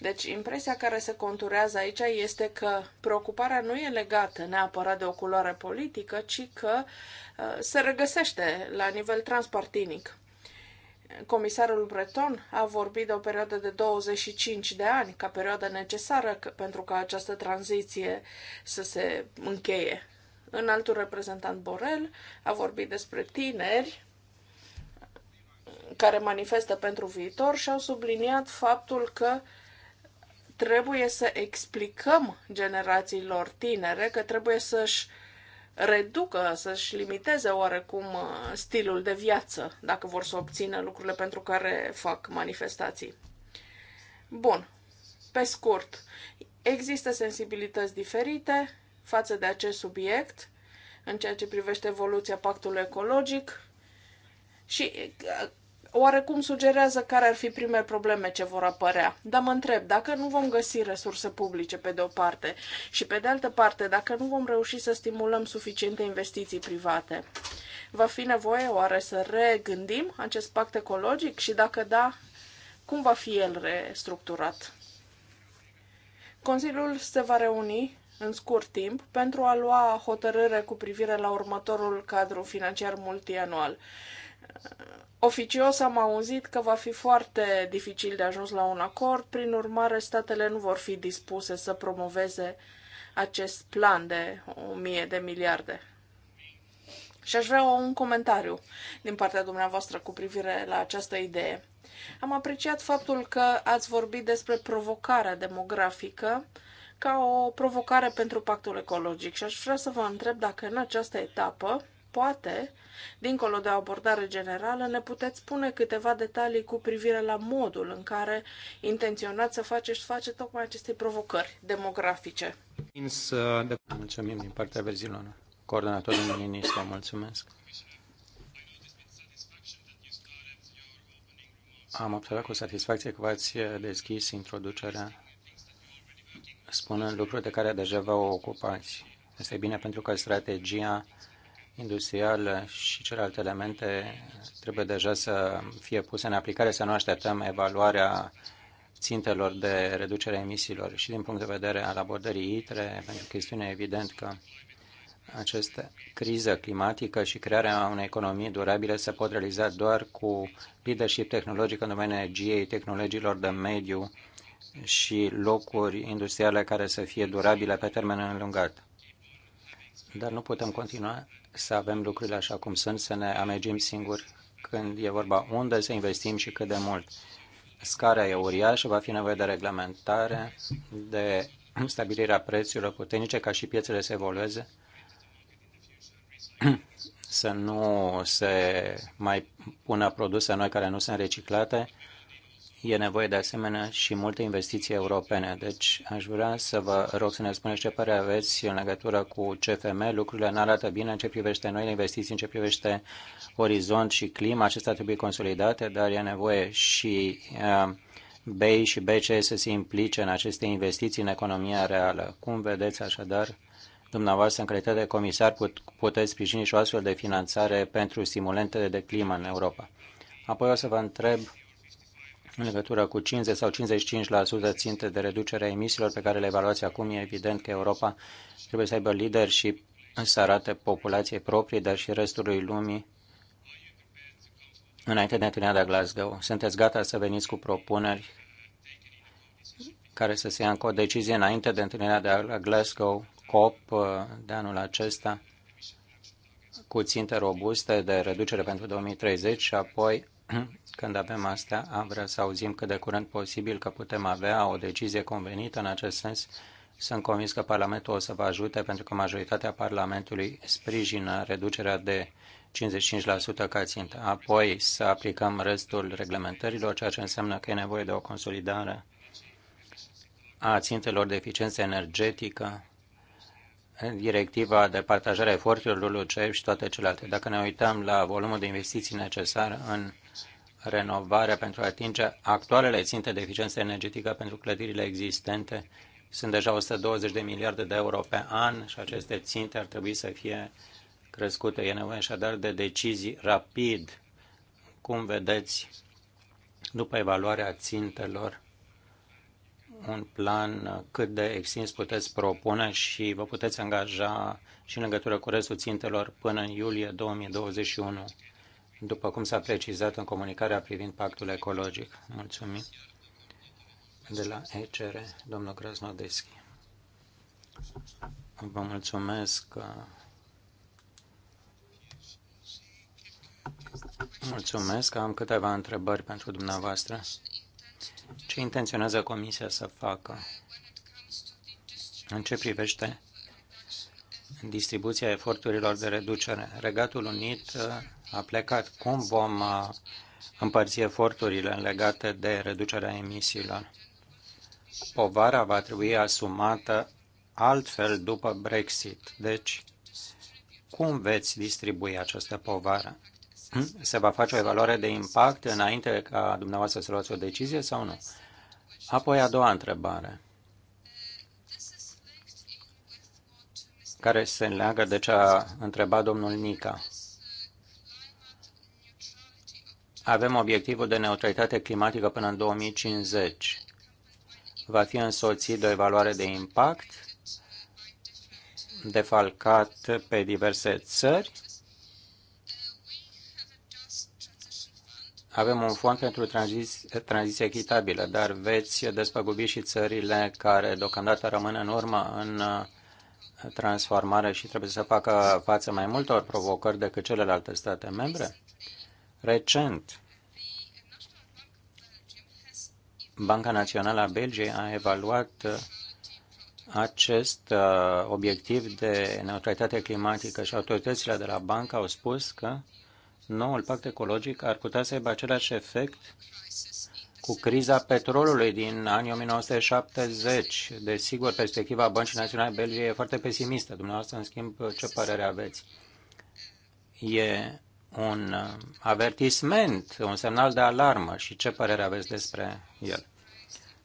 [SPEAKER 4] Deci, impresia care se conturează aici este că preocuparea nu e legată neapărat de o culoare politică, ci că uh, se regăsește la nivel transpartinic comisarul Breton a vorbit de o perioadă de 25 de ani ca perioadă necesară pentru ca această tranziție să se încheie. În altul reprezentant Borel a vorbit despre tineri care manifestă pentru viitor și au subliniat faptul că trebuie să explicăm generațiilor tinere că trebuie să-și uh, reducă, să-și limiteze oarecum uh, stilul de viață, dacă vor să obțină lucrurile pentru care fac manifestații. Bun, pe scurt, există sensibilități diferite față de acest subiect în ceea ce privește evoluția pactului ecologic și uh, oarecum sugerează care ar fi primele probleme ce vor apărea. Dar mă întreb, dacă nu vom găsi resurse publice pe de o parte și pe de altă parte, dacă nu vom reuși să stimulăm suficiente investiții private, va fi nevoie oare să regândim acest pact ecologic și dacă da, cum va fi el restructurat? Consiliul se va reuni în scurt timp pentru a lua hotărâre cu privire la următorul cadru financiar multianual Oficios am auzit că va fi foarte dificil de ajuns la un acord, prin urmare statele nu vor fi dispuse să promoveze acest plan de 1000 de miliarde. Și aș vrea un comentariu din partea dumneavoastră cu privire la această idee. Am apreciat faptul că ați vorbit despre provocarea demografică ca o provocare pentru pactul ecologic și aș vrea să vă întreb dacă în această etapă Poate, dincolo de o abordare generală, ne puteți spune câteva detalii cu privire la modul în care intenționați să faceți face tocmai aceste provocări demografice.
[SPEAKER 1] Uh, Mulțumim din partea Verzilona. Coordonatorul Mininis, vă mulțumesc. Am observat cu satisfacție că v-ați deschis introducerea spunând lucruri de care deja vă ocupați. Este bine pentru că strategia industrială și celelalte elemente trebuie deja să fie puse în aplicare, să nu așteptăm evaluarea țintelor de reducere a emisiilor și din punct de vedere al abordării ITRE, pentru că este evident că această criză climatică și crearea unei economii durabile se pot realiza doar cu leadership tehnologic în domeniul energiei, tehnologiilor de mediu și locuri industriale care să fie durabile pe termen înlungat. Dar nu putem continua să avem lucrurile așa cum sunt, să ne amegim singuri când e vorba unde să investim și cât de mult. Scara e uriașă, va fi nevoie de reglementare, de stabilirea prețurilor puternice ca și piețele să evolueze, să nu se mai pună produse noi care nu sunt reciclate, E nevoie de asemenea și multe investiții europene. Deci aș vrea să vă rog să ne spuneți ce părere aveți în legătură cu CFM. Lucrurile nu arată bine în ce privește noile investiții, în ce privește orizont și clima. Acestea trebuie consolidate, dar e nevoie și uh, BEI și BCE să se implice în aceste investiții în economia reală. Cum vedeți așadar? Dumneavoastră, în calitate de comisar, put, puteți sprijini și o astfel de finanțare pentru stimulentele de climă în Europa. Apoi o să vă întreb în legătură cu 50 sau 55% ținte de reducere a emisiilor pe care le evaluați acum, e evident că Europa trebuie să aibă lider și să arate populației proprii, dar și restului lumii înainte de întâlnirea de Glasgow. Sunteți gata să veniți cu propuneri care să se ia încă o decizie înainte de întâlnirea de Glasgow, COP uh, de anul acesta, cu ținte robuste de reducere pentru 2030 și apoi când avem asta, am vrea să auzim cât de curând posibil că putem avea o decizie convenită în acest sens. Sunt convins că Parlamentul o să vă ajute pentru că majoritatea Parlamentului sprijină reducerea de 55% ca țintă. Apoi să aplicăm restul reglementărilor, ceea ce înseamnă că e nevoie de o consolidare a țintelor de eficiență energetică, directiva de partajare a eforturilor LULUCEF și toate celelalte. Dacă ne uităm la volumul de investiții necesar în renovare pentru a atinge actualele ținte de eficiență energetică pentru clădirile existente. Sunt deja 120 de miliarde de euro pe an și aceste ținte ar trebui să fie crescute. E nevoie așadar de decizii rapid. Cum vedeți, după evaluarea țintelor, un plan cât de extins puteți propune și vă puteți angaja și în legătură cu restul țintelor până în iulie 2021 după cum s-a precizat în comunicarea privind pactul ecologic. Mulțumim. De la ECR, domnul Krasnodeschi. Vă mulțumesc. Mulțumesc. Am câteva întrebări pentru dumneavoastră. Ce intenționează Comisia să facă în ce privește distribuția eforturilor de reducere? Regatul Unit a plecat. Cum vom uh, împărți eforturile legate de reducerea emisiilor? Povara va trebui asumată altfel după Brexit. Deci, cum veți distribui această povară? Hmm? Se va face o evaluare de impact înainte ca dumneavoastră să luați o decizie sau nu? Apoi a doua întrebare, care se leagă de ce a întrebat domnul Nica. Avem obiectivul de neutralitate climatică până în 2050. Va fi însoțit de o evaluare de impact defalcat pe diverse țări. Avem un fond pentru tranziție, tranziție echitabilă, dar veți despăgubi și țările care deocamdată rămân în urmă în uh, transformare și trebuie să facă față mai multor provocări decât celelalte state membre? Recent, Banca Națională a Belgiei a evaluat uh, acest uh, obiectiv de neutralitate climatică și autoritățile de la bancă au spus că noul pact ecologic ar putea să aibă același efect cu criza petrolului din anii 1970. Desigur, perspectiva Băncii Naționale Belgiei e foarte pesimistă. Dumneavoastră, în schimb, ce părere aveți? E un uh, avertisment, un semnal de alarmă și ce părere aveți despre el?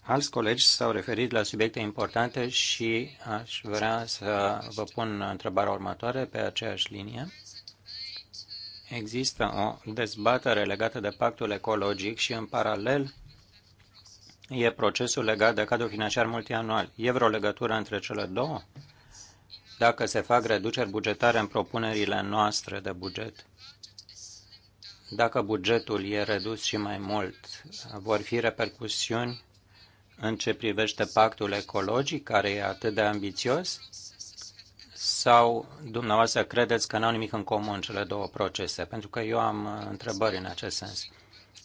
[SPEAKER 1] Alți colegi s-au referit la subiecte importante și aș vrea să vă pun întrebarea următoare pe aceeași linie. Există o dezbatere legată de pactul ecologic și în paralel e procesul legat de cadrul financiar multianual. E vreo legătură între cele două? Dacă se fac reduceri bugetare în propunerile noastre de buget, dacă bugetul e redus și mai mult, vor fi repercusiuni în ce privește pactul ecologic, care e atât de ambițios? Sau dumneavoastră credeți că n-au nimic în comun cele două procese? Pentru că eu am uh, întrebări în acest sens.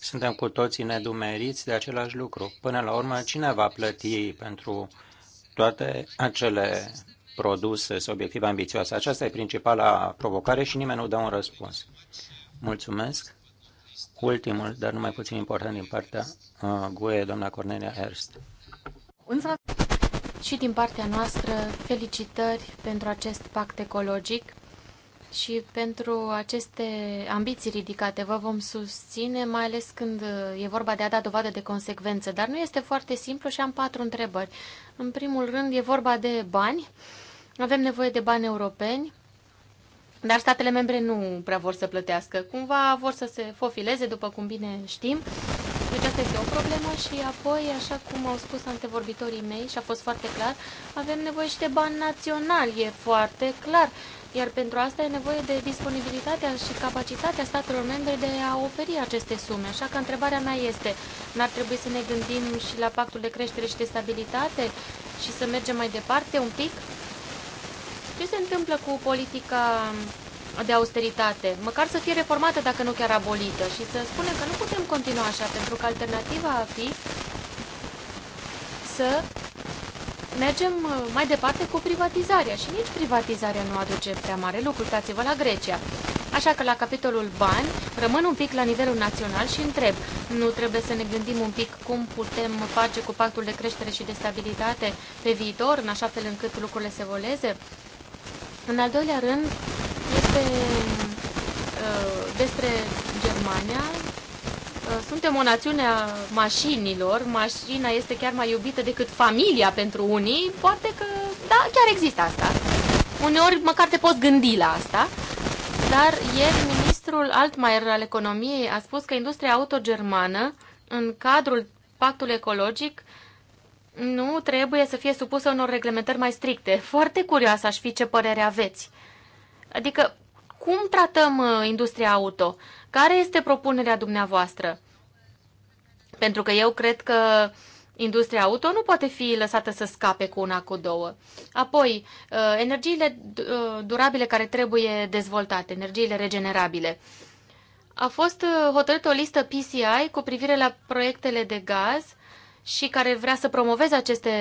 [SPEAKER 1] Suntem cu toții nedumeriți de același lucru. Până la urmă, cine va plăti pentru toate acele produse obiective ambițioase? Aceasta e principala provocare și nimeni nu dă un răspuns. Mulțumesc. Ultimul, dar nu mai puțin important din partea uh, GUE, doamna Cornelia Erst.
[SPEAKER 2] Și din partea noastră, felicitări pentru acest pact ecologic și pentru aceste ambiții ridicate. Vă vom susține, mai ales când e vorba de a da dovadă de consecvență. Dar nu este foarte simplu și am patru întrebări. În primul rând, e vorba de bani. Avem nevoie de bani europeni dar statele membre nu prea vor să plătească. Cumva vor să se fofileze, după cum bine știm. Deci asta este o problemă și apoi, așa cum au spus antevorbitorii mei și a fost foarte clar, avem nevoie și de bani naționali, e foarte clar. Iar pentru asta e nevoie de disponibilitatea și capacitatea statelor membre de a oferi aceste sume. Așa că întrebarea mea este, n-ar trebui să ne gândim și la pactul de creștere și de stabilitate și să mergem mai departe un pic? Ce se întâmplă cu politica de austeritate? Măcar să fie reformată, dacă nu chiar abolită, și să spunem că nu putem continua așa, pentru că alternativa a fi să mergem uh, mai departe cu privatizarea și nici privatizarea nu aduce prea mare lucru, uitați-vă la Grecia. Așa că la capitolul bani rămân un pic la nivelul național și întreb, nu trebuie să ne gândim un pic cum putem face cu pactul de creștere și de stabilitate pe viitor, în așa fel încât lucrurile se voleze? În al doilea rând, este ă, despre Germania. Ă, suntem o națiune a mașinilor, mașina este chiar mai iubită decât familia pentru unii, poate că, da, chiar există asta. Uneori măcar te poți gândi la asta, dar ieri ministrul Altmaier al economiei a spus că industria auto germană, în cadrul pactului ecologic, nu trebuie să fie supusă unor reglementări mai stricte. Foarte curioasă aș fi ce părere aveți. Adică, cum tratăm uh, industria auto? Care este propunerea dumneavoastră? Pentru că eu cred că industria auto nu poate fi lăsată să scape cu una, cu două. Apoi, uh, energiile uh, durabile care trebuie dezvoltate, energiile regenerabile. A fost hotărâtă o listă PCI cu privire la proiectele de gaz și care vrea să promoveze aceste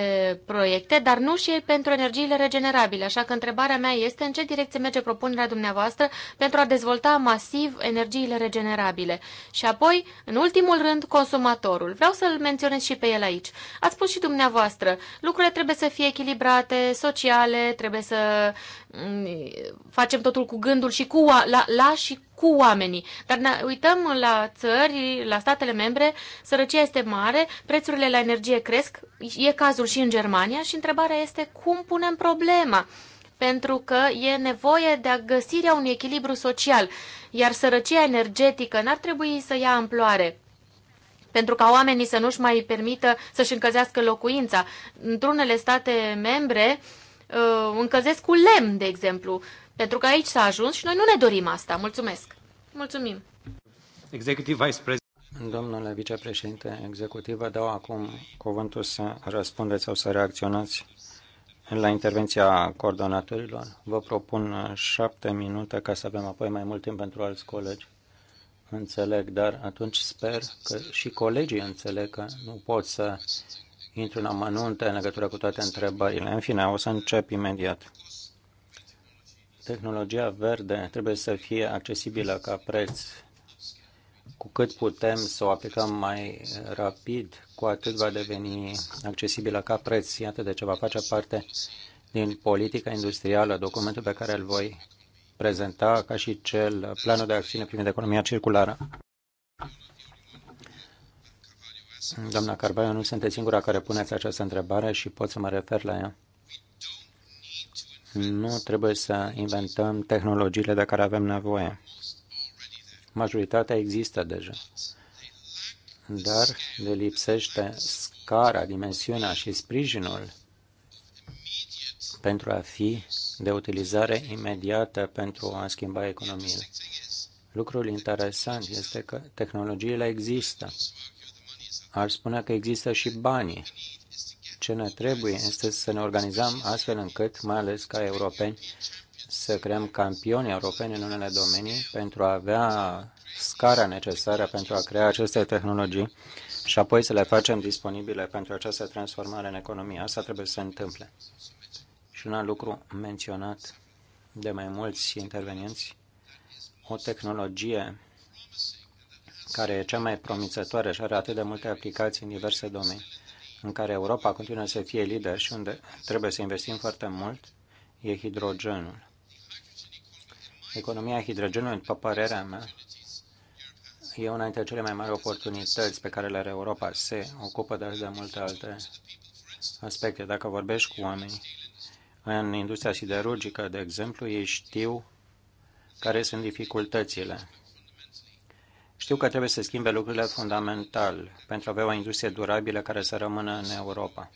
[SPEAKER 2] proiecte, dar nu și pentru energiile regenerabile. Așa că întrebarea mea este în ce direcție merge propunerea dumneavoastră pentru a dezvolta masiv energiile regenerabile. Și apoi, în ultimul rând, consumatorul. Vreau să-l menționez și pe el aici. Ați spus și dumneavoastră, lucrurile trebuie să fie echilibrate, sociale, trebuie să Mm, facem totul cu gândul și cu la, la și cu oamenii. Dar ne uităm la țări, la statele membre, sărăcia este mare, prețurile la energie cresc, e cazul și în Germania și întrebarea este cum punem problema pentru că e nevoie de a găsirea unui echilibru social, iar sărăcia energetică n-ar trebui să ia amploare pentru ca oamenii să nu-și mai permită să-și încăzească locuința. Într-unele state membre, uh, uh, încălzesc cu lemn, de exemplu. Pentru că aici s-a ajuns și noi nu ne dorim asta. Mulțumesc. Mulțumim.
[SPEAKER 1] Executive Vice President. Domnule vicepreședinte executiv, vă dau acum cuvântul să răspundeți sau să reacționați la intervenția coordonatorilor. Vă propun uh, șapte minute ca să avem apoi mai mult timp pentru alți colegi. Înțeleg, dar atunci sper că și colegii înțeleg că nu pot să intru în amănunte în legătură cu toate întrebările. În fine, o să încep imediat. Tehnologia verde trebuie să fie accesibilă ca preț. Cu cât putem să o aplicăm mai rapid, cu atât va deveni accesibilă ca preț. Iată de ce va face parte din politica industrială, documentul pe care îl voi prezenta ca și cel planul de acțiune privind economia circulară. Doamna Carvalho, nu sunteți singura care puneți această întrebare și pot să mă refer la ea. Nu trebuie să inventăm tehnologiile de care avem nevoie. Majoritatea există deja, dar le lipsește scara, dimensiunea și sprijinul pentru a fi de utilizare imediată pentru a schimba economiile. Lucrul interesant este că tehnologiile există, ar spune că există și banii. Ce ne trebuie este să ne organizăm astfel încât, mai ales ca europeni, să creăm campioni europeni în unele domenii pentru a avea scara necesară pentru a crea aceste tehnologii și apoi să le facem disponibile pentru această transformare în economie. Asta trebuie să se întâmple. Și un alt lucru menționat de mai mulți intervenienți, o tehnologie care e cea mai promițătoare și are atât de multe aplicații în diverse domenii, în care Europa continuă să fie lider și unde trebuie să investim foarte mult, e hidrogenul. Economia hidrogenului, după părerea mea, e una dintre cele mai mari oportunități pe care le are Europa. Se ocupă de, de multe alte aspecte. Dacă vorbești cu oameni în industria siderurgică, de exemplu, ei știu care sunt dificultățile știu că trebuie să schimbe lucrurile fundamental pentru a avea o industrie durabilă care să rămână în Europa.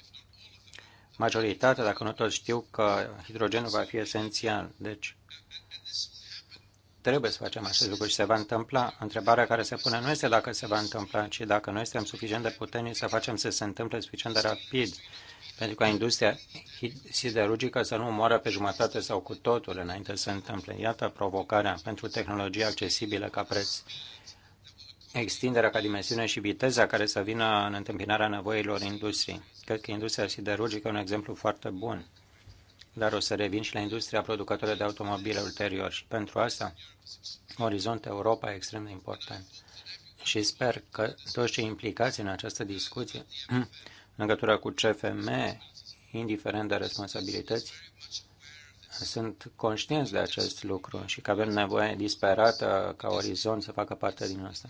[SPEAKER 1] Majoritatea, dacă nu toți, știu că hidrogenul va fi esențial. Deci, trebuie să facem acest lucru și se va întâmpla. Întrebarea care se pune nu este dacă se va întâmpla, ci dacă noi suntem suficient de puternici să facem să se întâmple suficient de rapid, pentru ca industria siderurgică să nu moară pe jumătate sau cu totul înainte să se întâmple. Iată provocarea pentru tehnologie accesibilă ca preț extinderea ca dimensiune și viteza care să vină în întâmpinarea nevoilor industriei. Cred că industria siderurgică e un exemplu foarte bun, dar o să revin și la industria producătoare de automobile ulterior și pentru asta Orizont Europa e extrem de important. Și sper că toți cei implicați în această discuție în legătură cu CFM, indiferent de responsabilități, sunt conștienți de acest lucru și că avem nevoie disperată ca Orizont să facă parte din asta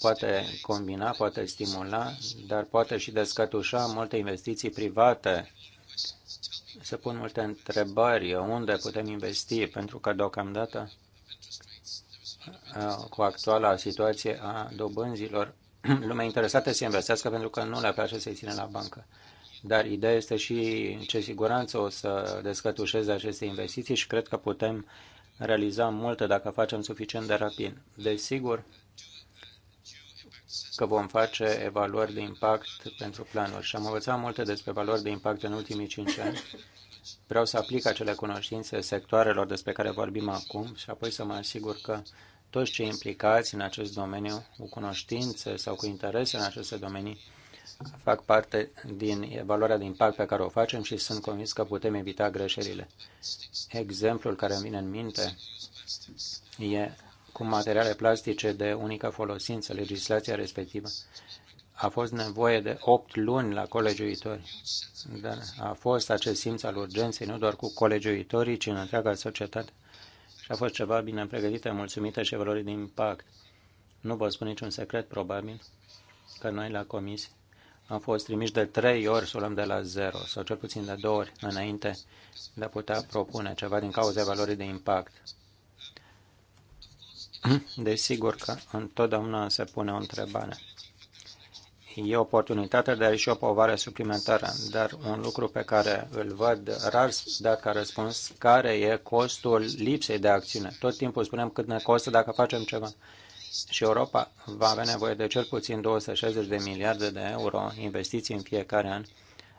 [SPEAKER 1] poate combina, poate stimula, dar poate și descătușa multe investiții private. Se pun multe întrebări unde putem investi, pentru că deocamdată uh, cu actuala situație a dobânzilor, lumea interesată să investească pentru că nu le place să-i ține la bancă. Dar ideea este și ce siguranță o să descătușeze aceste investiții și cred că putem realiza multe dacă facem suficient de rapid. Desigur, că vom face evaluări de impact pentru planuri și am învățat multe despre valori de impact în ultimii cinci ani. Vreau să aplic acele cunoștințe sectoarelor despre care vorbim acum și apoi să mă asigur că toți cei implicați în acest domeniu, cu cunoștințe sau cu interese în aceste domenii, fac parte din evaluarea de impact pe care o facem și sunt convins că putem evita greșelile. Exemplul care îmi vine în minte e cu materiale plastice de unică folosință, legislația respectivă. A fost nevoie de 8 luni la colegiuitori. Da, a fost acest simț al urgenței, nu doar cu colegiuitorii, ci în întreaga societate. Și a fost ceva bine pregătită, mulțumită și valori de impact. Nu vă spun niciun secret, probabil, că noi la comisie am fost trimiși de trei ori să luăm de la zero, sau cel puțin de două ori înainte de a putea propune ceva din cauza valorii de impact. desigur că întotdeauna se pune o întrebare. E oportunitate, dar și o povară suplimentară. Dar un lucru pe care îl văd rar dat ca răspuns, care e costul lipsei de acțiune. Tot timpul spunem cât ne costă dacă facem ceva. Și Europa va avea nevoie de cel puțin 260 de miliarde de euro investiții în fiecare an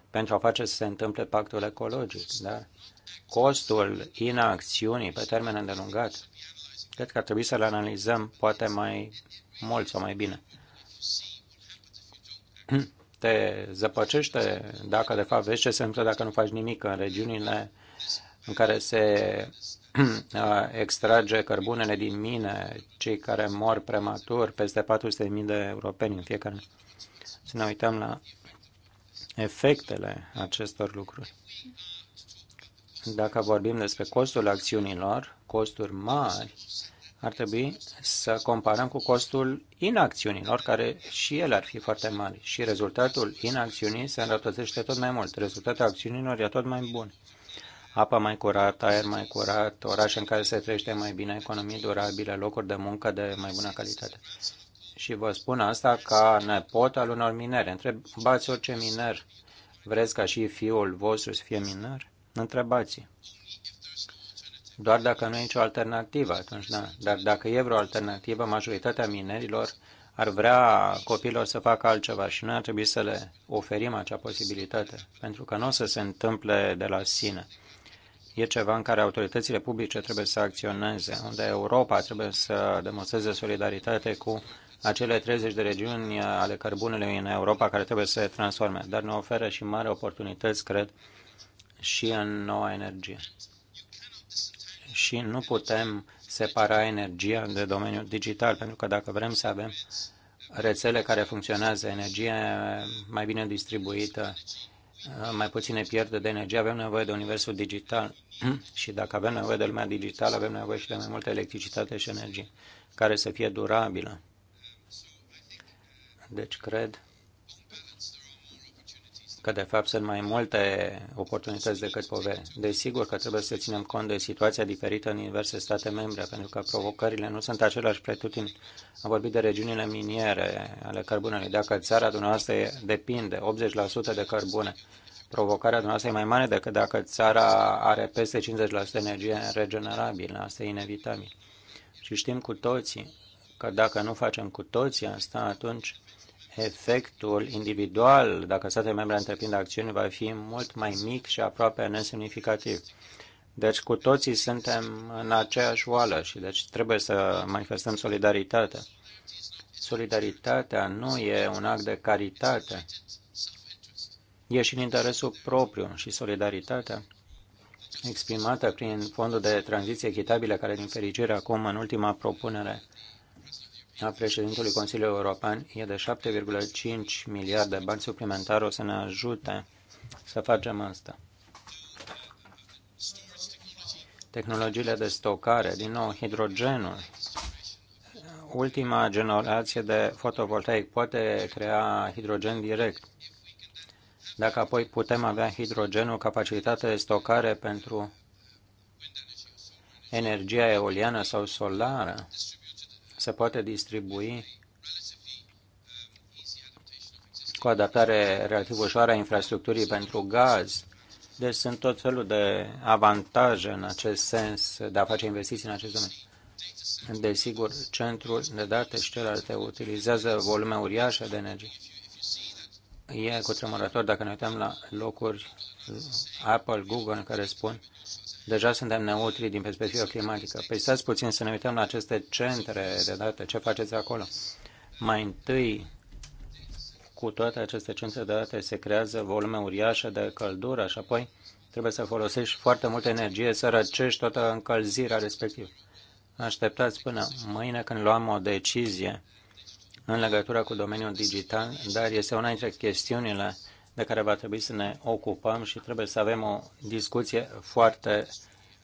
[SPEAKER 1] pentru a face să se întâmple pactul ecologic. Dar costul inacțiunii pe termen îndelungat Cred că ar trebui să le analizăm poate mai mult sau mai bine. Te zăpăcește dacă de fapt vezi ce se întâmplă dacă nu faci nimic în regiunile în care se uh, extrage cărbunele din mine, cei care mor prematur, peste 400.000 de europeni în fiecare. Să ne uităm la efectele acestor lucruri. Dacă vorbim despre costul acțiunilor, costuri mari, ar trebui să comparăm cu costul inacțiunilor, care și ele ar fi foarte mari. Și rezultatul inacțiunii se înrătățește tot mai mult. Rezultatul acțiunilor e tot mai bun. Apa mai curată, aer mai curat, oraș în care se trăiește mai bine, economii durabile, locuri de muncă de mai bună calitate. Și vă spun asta ca nepot al unor mineri. Întrebați orice miner, vreți ca și fiul vostru să fie miner? Întrebați. Doar dacă nu e nicio alternativă, atunci da. Dar dacă e vreo alternativă, majoritatea minerilor ar vrea copiilor să facă altceva și noi ar trebui să le oferim acea posibilitate, pentru că nu o să se întâmple de la sine. E ceva în care autoritățile publice trebuie să acționeze, unde Europa trebuie să demonstreze solidaritate cu acele 30 de regiuni ale cărbunelui în Europa care trebuie să se transforme, dar ne oferă și mari oportunități, cred, și în noua energie. Și nu putem separa energia de domeniul digital, pentru că dacă vrem să avem rețele care funcționează, energie mai bine distribuită, mai puține pierde de energie, avem nevoie de universul digital și dacă avem nevoie de lumea digitală, avem nevoie și de mai multă electricitate și energie care să fie durabilă. Deci cred că de fapt sunt mai multe oportunități decât povere. Desigur că trebuie să ținem cont de situația diferită în diverse state membre, pentru că provocările nu sunt aceleași pretutini. Am vorbit de regiunile miniere ale cărbunelui. Dacă țara dumneavoastră depinde 80% de cărbune, provocarea dumneavoastră e mai mare decât dacă țara are peste 50% energie regenerabilă. Asta e inevitabil. Și știm cu toții că dacă nu facem cu toții asta, atunci efectul individual, dacă statele membre întreprind acțiuni, va fi mult mai mic și aproape nesemnificativ. Deci cu toții suntem în aceeași oală și deci trebuie să manifestăm solidaritate. Solidaritatea nu e un act de caritate. E și în interesul propriu și solidaritatea exprimată prin fondul de tranziție echitabilă, care din fericire acum în ultima propunere a președintului Consiliului European e de 7,5 miliarde de bani suplimentari, o să ne ajute să facem asta. Tehnologiile de stocare, din nou hidrogenul, ultima generație de fotovoltaic poate crea hidrogen direct. Dacă apoi putem avea hidrogenul capacitate de stocare pentru energia eoliană sau solară, se poate distribui cu adaptare relativ ușoară a infrastructurii pentru gaz. Deci sunt tot felul de avantaje în acest sens de a face investiții în acest domeniu. Desigur, centrul de date și celelalte utilizează volume uriașe de energie. E cu tremurător dacă ne uităm la locuri Apple, Google, care spun deja suntem neutri din perspectiva climatică. Păi stați puțin să ne uităm la aceste centre de date, ce faceți acolo. Mai întâi, cu toate aceste centre de date, se creează volume uriașe de căldură și apoi trebuie să folosești foarte multă energie să răcești toată încălzirea respectivă. Așteptați până mâine când luăm o decizie în legătură cu domeniul digital, dar este una dintre chestiunile de care va trebui să ne ocupăm și trebuie să avem o discuție foarte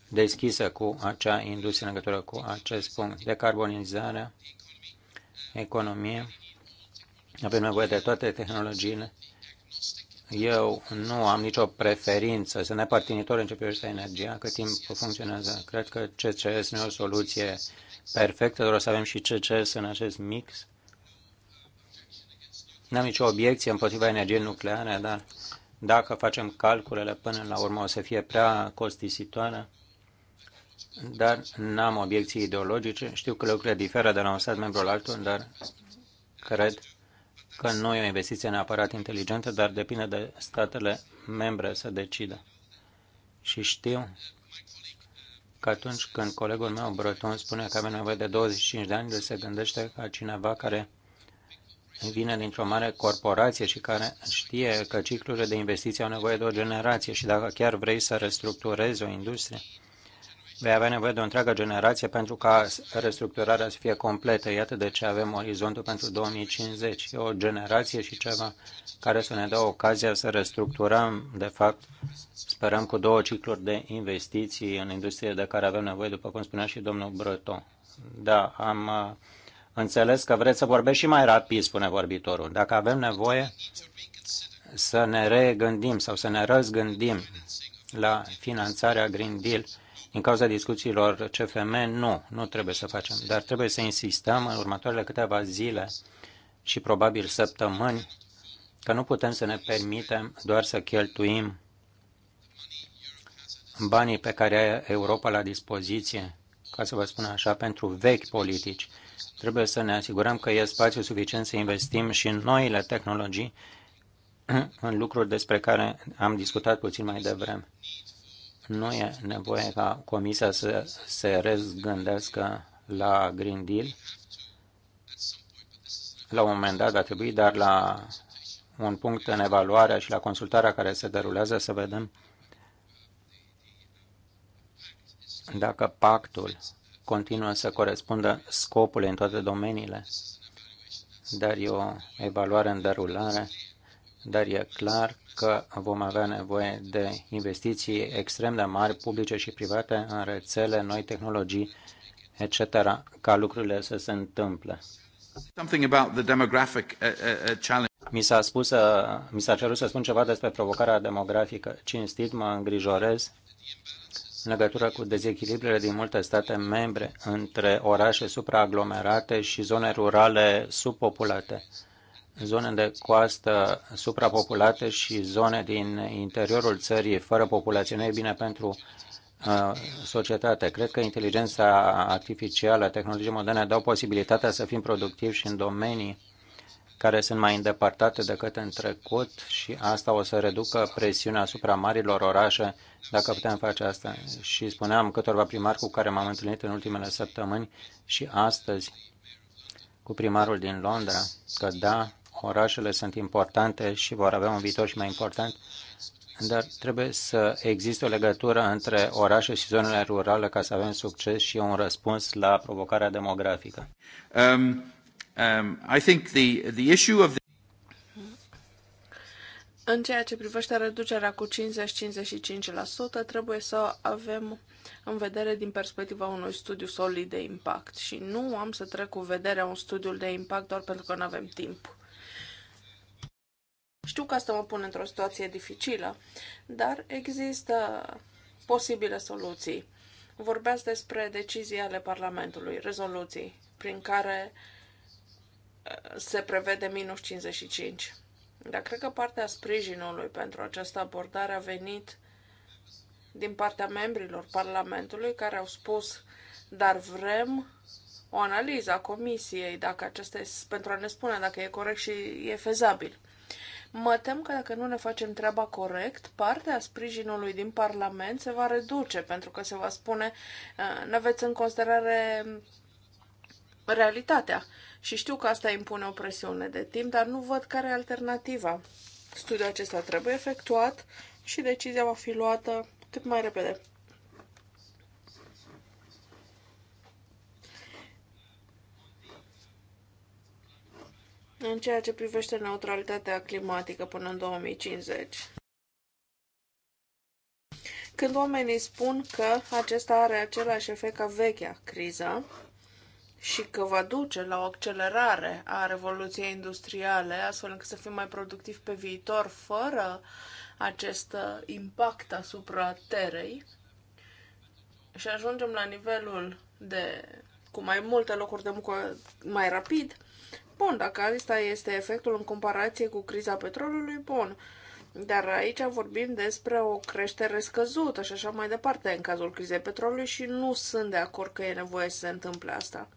[SPEAKER 1] deschisă cu acea industrie în legătură cu acest punct. carbonizare, economie, avem nevoie de toate tehnologiile. Eu nu am nicio preferință, Să ne partinitor în ce privește energia, cât timp funcționează. Cred că CCS nu e o soluție perfectă, doar să avem și CCS în acest mix N-am nicio obiecție împotriva energiei nucleare, dar dacă facem calculele până la urmă o să fie prea costisitoare, dar n-am obiecții ideologice. Știu că lucrurile diferă de la un stat membru la altul, dar cred că nu e o investiție neapărat inteligentă, dar depinde de statele membre să decidă. Și știu că atunci când colegul meu Breton spune că avem nevoie de 25 de ani, se gândește ca cineva care vine dintr-o mare corporație și care știe că ciclurile de investiții au nevoie de o generație și dacă chiar vrei să restructurezi o industrie, vei avea nevoie de o întreagă generație pentru ca restructurarea să fie completă. Iată de ce avem orizontul pentru 2050. E o generație și ceva care să ne dă ocazia să restructurăm, de fapt, sperăm cu două cicluri de investiții în industrie de care avem nevoie, după cum spunea și domnul Brăton. Da, am Înțeles că vreți să vorbești și mai rapid, spune vorbitorul. Dacă avem nevoie să ne regândim sau să ne răzgândim la finanțarea Green Deal din cauza discuțiilor CFM, nu, nu trebuie să facem. Dar trebuie să insistăm în următoarele câteva zile și probabil săptămâni că nu putem să ne permitem doar să cheltuim banii pe care are Europa la dispoziție, ca să vă spun așa, pentru vechi politici Trebuie să ne asigurăm că e spațiu suficient să investim și în noile tehnologii, în lucruri despre care am discutat puțin mai devreme. Nu e nevoie ca Comisia să se rezgândească la Green Deal. La un moment dat va trebui, dar la un punct în evaluarea și la consultarea care se derulează să vedem dacă pactul continuă să corespundă scopului în toate domeniile, dar e o evaluare în derulare, dar e clar că vom avea nevoie de investiții extrem de mari, publice și private, în rețele, noi tehnologii, etc., ca lucrurile să se întâmple.
[SPEAKER 3] Uh, uh,
[SPEAKER 1] uh, mi s-a spus, mi s-a cerut să spun ceva despre provocarea demografică. Cinstit mă îngrijorez în legătură cu dezechilibrele din multe state membre între orașe supraaglomerate și zone rurale subpopulate, zone de coastă suprapopulate și zone din interiorul țării fără populație. Nu e bine pentru uh, societate. Cred că inteligența artificială, tehnologii moderne dau posibilitatea să fim productivi și în domenii care sunt mai îndepărtate decât în trecut și asta o să reducă presiunea asupra marilor orașe dacă putem face asta. Și spuneam câtorva primari cu care m-am întâlnit în ultimele săptămâni și astăzi cu primarul din Londra că da, orașele sunt importante și vor avea un viitor și mai important, dar trebuie să existe o legătură între orașe și zonele rurale ca să avem succes și un răspuns la provocarea demografică. Um, um, I think the, the issue of the...
[SPEAKER 4] În ceea ce privește reducerea cu 50-55%, trebuie să avem în vedere din perspectiva unui studiu solid de impact și nu am să trec cu vederea un studiu de impact doar pentru că nu avem timp. Știu că asta mă pune într-o situație dificilă, dar există posibile soluții. Vorbeați despre decizii ale Parlamentului, rezoluții, prin care uh, se prevede minus 55. Dar cred că partea sprijinului pentru această abordare a venit din partea membrilor Parlamentului care au spus, dar vrem o analiză a comisiei dacă acesta este, pentru a ne spune dacă e corect și e fezabil. Mă tem că dacă nu ne facem treaba corect, partea sprijinului din Parlament se va reduce, pentru că se va spune, nu aveți în considerare realitatea. Și știu că asta impune o presiune de timp, dar nu văd care e alternativa. Studiul acesta trebuie efectuat și decizia va fi luată cât mai repede. în ceea ce privește neutralitatea climatică până în 2050. Când oamenii spun că acesta are același efect ca vechea criză, și că va duce la o accelerare a revoluției industriale, astfel încât să fim mai productivi pe viitor, fără acest uh, impact asupra terei. Și ajungem la nivelul de cu mai multe locuri de muncă mai rapid. Bun, dacă asta este efectul în comparație cu criza petrolului, bun. Dar aici vorbim despre o creștere scăzută și așa mai departe în cazul crizei petrolului și nu sunt de acord că e nevoie să se întâmple asta.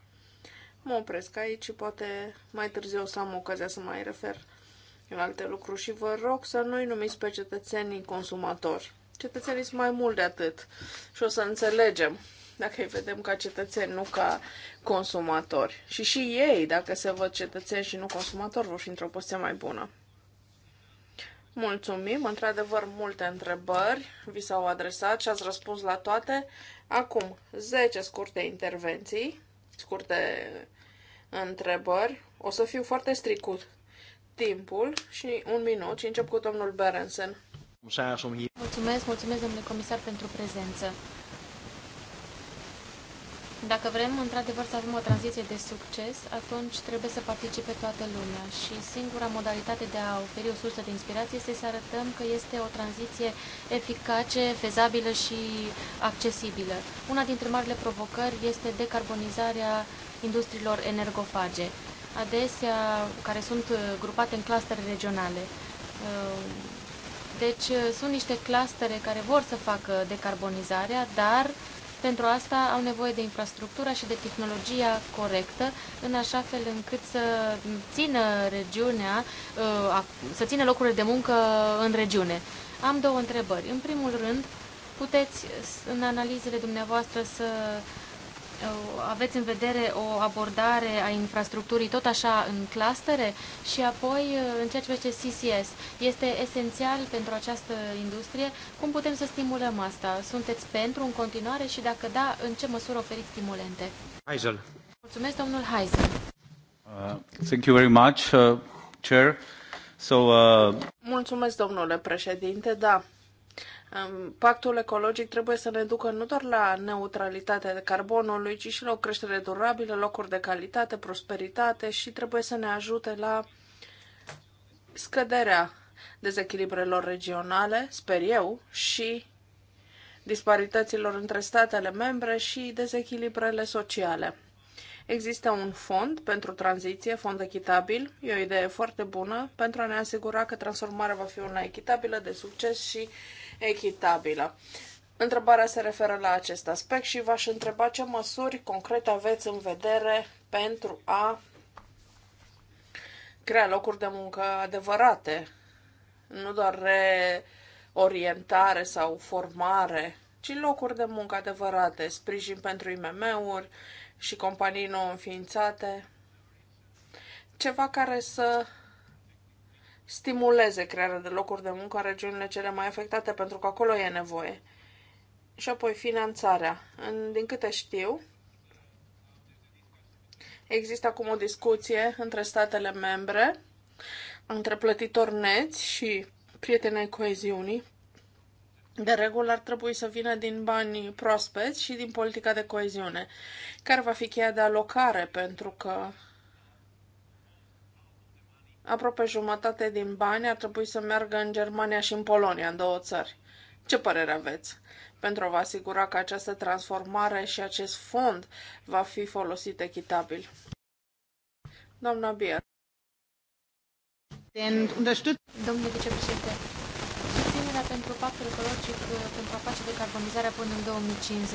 [SPEAKER 4] Mă opresc aici și poate mai târziu o să am ocazia să mai refer în alte lucruri și vă rog să nu-i numiți pe cetățenii consumatori. Cetățenii sunt mai mult de atât și o să înțelegem dacă îi vedem ca cetățeni, nu ca consumatori. Și și ei, dacă se văd cetățeni și nu consumatori, vor fi într-o poziție mai bună. Mulțumim, într-adevăr multe întrebări vi s-au adresat și ați răspuns la toate. Acum, 10 scurte intervenții, scurte întrebări. O să fiu foarte stricut timpul și un minut și încep cu domnul Berensen.
[SPEAKER 1] Mulțumesc,
[SPEAKER 2] mulțumesc domnule comisar pentru prezență. Dacă vrem într-adevăr să avem o tranziție de succes, atunci trebuie să participe toată lumea și singura modalitate de a oferi o sursă de inspirație este să arătăm că este o tranziție eficace, fezabilă și accesibilă. Una dintre marile provocări este decarbonizarea industriilor energofage, adesea care sunt uh, grupate în clustere regionale. Uh, deci uh, sunt niște clustere care vor să facă decarbonizarea, dar pentru asta au nevoie de infrastructura și de tehnologia corectă, în așa fel încât să țină regiunea, să țină locurile de muncă în regiune. Am două întrebări. În primul rând, puteți în analizele dumneavoastră să aveți în vedere o abordare a infrastructurii tot așa în clustere și apoi în ceea ce privește CCS. Este esențial pentru această industrie. Cum putem să stimulăm asta? Sunteți pentru în continuare și dacă da, în ce măsură oferiți stimulente?
[SPEAKER 1] Heisel.
[SPEAKER 4] Mulțumesc, domnul Heisel.
[SPEAKER 1] Uh, thank you very much, uh, Chair. So, uh...
[SPEAKER 4] Mulțumesc, domnule președinte. Da, Pactul ecologic trebuie să ne ducă nu doar la neutralitatea de carbonului, ci și la o creștere durabilă, locuri de calitate, prosperitate și trebuie să ne ajute la scăderea dezechilibrelor regionale, sper eu, și disparităților între statele membre și dezechilibrele sociale. Există un fond pentru tranziție, fond echitabil, e o idee foarte bună pentru a ne asigura că transformarea va fi una echitabilă, de succes și uh, echitabilă. Întrebarea se referă la acest aspect și v-aș întreba ce măsuri concrete aveți în vedere pentru a crea locuri de muncă adevărate, nu doar reorientare sau formare, ci locuri de muncă adevărate, sprijin pentru IMM-uri și companii nou înființate, ceva care să stimuleze crearea de locuri de muncă în regiunile cele mai afectate, pentru că acolo e nevoie. Și apoi finanțarea. În, din câte știu, există acum o discuție între statele membre, între plătitori neți și prietenii coeziunii. De regulă ar trebui să vină din banii proaspeți și din politica de coeziune, care va fi cheia de alocare, pentru că aproape jumătate din bani ar trebui să meargă în Germania și în Polonia, în două țări. Ce părere aveți? Pentru a vă asigura că această transformare și acest fond va fi folosit echitabil. Doamna Bier.
[SPEAKER 2] Domnule vicepreședinte, propunerea pentru pactul ecologic uh, pentru a face decarbonizarea până în 2050. Uh,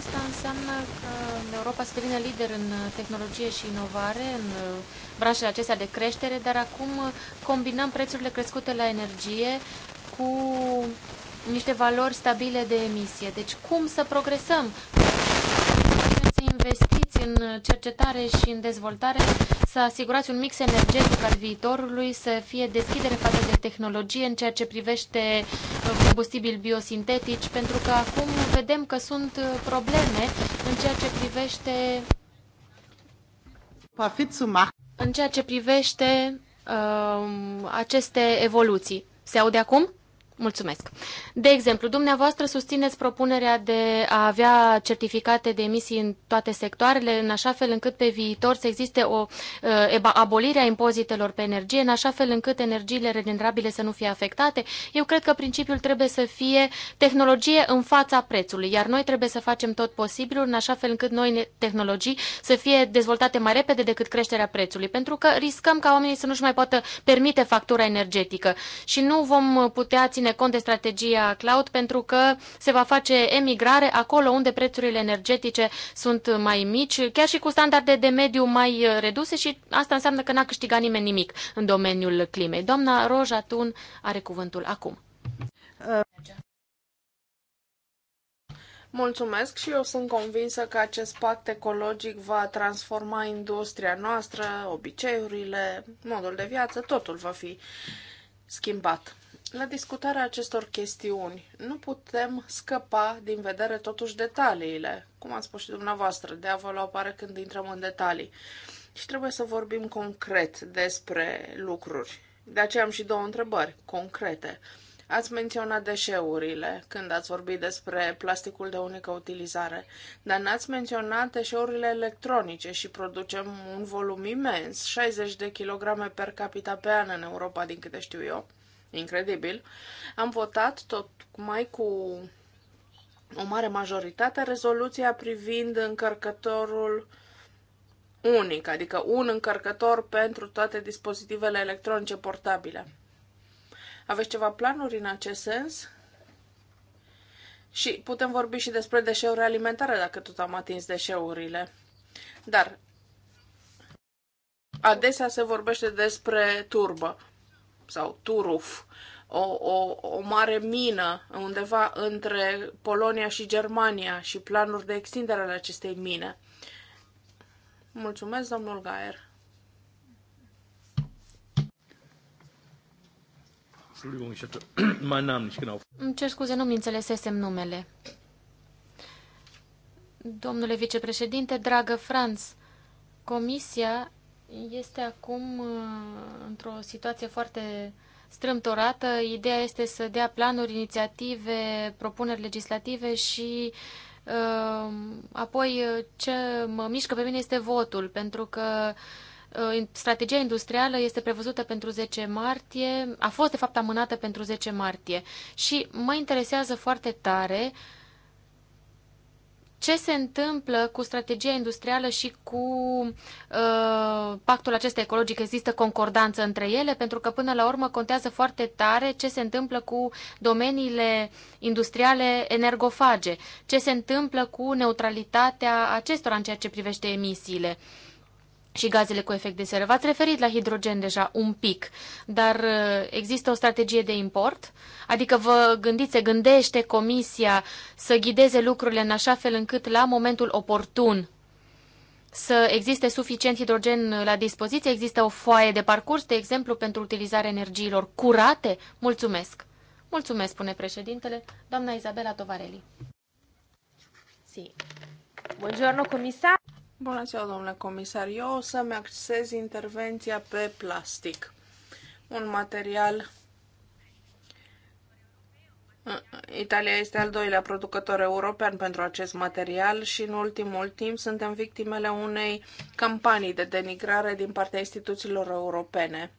[SPEAKER 2] asta înseamnă că Europa să devină lider în uh, tehnologie și inovare, în branșele acestea de creștere, dar acum combinăm prețurile crescute la energie cu niște valori stabile de emisie. Deci cum să progresăm? să investiți în cercetare și în dezvoltare, să asigurați un mix energetic al viitorului, să fie deschidere față de tehnologie în ceea ce privește combustibili biosintetici, pentru că acum vedem că sunt probleme în ceea ce privește în ceea ce privește uh, aceste evoluții. Se aude acum? Mulțumesc. De exemplu, dumneavoastră susțineți propunerea de a avea certificate de emisii în toate sectoarele, în așa fel încât pe viitor să existe o uh, abolire a impozitelor pe energie, în așa fel încât energiile regenerabile să nu fie afectate. Eu cred că principiul trebuie să fie tehnologie în fața prețului, iar noi trebuie să facem tot posibilul în așa fel încât noi tehnologii să fie dezvoltate mai repede decât creșterea prețului, pentru că riscăm ca oamenii să nu-și mai poată permite factura energetică și nu vom putea ține ține cont de strategia cloud pentru că se va face emigrare acolo unde prețurile energetice sunt mai mici, chiar și cu standarde de mediu mai uh, reduse și asta înseamnă că n-a câștigat nimeni nimic în domeniul climei. Doamna Roja Tun are cuvântul acum.
[SPEAKER 4] Mulțumesc și eu sunt convinsă că acest pact ecologic va transforma industria noastră, obiceiurile, modul de viață, totul va fi schimbat. La discutarea acestor chestiuni, nu putem scăpa din vedere totuși detaliile, cum ați spus și dumneavoastră, de a vă lua apare când intrăm în detalii. Și trebuie să vorbim concret despre lucruri. De aceea am și două întrebări concrete. Ați menționat deșeurile când ați vorbit despre plasticul de unică utilizare, dar n-ați menționat deșeurile electronice și producem un volum imens, 60 de kilograme per capita pe an în Europa, din câte știu eu incredibil, am votat tot mai cu o mare majoritate rezoluția privind încărcătorul unic, adică un încărcător pentru toate dispozitivele electronice portabile. Aveți ceva planuri în acest sens? Și putem vorbi și despre deșeuri alimentare, dacă tot am atins deșeurile. Dar adesea se vorbește despre turbă sau Turuf, o, o, o mare mină undeva între Polonia și Germania și planuri de extindere ale acestei mine. Mulțumesc, domnul Gaer. Îmi cer scuze,
[SPEAKER 2] nu-mi înțelesesem numele. Domnule vicepreședinte, dragă Franz, Comisia este acum uh, într-o situație foarte strâmtorată. Ideea este să dea planuri, inițiative, propuneri legislative și uh, apoi uh, ce mă mișcă pe mine este votul, pentru că strategia industrială este prevăzută pentru 10 martie, a fost de fapt amânată pentru 10 martie și mă interesează foarte tare uh, ce se întâmplă cu strategia industrială și cu uh, pactul acesta ecologic? Există concordanță între ele? Pentru că până la urmă contează foarte tare ce se întâmplă cu domeniile industriale energofage, ce se întâmplă cu neutralitatea acestora în ceea ce privește emisiile. Uh, și gazele cu efect de seră. V-ați referit la hidrogen deja un pic, dar uh, există o strategie de import? Adică vă gândiți, se gândește Comisia să ghideze lucrurile în așa fel încât la momentul oportun să existe suficient hidrogen la dispoziție? Există o foaie de parcurs, de exemplu, pentru utilizarea energiilor curate? Mulțumesc! Mulțumesc, spune președintele, doamna Izabela Tovareli.
[SPEAKER 4] Si. Buongiorno, comisar! Bună ziua, domnule comisar. Eu o să-mi axez intervenția pe plastic. Un material uh, Italia este al doilea producător european pentru acest material și în ultimul timp suntem victimele unei campanii de denigrare din partea instituțiilor europene.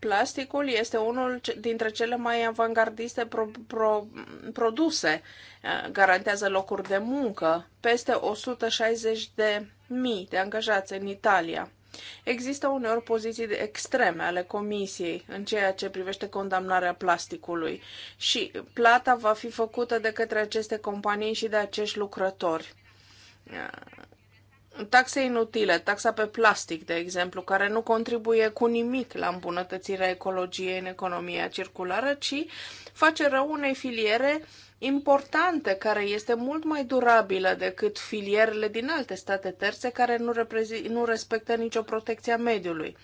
[SPEAKER 4] Plasticul este unul dintre cele mai avangardiste pro, pro, produse. Eh, garantează locuri de muncă, peste 160 de mii de angajați în Italia. Există uneori poziții extreme ale Comisiei în ceea ce privește condamnarea plasticului și plata va fi făcută de către aceste companii și de acești lucrători eh, taxe inutile, taxa pe plastic, de exemplu, care nu contribuie cu nimic la îmbunătățirea ecologiei în economia circulară, ci face rău unei filiere uh, importantă, care este mult mai durabilă decât filierele din alte state terțe care nu, nu respectă nicio protecție a mediului.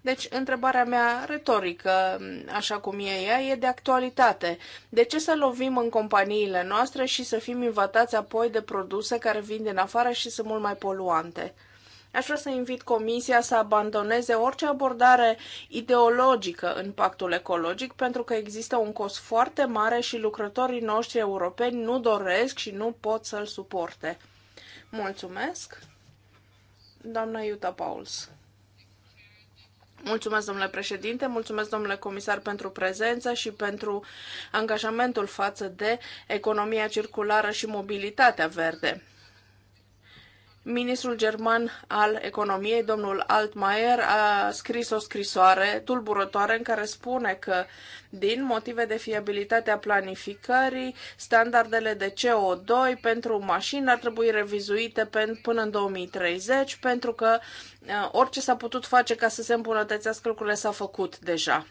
[SPEAKER 4] Deci, întrebarea mea retorică, așa cum e ea, e de actualitate. De ce să lovim în companiile noastre și să fim invatați apoi de produse care vin din afară și sunt mult mai poluante? Aș vrea să invit Comisia să abandoneze orice abordare ideologică în pactul ecologic, pentru că există un cost foarte mare și lucrătorii noștri europeni nu doresc și nu pot să-l suporte. Mulțumesc, doamna Iuta Pauls. Mulțumesc, domnule președinte, mulțumesc, domnule comisar, pentru prezență și pentru angajamentul față de economia circulară și mobilitatea verde. Ministrul german al economiei, domnul Altmaier, a scris o scrisoare tulburătoare în care spune că, din motive de fiabilitate a planificării, standardele de CO2 pentru mașini ar trebui revizuite până în 2030, pentru că uh, orice s-a putut face ca să se îmbunătățească lucrurile s-a făcut deja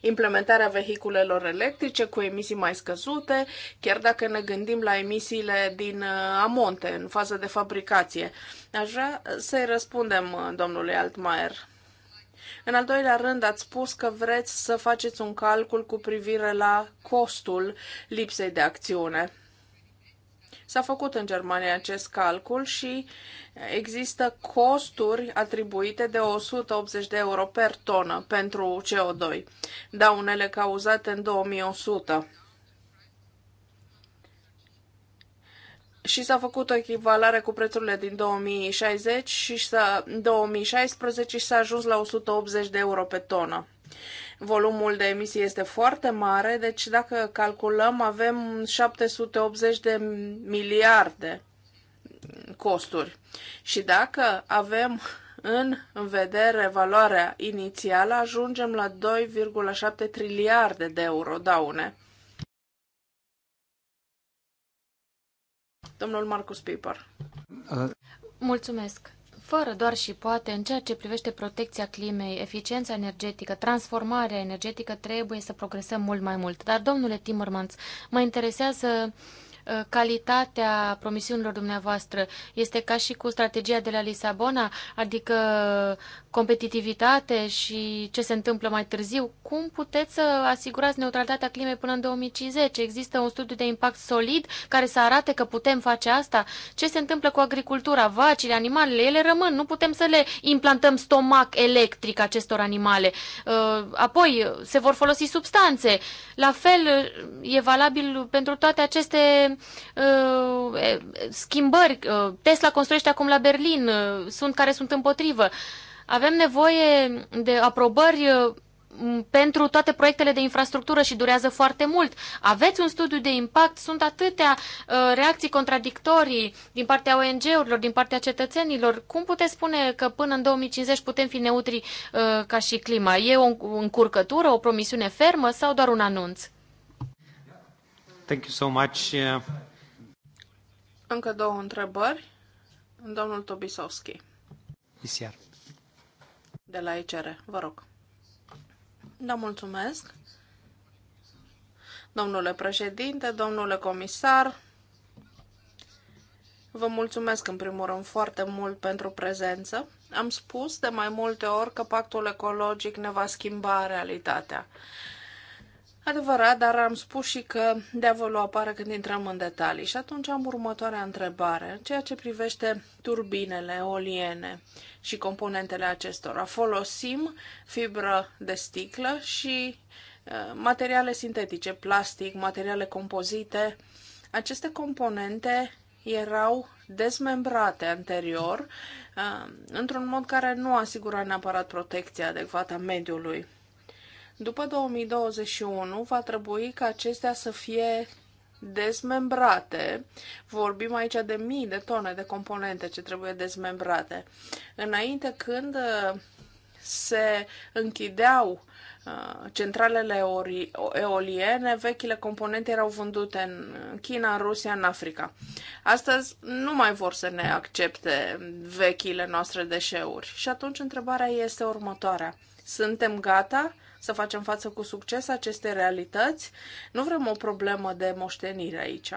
[SPEAKER 4] implementarea vehiculelor electrice cu emisii mai scăzute, chiar dacă ne gândim la emisiile din uh, amonte, în fază de fabricație. Aș vrea să-i răspundem uh, domnului Altmaier. În al doilea rând, ați spus că vreți să faceți un calcul cu privire la costul lipsei de acțiune. S-a făcut în Germania acest calcul și există costuri atribuite de 180 de euro per tonă pentru CO2, daunele cauzate în 2100. și s-a făcut o echivalare cu prețurile din 2060 și s-a, 2016 și s-a ajuns la 180 de euro pe tonă volumul de emisii este foarte mare, deci dacă calculăm avem 780 de miliarde costuri. Și dacă avem în vedere valoarea inițială, ajungem la 2,7 triliarde de euro daune. Domnul Marcus Piper. Uh.
[SPEAKER 2] Mulțumesc fără doar și poate în ceea ce privește protecția climei, eficiența energetică, transformarea energetică, trebuie să progresăm mult mai mult. Dar, domnule Timmermans, mă interesează uh, Uh, calitatea promisiunilor dumneavoastră? Este ca și cu strategia de la Lisabona, adică competitivitate și ce se întâmplă mai târziu? Cum puteți să asigurați neutralitatea climei până în 2050? Există un studiu de impact solid care să arate că putem face asta? Ce se întâmplă cu agricultura, vacile, animalele? Ele rămân, nu putem să le implantăm stomac electric acestor animale. Uh, apoi se vor folosi substanțe. La fel uh, e valabil pentru toate aceste uh, schimbări. Uh, Tesla construiește acum la Berlin, uh, sunt care sunt împotrivă. Avem nevoie de aprobări uh, pentru toate proiectele de infrastructură și durează foarte mult. Aveți un studiu de impact, sunt atâtea uh, reacții contradictorii din partea ONG-urilor, din partea cetățenilor. Cum puteți spune că până în 2050 putem fi neutri ca și clima? E o încurcătură, o promisiune fermă sau doar un anunț?
[SPEAKER 1] Thank you so much. Uh,
[SPEAKER 4] Încă două întrebări. Domnul Tobisovski. ICR. De la ICR, vă rog. Da, mulțumesc. Domnule președinte, domnule comisar, vă mulțumesc în primul rând foarte mult pentru prezență. Am spus de mai multe ori că pactul ecologic ne va schimba realitatea. Adevărat, dar am spus și că diavolul apare când intrăm în detalii. Și atunci am următoarea întrebare. În ceea ce privește turbinele oliene și componentele acestora, folosim fibră de sticlă și uh, materiale sintetice, plastic, materiale compozite. Aceste componente erau dezmembrate anterior uh, într-un mod care nu asigura neapărat protecția adecvată a mediului. După 2021 va trebui ca acestea să fie dezmembrate. Vorbim aici de mii de tone de componente ce trebuie dezmembrate. Înainte când uh, se închideau uh, centralele eoliene, vechile componente erau vândute în China, în Rusia, în Africa. Astăzi nu mai vor să ne accepte vechile noastre deșeuri. Și atunci întrebarea este următoarea. Suntem gata să facem față cu succes aceste realități. Nu vrem o problemă de moștenire aici.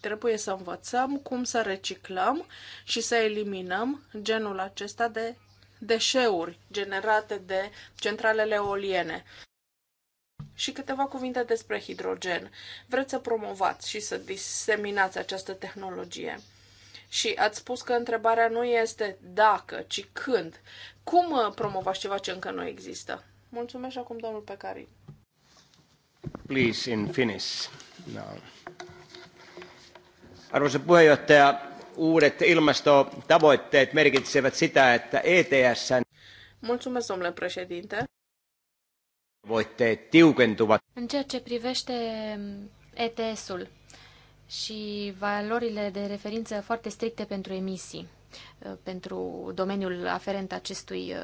[SPEAKER 4] Trebuie să învățăm cum să reciclăm și să eliminăm genul acesta de deșeuri generate de centralele eoliene. Și câteva cuvinte despre hidrogen. Vreți să promovați și să diseminați această tehnologie. Și ați spus că întrebarea nu este dacă, ci când. Cum uh, promovați ceva ce încă nu există? Mulțumesc acum domnul Pecari.
[SPEAKER 1] Please, in Finnish. No. Arvoisa puheenjohtaja, uudet ilmastotavoitteet merkitsevät sitä, että ETSn
[SPEAKER 4] Mulțumesc, domnule președinte.
[SPEAKER 1] ...voitteet tiukentuvat.
[SPEAKER 2] În ceea ce privește ETS-ul și valorile de referință foarte stricte pentru emisii, pentru domeniul aferent acestui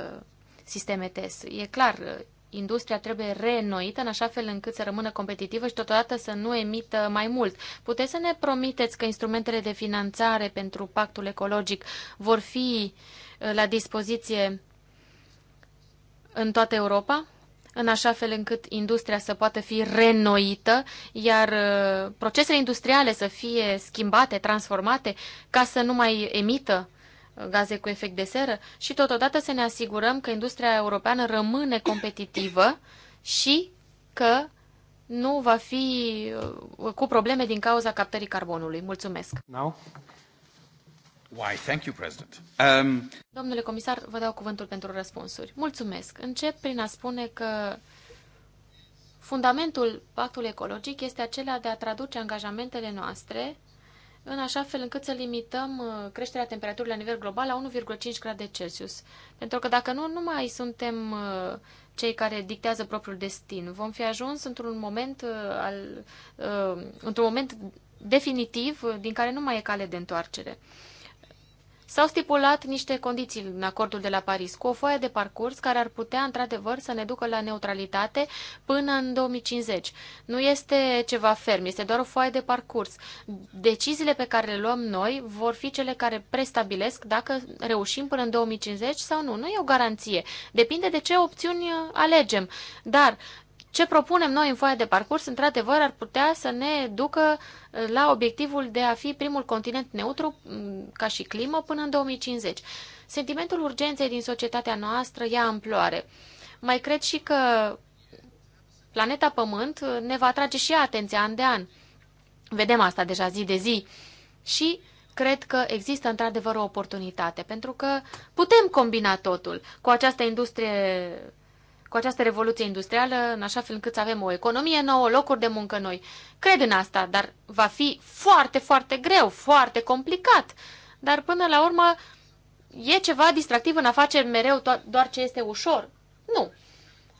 [SPEAKER 2] sisteme TES. E clar, industria trebuie reînnoită în așa fel încât să rămână competitivă și totodată să nu emită mai mult. Puteți să ne promiteți că instrumentele de finanțare pentru pactul ecologic vor fi uh, la dispoziție în toată Europa? în așa fel încât industria să poată fi renoită, iar uh, procesele industriale să fie schimbate, transformate, ca să nu mai emită gaze cu efect de seră și totodată să ne asigurăm că industria europeană rămâne competitivă și că nu va fi uh, cu probleme din cauza captării carbonului. Mulțumesc.
[SPEAKER 1] Now? Why, thank you, President. Um, um...
[SPEAKER 2] Domnule comisar, vă dau cuvântul pentru răspunsuri. Mulțumesc. Încep prin a spune că fundamentul pactului ecologic este acela de a traduce angajamentele noastre în așa fel încât să limităm uh, creșterea temperaturii la nivel global la 1,5 grade Celsius. Pentru că dacă nu, nu mai suntem uh, cei care dictează propriul destin. Vom fi ajuns într-un moment, uh, al, într-un moment definitiv din care nu mai e cale de întoarcere. S-au stipulat niște condiții în acordul de la Paris cu o foaie de parcurs care ar putea, într-adevăr, să ne ducă la neutralitate până în 2050. Nu este ceva ferm, este doar o foaie de parcurs. Deciziile pe care le luăm noi vor fi cele care prestabilesc dacă reușim până în 2050 sau nu. Nu e o garanție. Depinde de ce opțiuni alegem. Dar ce propunem noi în foaia de parcurs, într-adevăr, ar putea să ne ducă uh, la obiectivul de a fi primul continent neutru mm, ca și climă până în 2050. Sentimentul urgenței din societatea noastră ia amploare. Mai cred și că planeta Pământ uh, ne va atrage și atenția an de an. Vedem asta deja zi de zi. Și cred că există într-adevăr o oportunitate, pentru că putem combina totul cu această industrie cu această revoluție industrială, în așa fel încât să avem o economie nouă, locuri de muncă noi. Cred în asta, dar va fi foarte, foarte greu, foarte complicat. Dar până la urmă e ceva distractiv în a face mereu doar ce este ușor. Nu.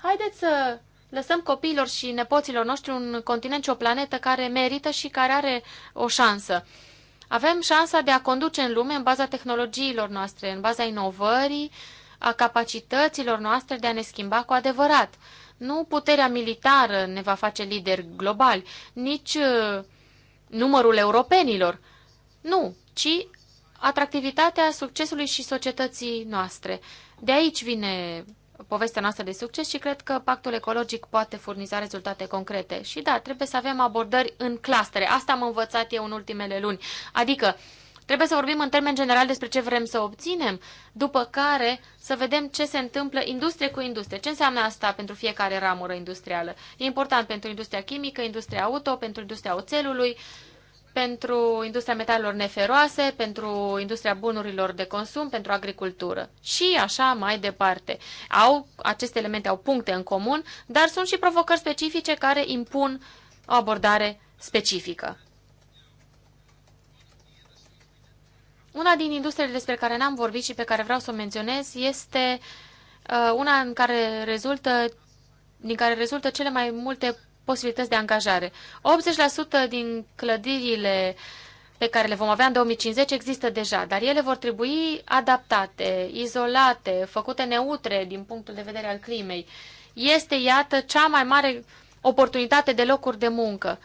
[SPEAKER 2] Haideți să lăsăm copiilor și nepoților noștri un continent și o planetă care merită și care are o șansă. Avem șansa de a conduce în lume în baza tehnologiilor noastre, în baza inovării, uh, a capacităților noastre de a ne schimba cu adevărat. Nu puterea militară ne va face lideri globali, nici uh, numărul europenilor. Nu, ci atractivitatea succesului și societății noastre. De aici vine povestea noastră de succes și cred că pactul ecologic poate furniza rezultate concrete. Și da, trebuie să avem abordări în clastere. Asta am învățat eu în ultimele luni. Adică Trebuie să vorbim în termen general despre ce vrem să obținem, după care să vedem ce se întâmplă industrie cu industrie. Ce înseamnă asta pentru fiecare ramură industrială? E important pentru industria chimică, industria auto, pentru industria oțelului, pentru industria metalelor neferoase, pentru industria bunurilor de consum, pentru agricultură și așa mai departe. Au, aceste elemente au puncte în comun, dar sunt și provocări specifice care impun o abordare specifică. Una din industriile despre care n-am vorbit și pe care vreau să o menționez este uh, una în care rezultă, din care rezultă cele mai multe posibilități de angajare. 80% din clădirile pe care le vom avea în 2050 există deja, dar ele vor trebui adaptate, izolate, făcute neutre din punctul de vedere al climei. Este, iată, cea mai mare oportunitate de locuri de muncă.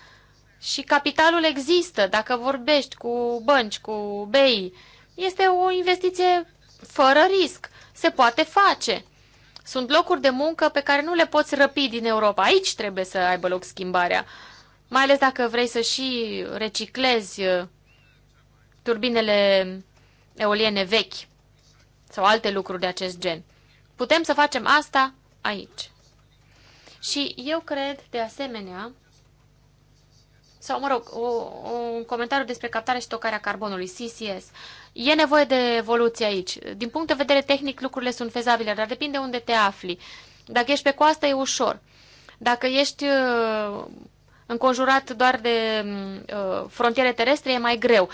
[SPEAKER 2] Și capitalul există dacă vorbești cu bănci, cu BEI. Este o investiție fără risc. Se poate face. Sunt locuri de muncă pe care nu le poți răpi din Europa. Aici trebuie să aibă loc schimbarea. Mai ales dacă vrei să și reciclezi uh, turbinele eoliene vechi sau alte lucruri de acest gen. Putem să facem asta aici. Și eu cred, de asemenea, sau, mă rog, o, o, un comentariu despre captarea și tocarea carbonului, CCS. E nevoie de evoluție aici. Din punct de vedere tehnic, lucrurile sunt fezabile, dar depinde unde te afli. Dacă ești pe coastă, e ușor. Dacă ești uh, înconjurat doar de mm, uh, frontiere terestre, e mai greu.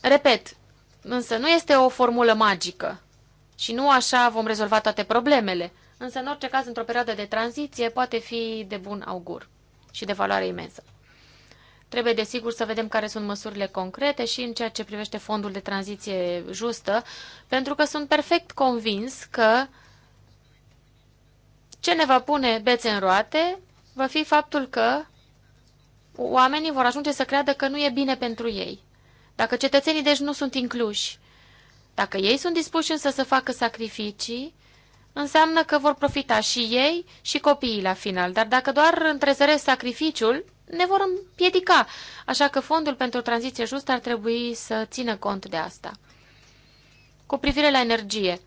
[SPEAKER 2] Repet, însă nu este o formulă magică și nu așa vom rezolva toate problemele. Însă, în orice caz, într-o perioadă de tranziție, poate fi de bun augur și de valoare imensă. Trebuie, desigur, să vedem care sunt măsurile concrete și în ceea ce privește fondul de tranziție justă, pentru că sunt perfect convins că ce ne va pune bețe în roate va fi faptul că oamenii vor ajunge să creadă că nu e bine pentru ei. Dacă cetățenii, deci, nu sunt incluși, dacă ei sunt dispuși însă să facă sacrificii, înseamnă că vor profita și ei și copiii la final, dar dacă doar întrezăresc sacrificiul, ne vor împiedica, așa că fondul pentru tranziție justă ar trebui să țină cont de asta. Cu privire la energie,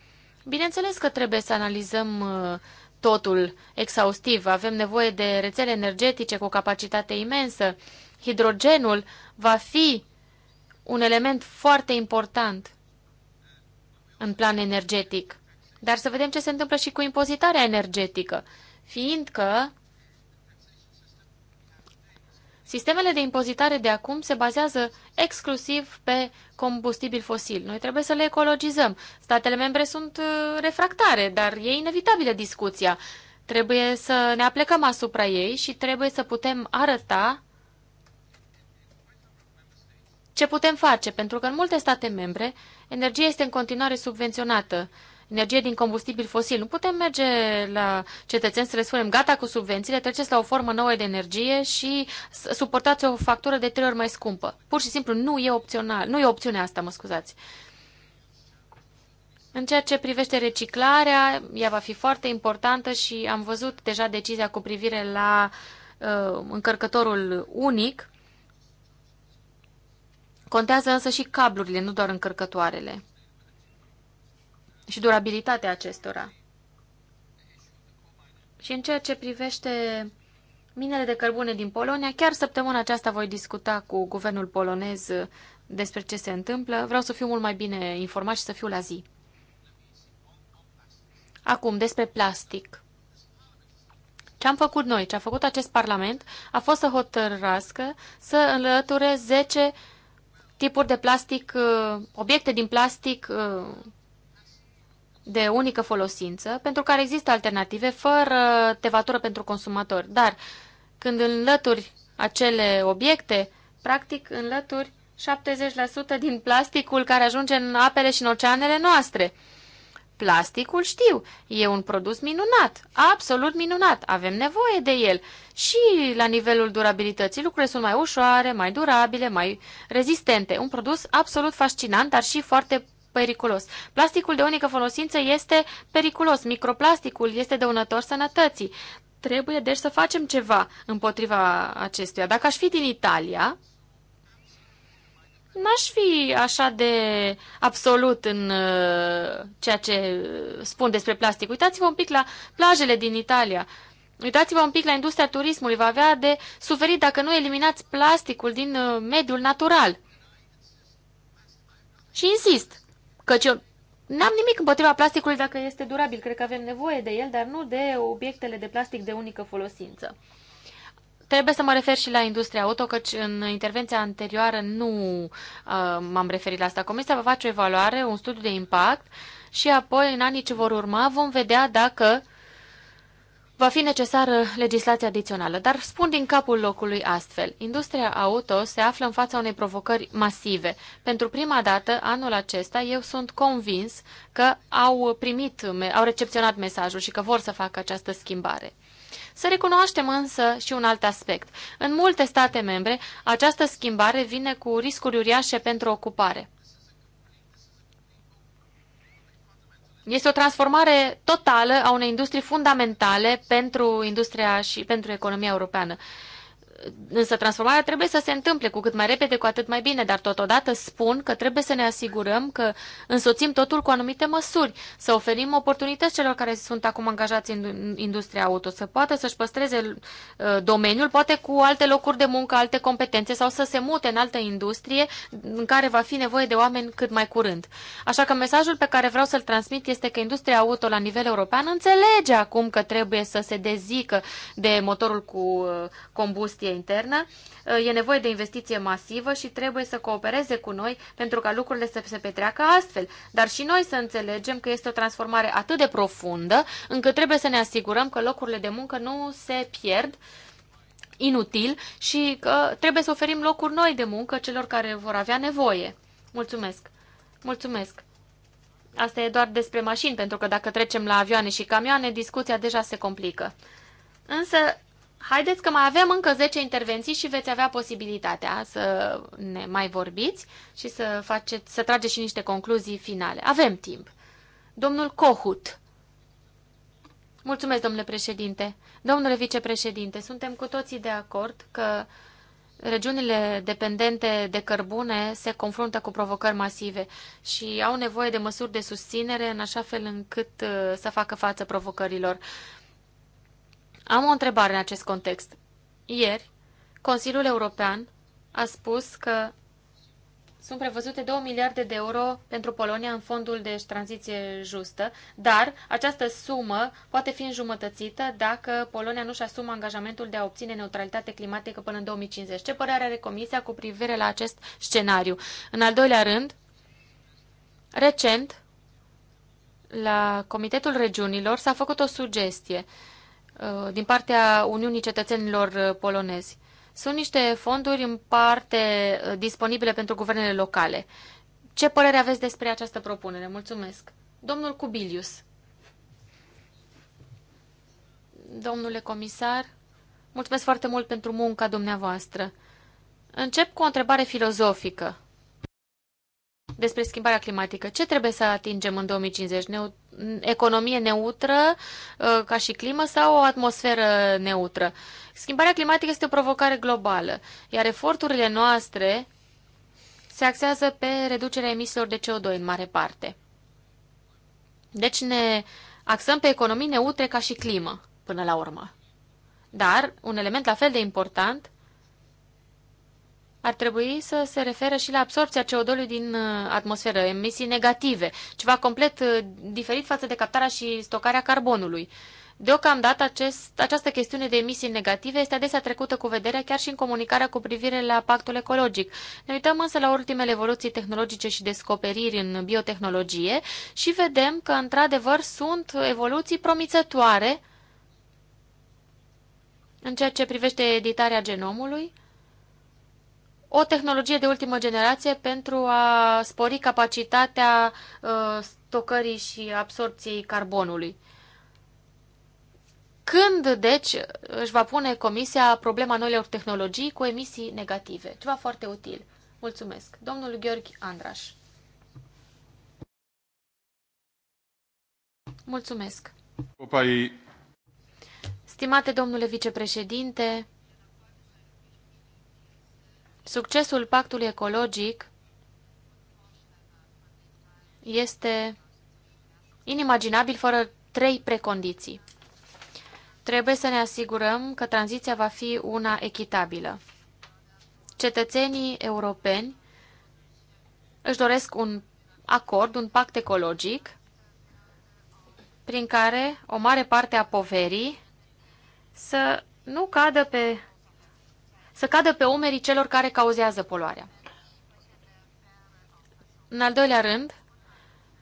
[SPEAKER 2] bineînțeles că trebuie să analizăm uh, totul exhaustiv, avem nevoie de rețele energetice cu capacitate imensă, hidrogenul va fi un element foarte important în plan energetic. Dar să vedem ce se întâmplă și cu impozitarea energetică, fiindcă sistemele de impozitare de acum se bazează exclusiv pe combustibil fosil. Noi trebuie să le ecologizăm. Statele membre sunt uh, refractare, dar e inevitabilă discuția. Trebuie să ne aplecăm asupra ei și trebuie să putem arăta ce putem face, pentru că în multe state membre energia este în continuare subvenționată energie din combustibil fosil. Nu putem merge la cetățeni să le spunem gata cu subvențiile, treceți la o formă nouă de energie și suportați o factură de trei ori mai scumpă. Pur și simplu nu e opțional, nu e opțiunea asta, mă scuzați. În ceea ce privește reciclarea, ea va fi foarte importantă și am văzut deja decizia cu privire la uh, încărcătorul unic. Contează însă și cablurile, nu doar încărcătoarele și durabilitatea acestora. Și în ceea ce privește minele de cărbune din Polonia, chiar săptămâna aceasta voi discuta cu guvernul polonez despre ce se întâmplă. Vreau să fiu mult mai bine informat și să fiu la zi. Acum, despre plastic. Ce am făcut noi, ce a făcut acest Parlament, a fost să hotărască să înlăture 10 tipuri de plastic, uh, obiecte din plastic uh, de unică folosință, pentru care există alternative fără tevatură pentru consumatori. Dar când înlături acele obiecte, practic înlături 70% din plasticul care ajunge în apele și în oceanele noastre. Plasticul, știu, e un produs minunat, absolut minunat, avem nevoie de el. Și la nivelul durabilității lucrurile sunt mai ușoare, mai durabile, mai rezistente. Un produs absolut fascinant, dar și foarte periculos. Plasticul de unică folosință este periculos, microplasticul este dăunător sănătății. Trebuie deci să facem ceva împotriva acestuia. Dacă aș fi din Italia, n-aș fi așa de absolut în uh, ceea ce uh, spun despre plastic. Uitați-vă un pic la plajele din Italia. Uitați-vă un pic la industria turismului. Va avea de suferit dacă nu eliminați plasticul din uh, mediul natural. Și insist, Căci eu n-am nimic împotriva plasticului dacă este durabil, cred că avem nevoie de el, dar nu de obiectele de plastic de unică folosință. Trebuie să mă refer și la industria auto, căci în intervenția anterioară nu uh, m-am referit la asta. Comisia va face o evaluare, un studiu de impact și apoi, în anii ce vor urma, vom vedea dacă va fi necesară legislație adițională, dar spun din capul locului astfel. Industria auto se află în fața unei provocări masive. Pentru prima dată, anul acesta, eu sunt convins că au primit, au recepționat mesajul și că vor să facă această schimbare. Să recunoaștem însă și un alt aspect. În multe state membre, această schimbare vine cu riscuri uriașe pentru ocupare. Este o transformare totală a unei industrii fundamentale pentru industria și pentru economia europeană. Însă transformarea trebuie să se întâmple cu cât mai repede, cu atât mai bine, dar totodată spun că trebuie să ne asigurăm că însoțim totul cu anumite măsuri, să oferim oportunități celor care sunt acum angajați în industria auto, să poată să-și păstreze uh, domeniul, poate cu alte locuri de muncă, alte competențe sau să se mute în altă industrie în care va fi nevoie de oameni cât mai curând. Așa că mesajul pe care vreau să-l transmit este că industria auto la nivel european înțelege acum că trebuie să se dezică de motorul cu uh, combustie internă, uh, e nevoie de investiție masivă și trebuie să coopereze cu noi pentru ca lucrurile să se petreacă astfel. Dar și noi să înțelegem că este o transformare atât de profundă încât trebuie să ne asigurăm că locurile de muncă nu se pierd inutil și că trebuie să oferim locuri noi de muncă celor care vor avea nevoie. Mulțumesc! Mulțumesc! Asta e doar despre mașini, pentru că dacă trecem la avioane și camioane, discuția deja se complică. Însă Haideți că mai avem încă 10 intervenții și veți avea posibilitatea să ne mai vorbiți și să, faceți, să trageți și niște concluzii finale. Avem timp. Domnul Cohut. Mulțumesc, domnule președinte. Domnule vicepreședinte, suntem cu toții de acord că regiunile dependente de cărbune se confruntă cu provocări masive și au nevoie de măsuri de susținere în așa fel încât uh, să facă față provocărilor. Am o întrebare în acest context. Ieri, Consiliul European a spus că sunt prevăzute 2 miliarde de euro pentru Polonia în fondul de tranziție justă, dar această sumă poate fi înjumătățită dacă Polonia nu-și asumă angajamentul de a obține neutralitate climatică până în 2050. Ce părere are Comisia cu privire la acest scenariu? În al doilea rând, recent, la Comitetul Regiunilor s-a făcut o sugestie. Uh, Uh, din partea Uniunii Cetățenilor uh, Polonezi. Sunt niște fonduri în parte uh, disponibile pentru guvernele locale. Ce părere aveți despre această propunere? Mulțumesc. Domnul Cubilius. Domnule comisar, mulțumesc foarte mult pentru munca dumneavoastră. Încep cu o întrebare filozofică despre schimbarea climatică. Ce trebuie să atingem în 2050? Ne- economie neutră uh, ca și climă sau o atmosferă neutră? Schimbarea climatică este o provocare globală, iar eforturile noastre se axează pe reducerea emisiilor de CO2 în mare parte. Deci ne axăm pe economii neutre ca și climă, până la urmă. Dar un element la fel de important ar trebui să se referă și la absorpția CO2-ului din uh, atmosferă, emisii negative, ceva complet uh, diferit față de captarea și stocarea carbonului. Deocamdată acest, această chestiune de emisii negative este adesea trecută cu vederea chiar și în comunicarea cu privire la pactul ecologic. Ne uităm însă la ultimele evoluții tehnologice și descoperiri în biotehnologie și vedem că într-adevăr sunt evoluții promițătoare în ceea ce privește editarea genomului, o tehnologie de ultimă generație pentru a spori capacitatea uh, stocării și absorpției carbonului. Când, deci, își va pune Comisia problema noilor tehnologii cu emisii negative? Ceva foarte util. Mulțumesc. Domnul Gheorghe Andraș. Mulțumesc. Stimate domnule vicepreședinte, Succesul pactului ecologic este inimaginabil fără trei precondiții. Trebuie să ne asigurăm că tranziția va fi una echitabilă. Cetățenii europeni își doresc un acord, un pact ecologic, prin care o mare parte a poverii să nu cadă pe să cadă pe umerii celor care cauzează poluarea. În al doilea rând,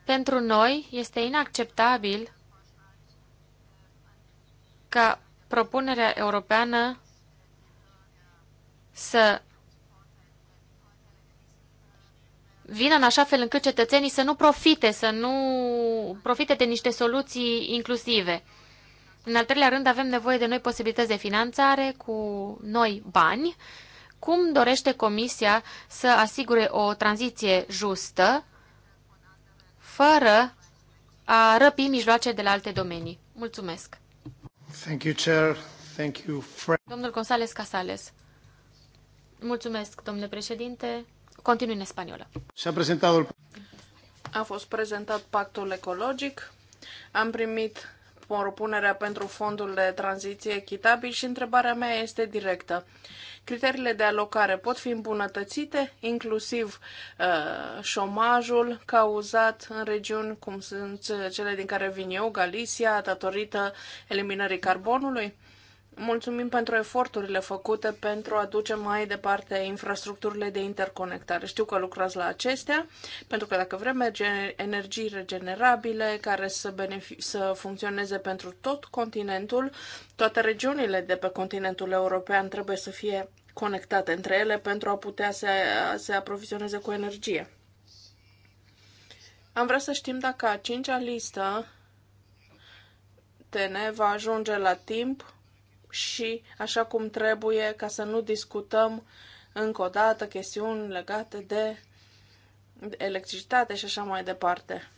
[SPEAKER 2] pentru noi este inacceptabil ca propunerea europeană să vină în așa fel încât cetățenii să nu profite, să nu profite de niște soluții inclusive. În al treilea rând, avem nevoie de noi posibilități de finanțare cu noi bani. Cum dorește Comisia să asigure o tranziție justă fără a răpi mijloace de la alte domenii? Mulțumesc!
[SPEAKER 1] Thank you, Chair. Thank you,
[SPEAKER 2] Domnul González Casales.
[SPEAKER 4] Mulțumesc, domnule președinte. Continui în spaniolă.
[SPEAKER 1] a prezentat...
[SPEAKER 4] A fost prezentat pactul ecologic. Am primit propunerea pentru fondul de tranziție echitabil și întrebarea mea este directă. Criteriile de alocare pot fi îmbunătățite, inclusiv uh, șomajul cauzat în regiuni cum sunt cele din care vin eu, Galicia, datorită eliminării carbonului? mulțumim pentru eforturile făcute pentru a duce mai departe infrastructurile de interconectare. Știu că lucrați la acestea, pentru că dacă vrem merge energii regenerabile care să, să funcționeze pentru tot continentul, toate regiunile de pe continentul european trebuie să fie conectate între ele pentru a putea să se aprovizioneze cu energie. Am vrea să știm dacă a cincea listă TN va ajunge la timp și așa cum trebuie ca să nu discutăm încă o dată chestiuni legate de electricitate și așa mai departe.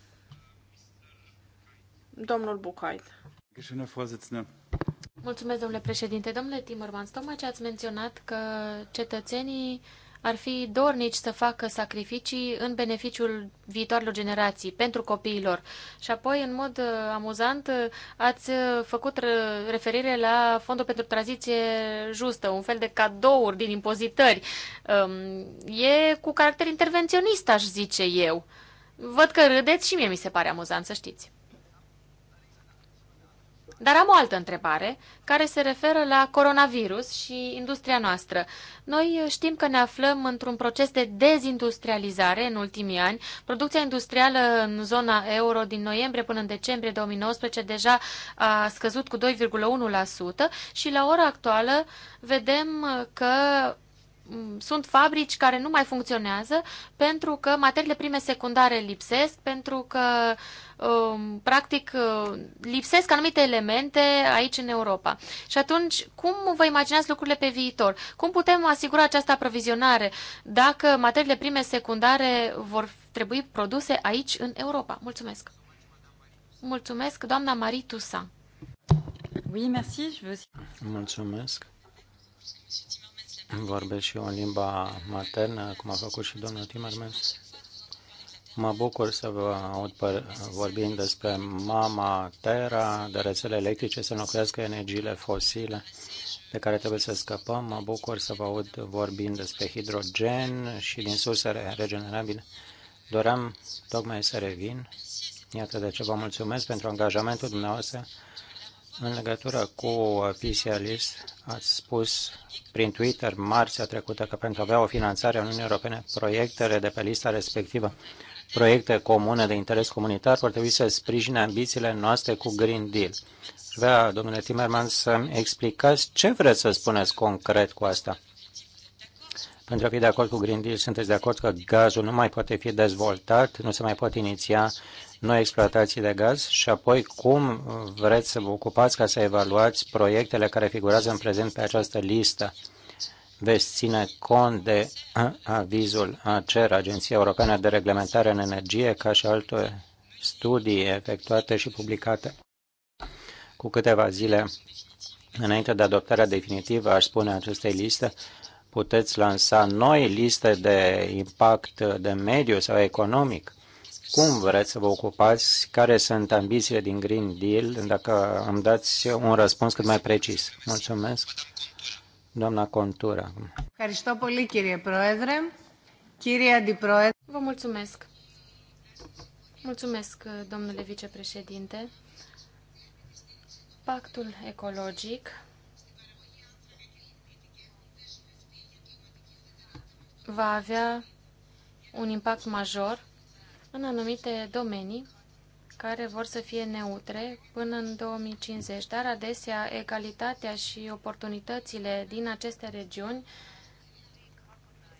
[SPEAKER 4] Domnul Bucait.
[SPEAKER 2] Mulțumesc, domnule președinte. Domnule Timmermans, tocmai ce ați menționat că cetățenii ar fi dornici să facă sacrificii în beneficiul viitoarelor generații, pentru copiilor. Și apoi, în mod uh, amuzant, uh, ați uh, făcut referire la Fondul pentru Tranziție Justă, un fel de cadouri din impozitări. Um, e cu caracter intervenționist, aș zice eu. Văd că râdeți și mie mi se pare amuzant, să știți. Dar am o altă întrebare care se referă la coronavirus și industria noastră. Noi știm că ne aflăm într-un proces de dezindustrializare în ultimii ani. Producția industrială în zona euro din noiembrie până în decembrie 2019 deja a scăzut cu 2,1% și la ora actuală vedem că Mm, sunt fabrici care nu mai funcționează pentru că materiile prime secundare lipsesc, pentru că um, practic uh, lipsesc anumite elemente aici în Europa. Și atunci, cum vă imaginați lucrurile pe viitor? Cum putem asigura această aprovizionare dacă materiile prime secundare vor trebui produse aici în Europa? Mulțumesc! Mulțumesc, doamna Marie Toussaint.
[SPEAKER 1] Mulțumesc vorbesc și eu în limba maternă, cum a făcut și domnul Timmermans. Mă bucur să vă aud vorbind despre mama Terra, de rețele electrice, să înlocuiască energiile fosile de care trebuie să scăpăm. Mă bucur să vă aud vorbind despre hidrogen și din surse regenerabile. Doream tocmai să revin. Iată de ce vă mulțumesc pentru angajamentul dumneavoastră în legătură cu PCLIS, ați spus prin Twitter marțea trecută că pentru a avea o finanțare a Uniunii Europene, proiectele de pe lista respectivă, proiecte comune de interes comunitar, vor trebui să sprijine ambițiile noastre cu Green Deal. Vrea, domnule Timmermans, să-mi explicați ce vreți să spuneți concret cu asta. Pentru a fi de acord cu Green Deal, sunteți de acord că gazul nu mai poate fi dezvoltat, nu se mai poate iniția noi exploatații de gaz și apoi cum vreți să vă ocupați ca să evaluați proiectele care figurează în prezent pe această listă. Veți ține cont de avizul ACER, Agenția Europeană de Reglementare în Energie, ca și alte studii efectuate și publicate cu câteva zile înainte de adoptarea definitivă, aș spune, acestei liste, puteți lansa noi liste de impact de mediu sau economic cum vreți să vă ocupați, care sunt ambițiile din Green Deal, dacă îmi dați un răspuns cât mai precis. Mulțumesc. Doamna Contura.
[SPEAKER 4] Vă mulțumesc.
[SPEAKER 2] Mulțumesc, domnule vicepreședinte. Pactul ecologic va avea un impact major în anumite domenii care vor să fie neutre până în 2050, dar adesea egalitatea și oportunitățile din aceste regiuni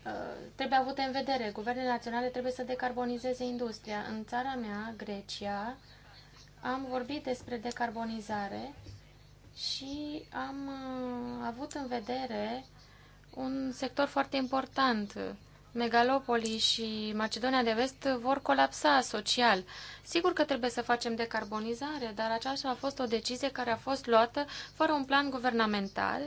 [SPEAKER 2] uh, trebuie avute în vedere. Guvernele naționale trebuie să decarbonizeze industria. În țara mea, Grecia, am vorbit despre decarbonizare și am uh, avut în vedere un sector foarte important Megalopoli și Macedonia de Vest vor colapsa social. Sigur că trebuie să facem decarbonizare, dar aceasta a fost o decizie care a fost luată fără un plan guvernamental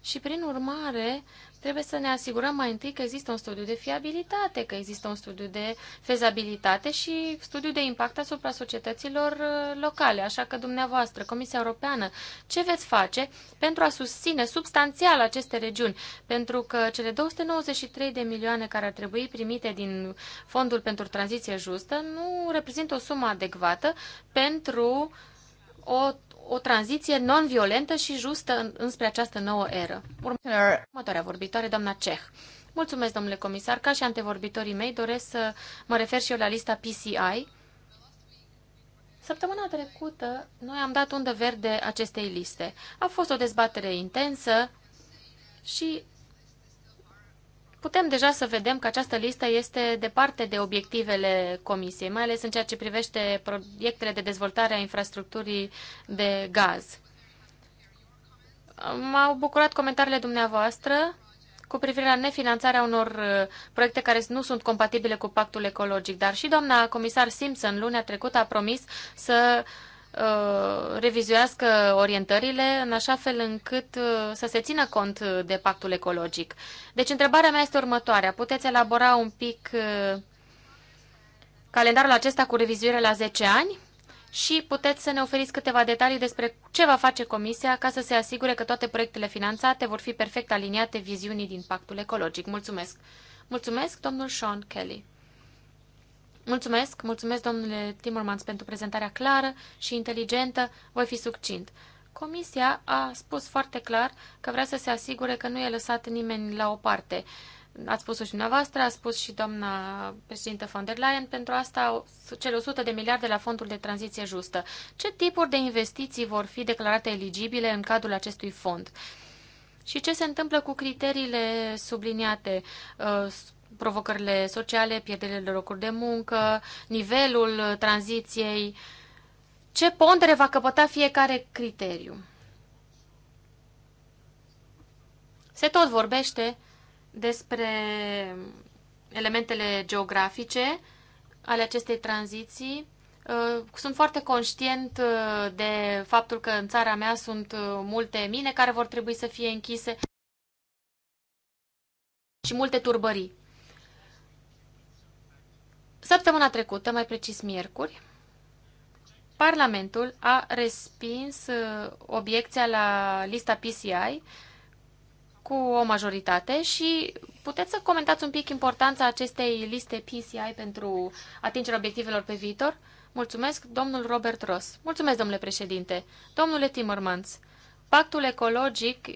[SPEAKER 2] și, prin urmare, Trebuie să ne asigurăm mai întâi că există un studiu de fiabilitate, că există un studiu de fezabilitate și studiu de impact asupra societăților uh, locale. Așa că dumneavoastră, Comisia Europeană, ce veți face pentru a susține substanțial aceste regiuni? Pentru că cele 293 de milioane care ar trebui primite din Fondul pentru Tranziție Justă nu reprezintă o sumă adecvată pentru o o tranziție non-violentă și justă înspre această nouă eră. Următoarea vorbitoare, doamna Ceh. Mulțumesc, domnule comisar. Ca și antevorbitorii mei, doresc să mă refer și eu la lista PCI. Săptămâna trecută, noi am dat undă verde acestei liste. A fost o dezbatere intensă și putem deja să vedem că această listă este departe de obiectivele Comisiei, mai ales în ceea ce privește proiectele de dezvoltare a infrastructurii de gaz. M-au bucurat comentariile dumneavoastră cu privire la nefinanțarea unor uh, proiecte care nu sunt compatibile cu pactul ecologic, dar și doamna comisar Simpson lunea trecută a promis să uh, Uh, revizuiască orientările în așa fel încât uh, să se țină cont de pactul ecologic. Deci întrebarea mea este următoarea. Puteți elabora un pic uh, calendarul acesta cu revizuire la 10 ani? și puteți să ne oferiți câteva detalii despre ce va face Comisia ca să se asigure că toate proiectele finanțate vor fi perfect aliniate viziunii din pactul ecologic. Mulțumesc! Mulțumesc, domnul Sean Kelly. Mulțumesc, mulțumesc domnule Timmermans pentru prezentarea clară și inteligentă, voi fi succint. Comisia a spus foarte clar că vrea să se asigure că nu e lăsat nimeni la o parte. Ați spus-o și dumneavoastră, a spus și doamna președintă von der Leyen, pentru asta cele 100 de miliarde la fondul de tranziție justă. Ce tipuri de investiții vor fi declarate eligibile în cadrul acestui fond? Și ce se întâmplă cu criteriile subliniate? Uh, provocările sociale, pierderile de locuri de muncă, nivelul tranziției, ce pondere va căpăta fiecare criteriu. Se tot vorbește despre elementele geografice ale acestei tranziții. Uh, sunt foarte conștient uh, de faptul că în țara mea sunt uh, multe mine care vor trebui să fie închise și multe turbării. Săptămâna trecută, mai precis miercuri, Parlamentul a respins uh, obiecția la lista PCI cu o majoritate și puteți să comentați un pic importanța acestei liste PCI pentru atingerea obiectivelor pe viitor? Mulțumesc, domnul Robert Ross. Mulțumesc, domnule președinte. Domnule Timmermans, pactul ecologic uh,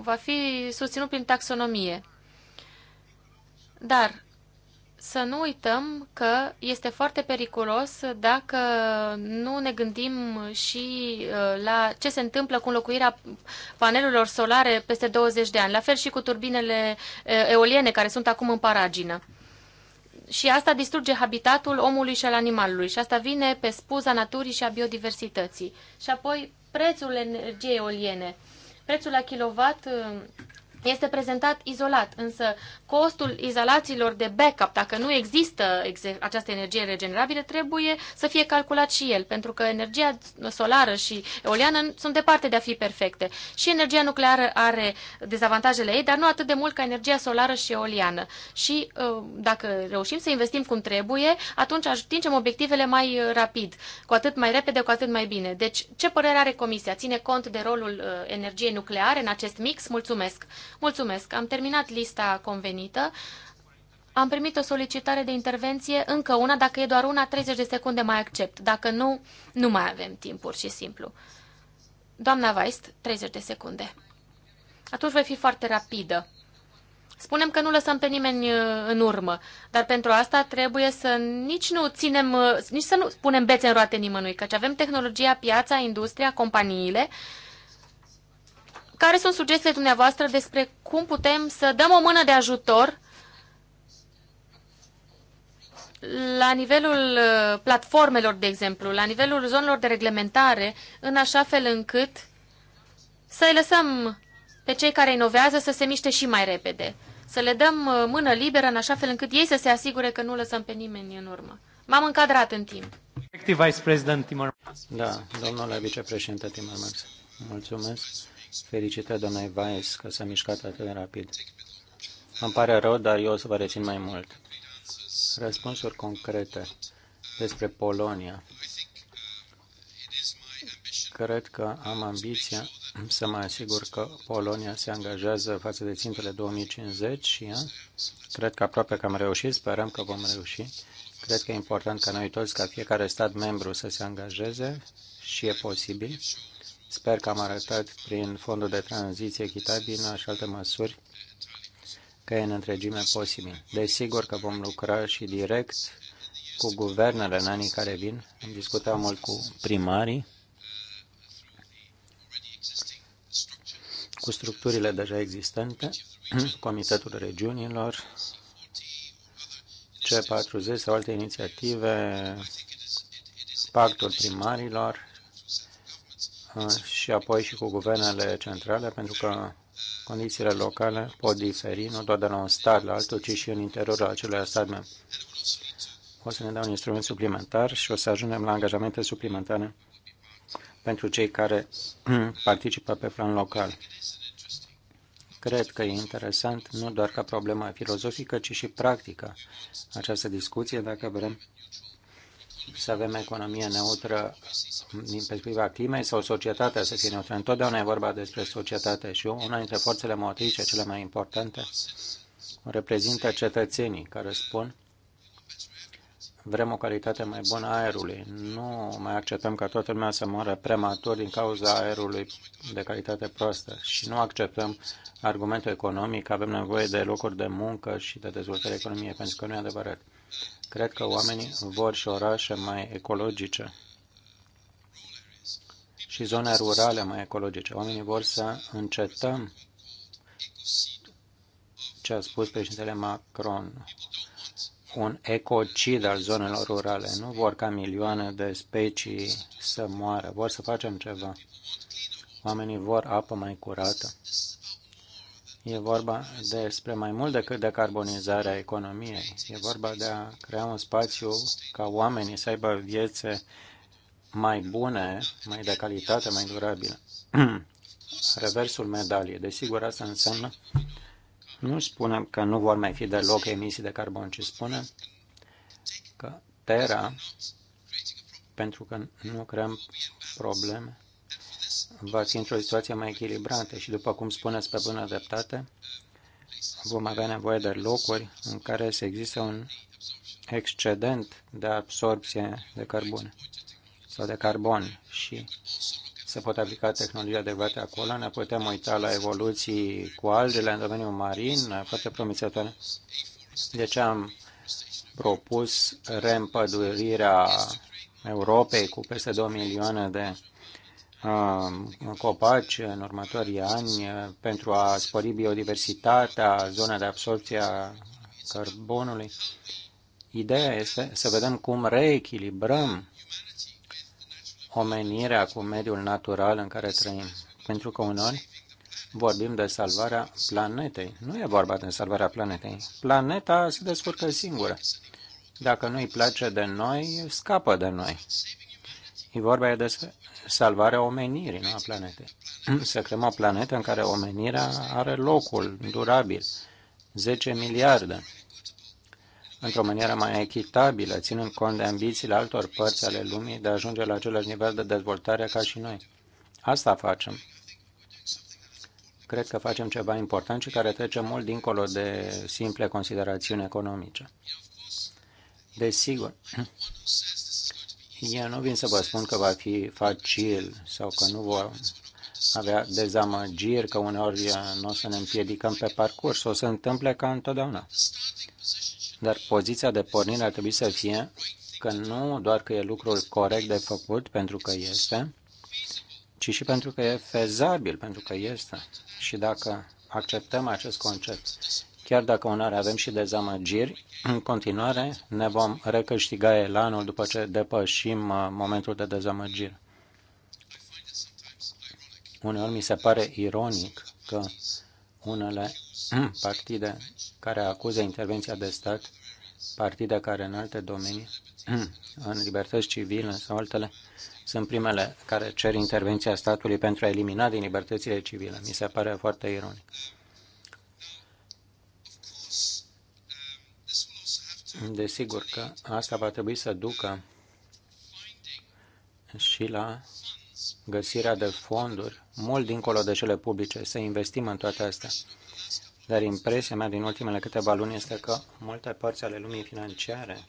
[SPEAKER 2] va fi susținut prin taxonomie. Dar să nu uităm că este foarte periculos dacă nu ne gândim și uh, la ce se întâmplă cu înlocuirea panelurilor solare peste 20 de ani, la fel și cu turbinele uh, eoliene care sunt acum în paragină. Și asta distruge habitatul omului și al animalului și asta vine pe spuza naturii și a biodiversității. Și apoi prețul energiei eoliene. Prețul la kilowatt uh, este prezentat izolat, însă costul izolațiilor de backup, dacă nu există această energie regenerabilă, trebuie să fie calculat și el, pentru că energia solară și eoliană sunt departe de a fi perfecte. Și energia nucleară are dezavantajele ei, dar nu atât de mult ca energia solară și eoliană. Și uh, dacă reușim să investim cum trebuie, atunci atingem obiectivele mai uh, rapid, cu atât mai repede, cu atât mai bine. Deci, ce părere are Comisia? Ține cont de rolul uh, energiei nucleare în acest mix? Mulțumesc! Mulțumesc, am terminat lista convenită. Am primit o solicitare de intervenție, încă una, dacă e doar una, 30 de secunde mai accept. Dacă nu, nu mai avem timp, pur și simplu. Doamna Weist, 30 de secunde. Atunci voi fi foarte rapidă. Spunem că nu lăsăm pe nimeni uh, în urmă, dar pentru asta trebuie să nici nu ținem, uh, nici să nu punem bețe în roate nimănui, căci avem tehnologia, piața, industria, companiile care sunt sugestiile dumneavoastră despre cum putem să dăm o mână de ajutor la nivelul uh, platformelor, de exemplu, la nivelul zonelor de reglementare, în așa fel încât să-i lăsăm pe cei care inovează să se miște și mai repede. Să le dăm uh, mână liberă în așa fel încât ei să se asigure că nu lăsăm pe nimeni în urmă. M-am încadrat în timp.
[SPEAKER 1] Vice President Timmermans. Da, domnule vicepreședinte Timmermans. Mulțumesc. Fericită doamna Weiss, că s-a mișcat atât de rapid. Îmi pare rău, dar eu o să vă rețin mai mult. Răspunsuri concrete despre Polonia. Cred că am ambiția să mă asigur că Polonia se angajează față de țintele 2050 și ea. Cred că aproape că am reușit, sperăm că vom reuși. Cred că e important ca noi toți, ca fiecare stat membru să se angajeze și e posibil Sper că am arătat prin fondul de tranziție echitabilă și alte măsuri că e în întregime posibil. Desigur că vom lucra și direct cu guvernele în anii care vin. Am discutat mult cu primarii, cu structurile deja existente, Comitetul Regiunilor, C40 sau alte inițiative, Pactul Primarilor și apoi și cu guvernele centrale, pentru că condițiile locale pot diferi nu doar de la un stat la altul, ci și în interiorul acelui stat O să ne dea un instrument suplimentar și o să ajungem la angajamente suplimentare pentru cei care participă pe plan local. Cred că e interesant nu doar ca problema filozofică, ci și practică această discuție, dacă vrem să avem economie neutră din perspectiva climei sau societatea să fie neutră. Întotdeauna e vorba despre societate și una dintre forțele motrice cele mai importante reprezintă cetățenii care spun vrem o calitate mai bună a aerului. Nu mai acceptăm ca toată lumea să moară prematur din cauza aerului de calitate proastă și nu acceptăm argumentul economic că avem nevoie de locuri de muncă și de dezvoltare economiei, pentru că nu e adevărat. Cred că oamenii vor și orașe mai ecologice și zone rurale mai ecologice. Oamenii vor să încetăm ce a spus președintele Macron, un ecocid al zonelor rurale. Nu vor ca milioane de specii să moară, vor să facem ceva. Oamenii vor apă mai curată, E vorba despre mai mult decât decarbonizarea economiei. E vorba de a crea un spațiu ca oamenii să aibă viețe mai bune, mai de calitate, mai durabile. Reversul medaliei. Desigur, asta înseamnă nu spunem că nu vor mai fi deloc emisii de carbon, ci spunem că Terra, pentru că nu creăm probleme, va fi într-o situație mai echilibrată și, după cum spuneți pe bună dreptate, vom avea nevoie de locuri în care să există un excedent de absorpție de carbon sau de carbon și se pot aplica de adecvate acolo. Ne putem uita la evoluții cu algele în domeniul marin, foarte promițătoare. De ce am propus reîmpădurirea Europei cu peste 2 milioane de Um, copaci în următorii ani uh, pentru a spori biodiversitatea, zona de absorpție a carbonului. Ideea este să vedem cum reechilibrăm omenirea cu mediul natural în care trăim. Pentru că uneori vorbim de salvarea planetei. Nu e vorba de salvarea planetei. Planeta se descurcă singură. Dacă nu îi place de noi, scapă de noi. E vorba de salvarea omenirii, nu a planetei. Să creăm o planetă în care omenirea are locul durabil, 10 miliarde, într-o manieră mai echitabilă, ținând cont de ambițiile altor părți ale lumii de a ajunge la același nivel de dezvoltare ca și noi. Asta facem. Cred că facem ceva important și care trece mult dincolo de simple considerațiuni economice. Desigur, Eu nu vin să vă spun că va fi facil sau că nu vor avea dezamăgiri, că uneori nu o să ne împiedicăm pe parcurs. O să întâmple ca întotdeauna. Dar poziția de pornire ar trebui să fie că nu doar că e lucrul corect de făcut, pentru că este, ci și pentru că e fezabil, pentru că este. Și dacă acceptăm acest concept Chiar dacă uneori avem și dezamăgiri, în continuare ne vom recâștiga elanul după ce depășim uh, momentul de dezamăgire. Uneori mi se pare ironic că unele hmm, partide care acuză intervenția de stat, partide care în alte domenii, hmm, în libertăți civile sau altele, sunt primele care cer intervenția statului pentru a elimina din libertățile civile. Mi se pare foarte ironic. Desigur că asta va trebui să ducă și la găsirea de fonduri mult dincolo de cele publice, să investim în toate astea. Dar impresia mea din ultimele câteva luni este că multe părți ale lumii financiare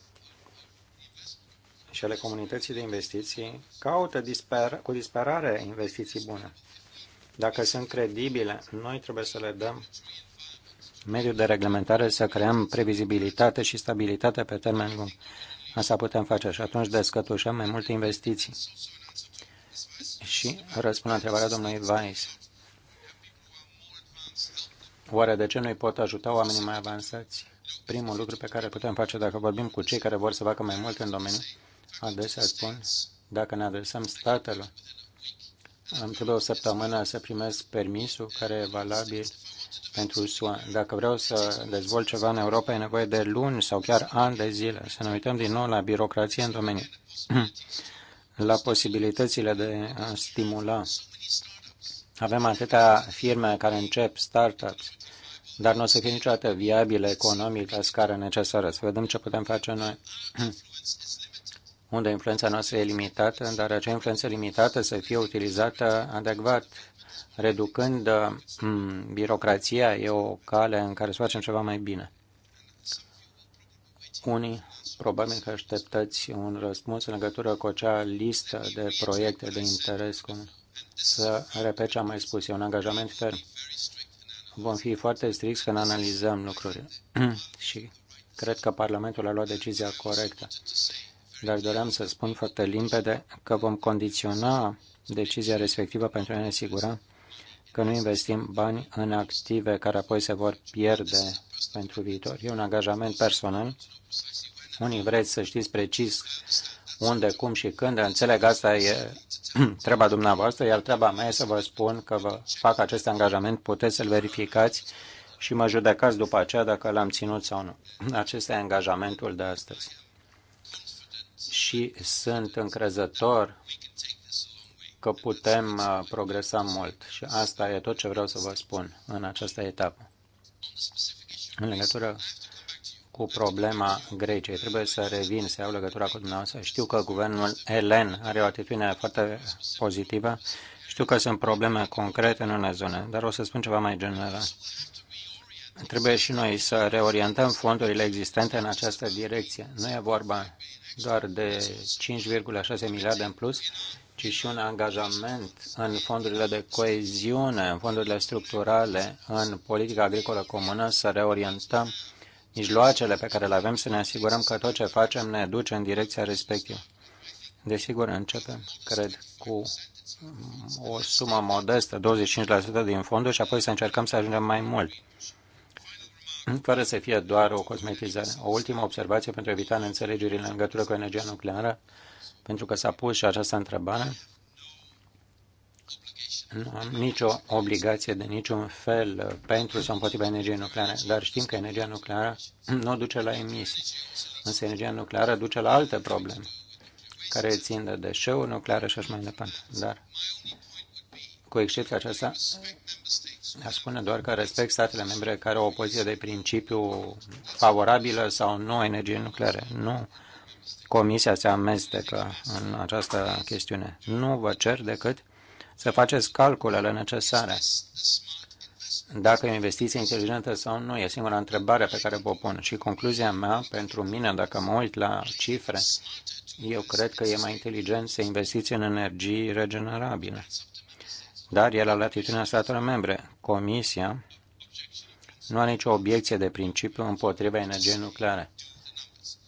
[SPEAKER 1] și ale comunității de investiții caută disper- cu disperare investiții bune. Dacă sunt credibile, noi trebuie să le dăm mediul de reglementare să creăm previzibilitate și stabilitate pe termen lung. Asta putem face și atunci descătușăm mai multe investiții. Și răspund la întrebarea domnului Weiss. Oare de ce nu-i pot ajuta oamenii mai avansați? Primul lucru pe care putem face dacă vorbim cu cei care vor să facă mai mult în domeniu, adesea spun, dacă ne adresăm statelor, îmi trebuie o săptămână să primesc permisul care e valabil pentru SUA. Dacă vreau să dezvolt ceva în Europa, e nevoie de luni sau chiar ani de zile. Să ne uităm din nou la birocrație în domeniu, la posibilitățile de a stimula. Avem atâtea firme care încep startups, dar nu o să fie niciodată viabile economic la scară necesară. Să vedem ce putem face noi unde influența noastră e limitată, dar acea influență limitată să fie utilizată adecvat reducând uh, hmm, birocrația, e o cale în care să facem ceva mai bine. Unii probabil că așteptați un răspuns în legătură cu acea listă de proiecte de interes comun. Să repet ce am mai spus, e un angajament ferm. Vom fi foarte stricți când analizăm lucrurile și cred că Parlamentul a luat decizia corectă. Dar doream să spun foarte limpede că vom condiționa decizia respectivă pentru a ne asigura că nu investim bani în active care apoi se vor pierde pentru viitor. E un angajament personal. Unii vreți să știți precis unde, cum și când. Înțeleg, asta e treaba dumneavoastră, iar treaba mea e să vă spun că vă fac acest angajament, puteți să-l verificați și mă judecați după aceea dacă l-am ținut sau nu. Acesta e angajamentul de astăzi. Și sunt încrezător că putem uh, progresa mult și asta e tot ce vreau să vă spun în această etapă. În legătură cu problema Greciei, trebuie să revin, să iau legătura cu dumneavoastră. Știu că guvernul Elen are o atitudine foarte pozitivă, știu că sunt probleme concrete în unele zone, dar o să spun ceva mai general. Trebuie și noi să reorientăm fondurile existente în această direcție. Nu e vorba doar de 5,6 miliarde în plus, ci și un angajament în fondurile de coeziune, în fondurile structurale, în politica agricolă comună, să reorientăm mijloacele pe care le avem, să ne asigurăm că tot ce facem ne duce în direcția respectivă. Desigur, începem, cred, cu o sumă modestă, 25% din fonduri și apoi să încercăm să ajungem mai mult, fără să fie doar o cosmetizare. O ultimă observație pentru a evita neînțelegerile în legătură cu energia nucleară pentru că s-a pus și această întrebare. Nu am nicio obligație de niciun fel pentru sau împotriva energiei nucleare, dar știm că energia nucleară nu duce la emisii. Însă energia nucleară duce la alte probleme care țin de deșeuri nucleare și așa mai departe. Dar cu excepția aceasta, aș spune doar că respect statele membre care au o poziție de principiu favorabilă sau nu energiei nucleare. Nu Comisia se amestecă în această chestiune. Nu vă cer decât să faceți calculele necesare. Dacă e o investiție inteligentă sau nu, e singura întrebare pe care vă pun. Și concluzia mea, pentru mine, dacă mă uit la cifre, eu cred că e mai inteligent să investiți în energii regenerabile. Dar e la latitudinea statelor membre. Comisia nu are nicio obiecție de principiu împotriva energiei nucleare.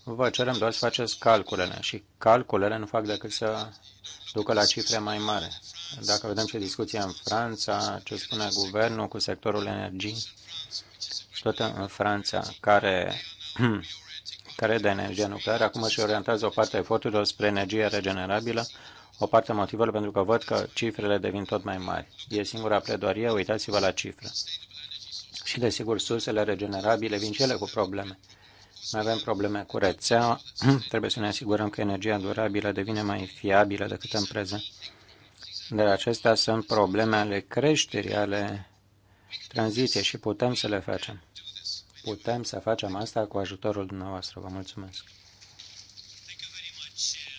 [SPEAKER 1] Vă cerem doar să faceți calculele și calculele nu fac decât să ducă la cifre mai mari. Dacă vedem ce discuție în Franța, ce spune guvernul cu sectorul energiei tot în Franța, care crede de energia nucleară, acum își orientează o parte a eforturilor spre energie regenerabilă, o parte motivul pentru că văd că cifrele devin tot mai mari. E singura pledoarie, uitați-vă la cifre. Și desigur, sursele regenerabile vin cele cu probleme avem probleme cu rețeaua, trebuie să ne asigurăm că energia durabilă devine mai fiabilă decât în prezent. Dar acestea sunt probleme ale creșterii, ale tranziției și putem să le facem. Putem să facem asta cu ajutorul dumneavoastră. Vă mulțumesc.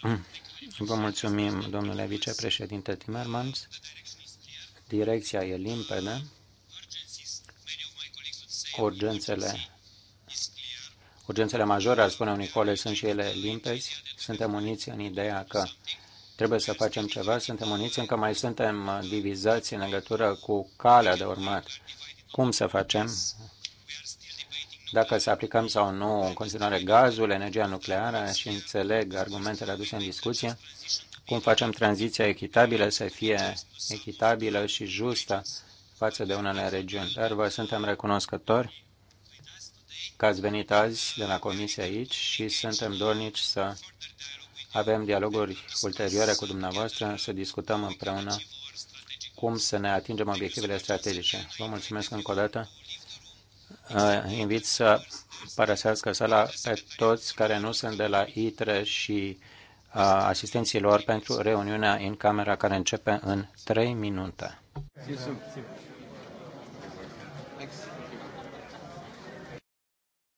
[SPEAKER 1] Vă mulțumim, domnule vicepreședinte Timmermans. Direcția e limpede. Urgențele Urgențele majore, ar spune unii colegi, sunt și ele limpezi. Suntem uniți în ideea că trebuie să facem ceva, suntem uniți, încă mai suntem divizați în legătură cu calea de urmat. Cum să facem? Dacă să aplicăm sau nu în continuare gazul, energia nucleară și înțeleg argumentele aduse în discuție, cum facem tranziția echitabilă să fie echitabilă și justă față de unele regiuni. Dar vă suntem recunoscători că ați venit azi de la comisie aici și suntem dornici să avem dialoguri ulterioare cu dumneavoastră, să discutăm împreună cum să ne atingem obiectivele strategice. Vă mulțumesc încă o dată. Uh, invit să părăsească sala pe toți care nu sunt de la ITRE și uh, asistenții lor pentru reuniunea în camera care începe în 3 minute.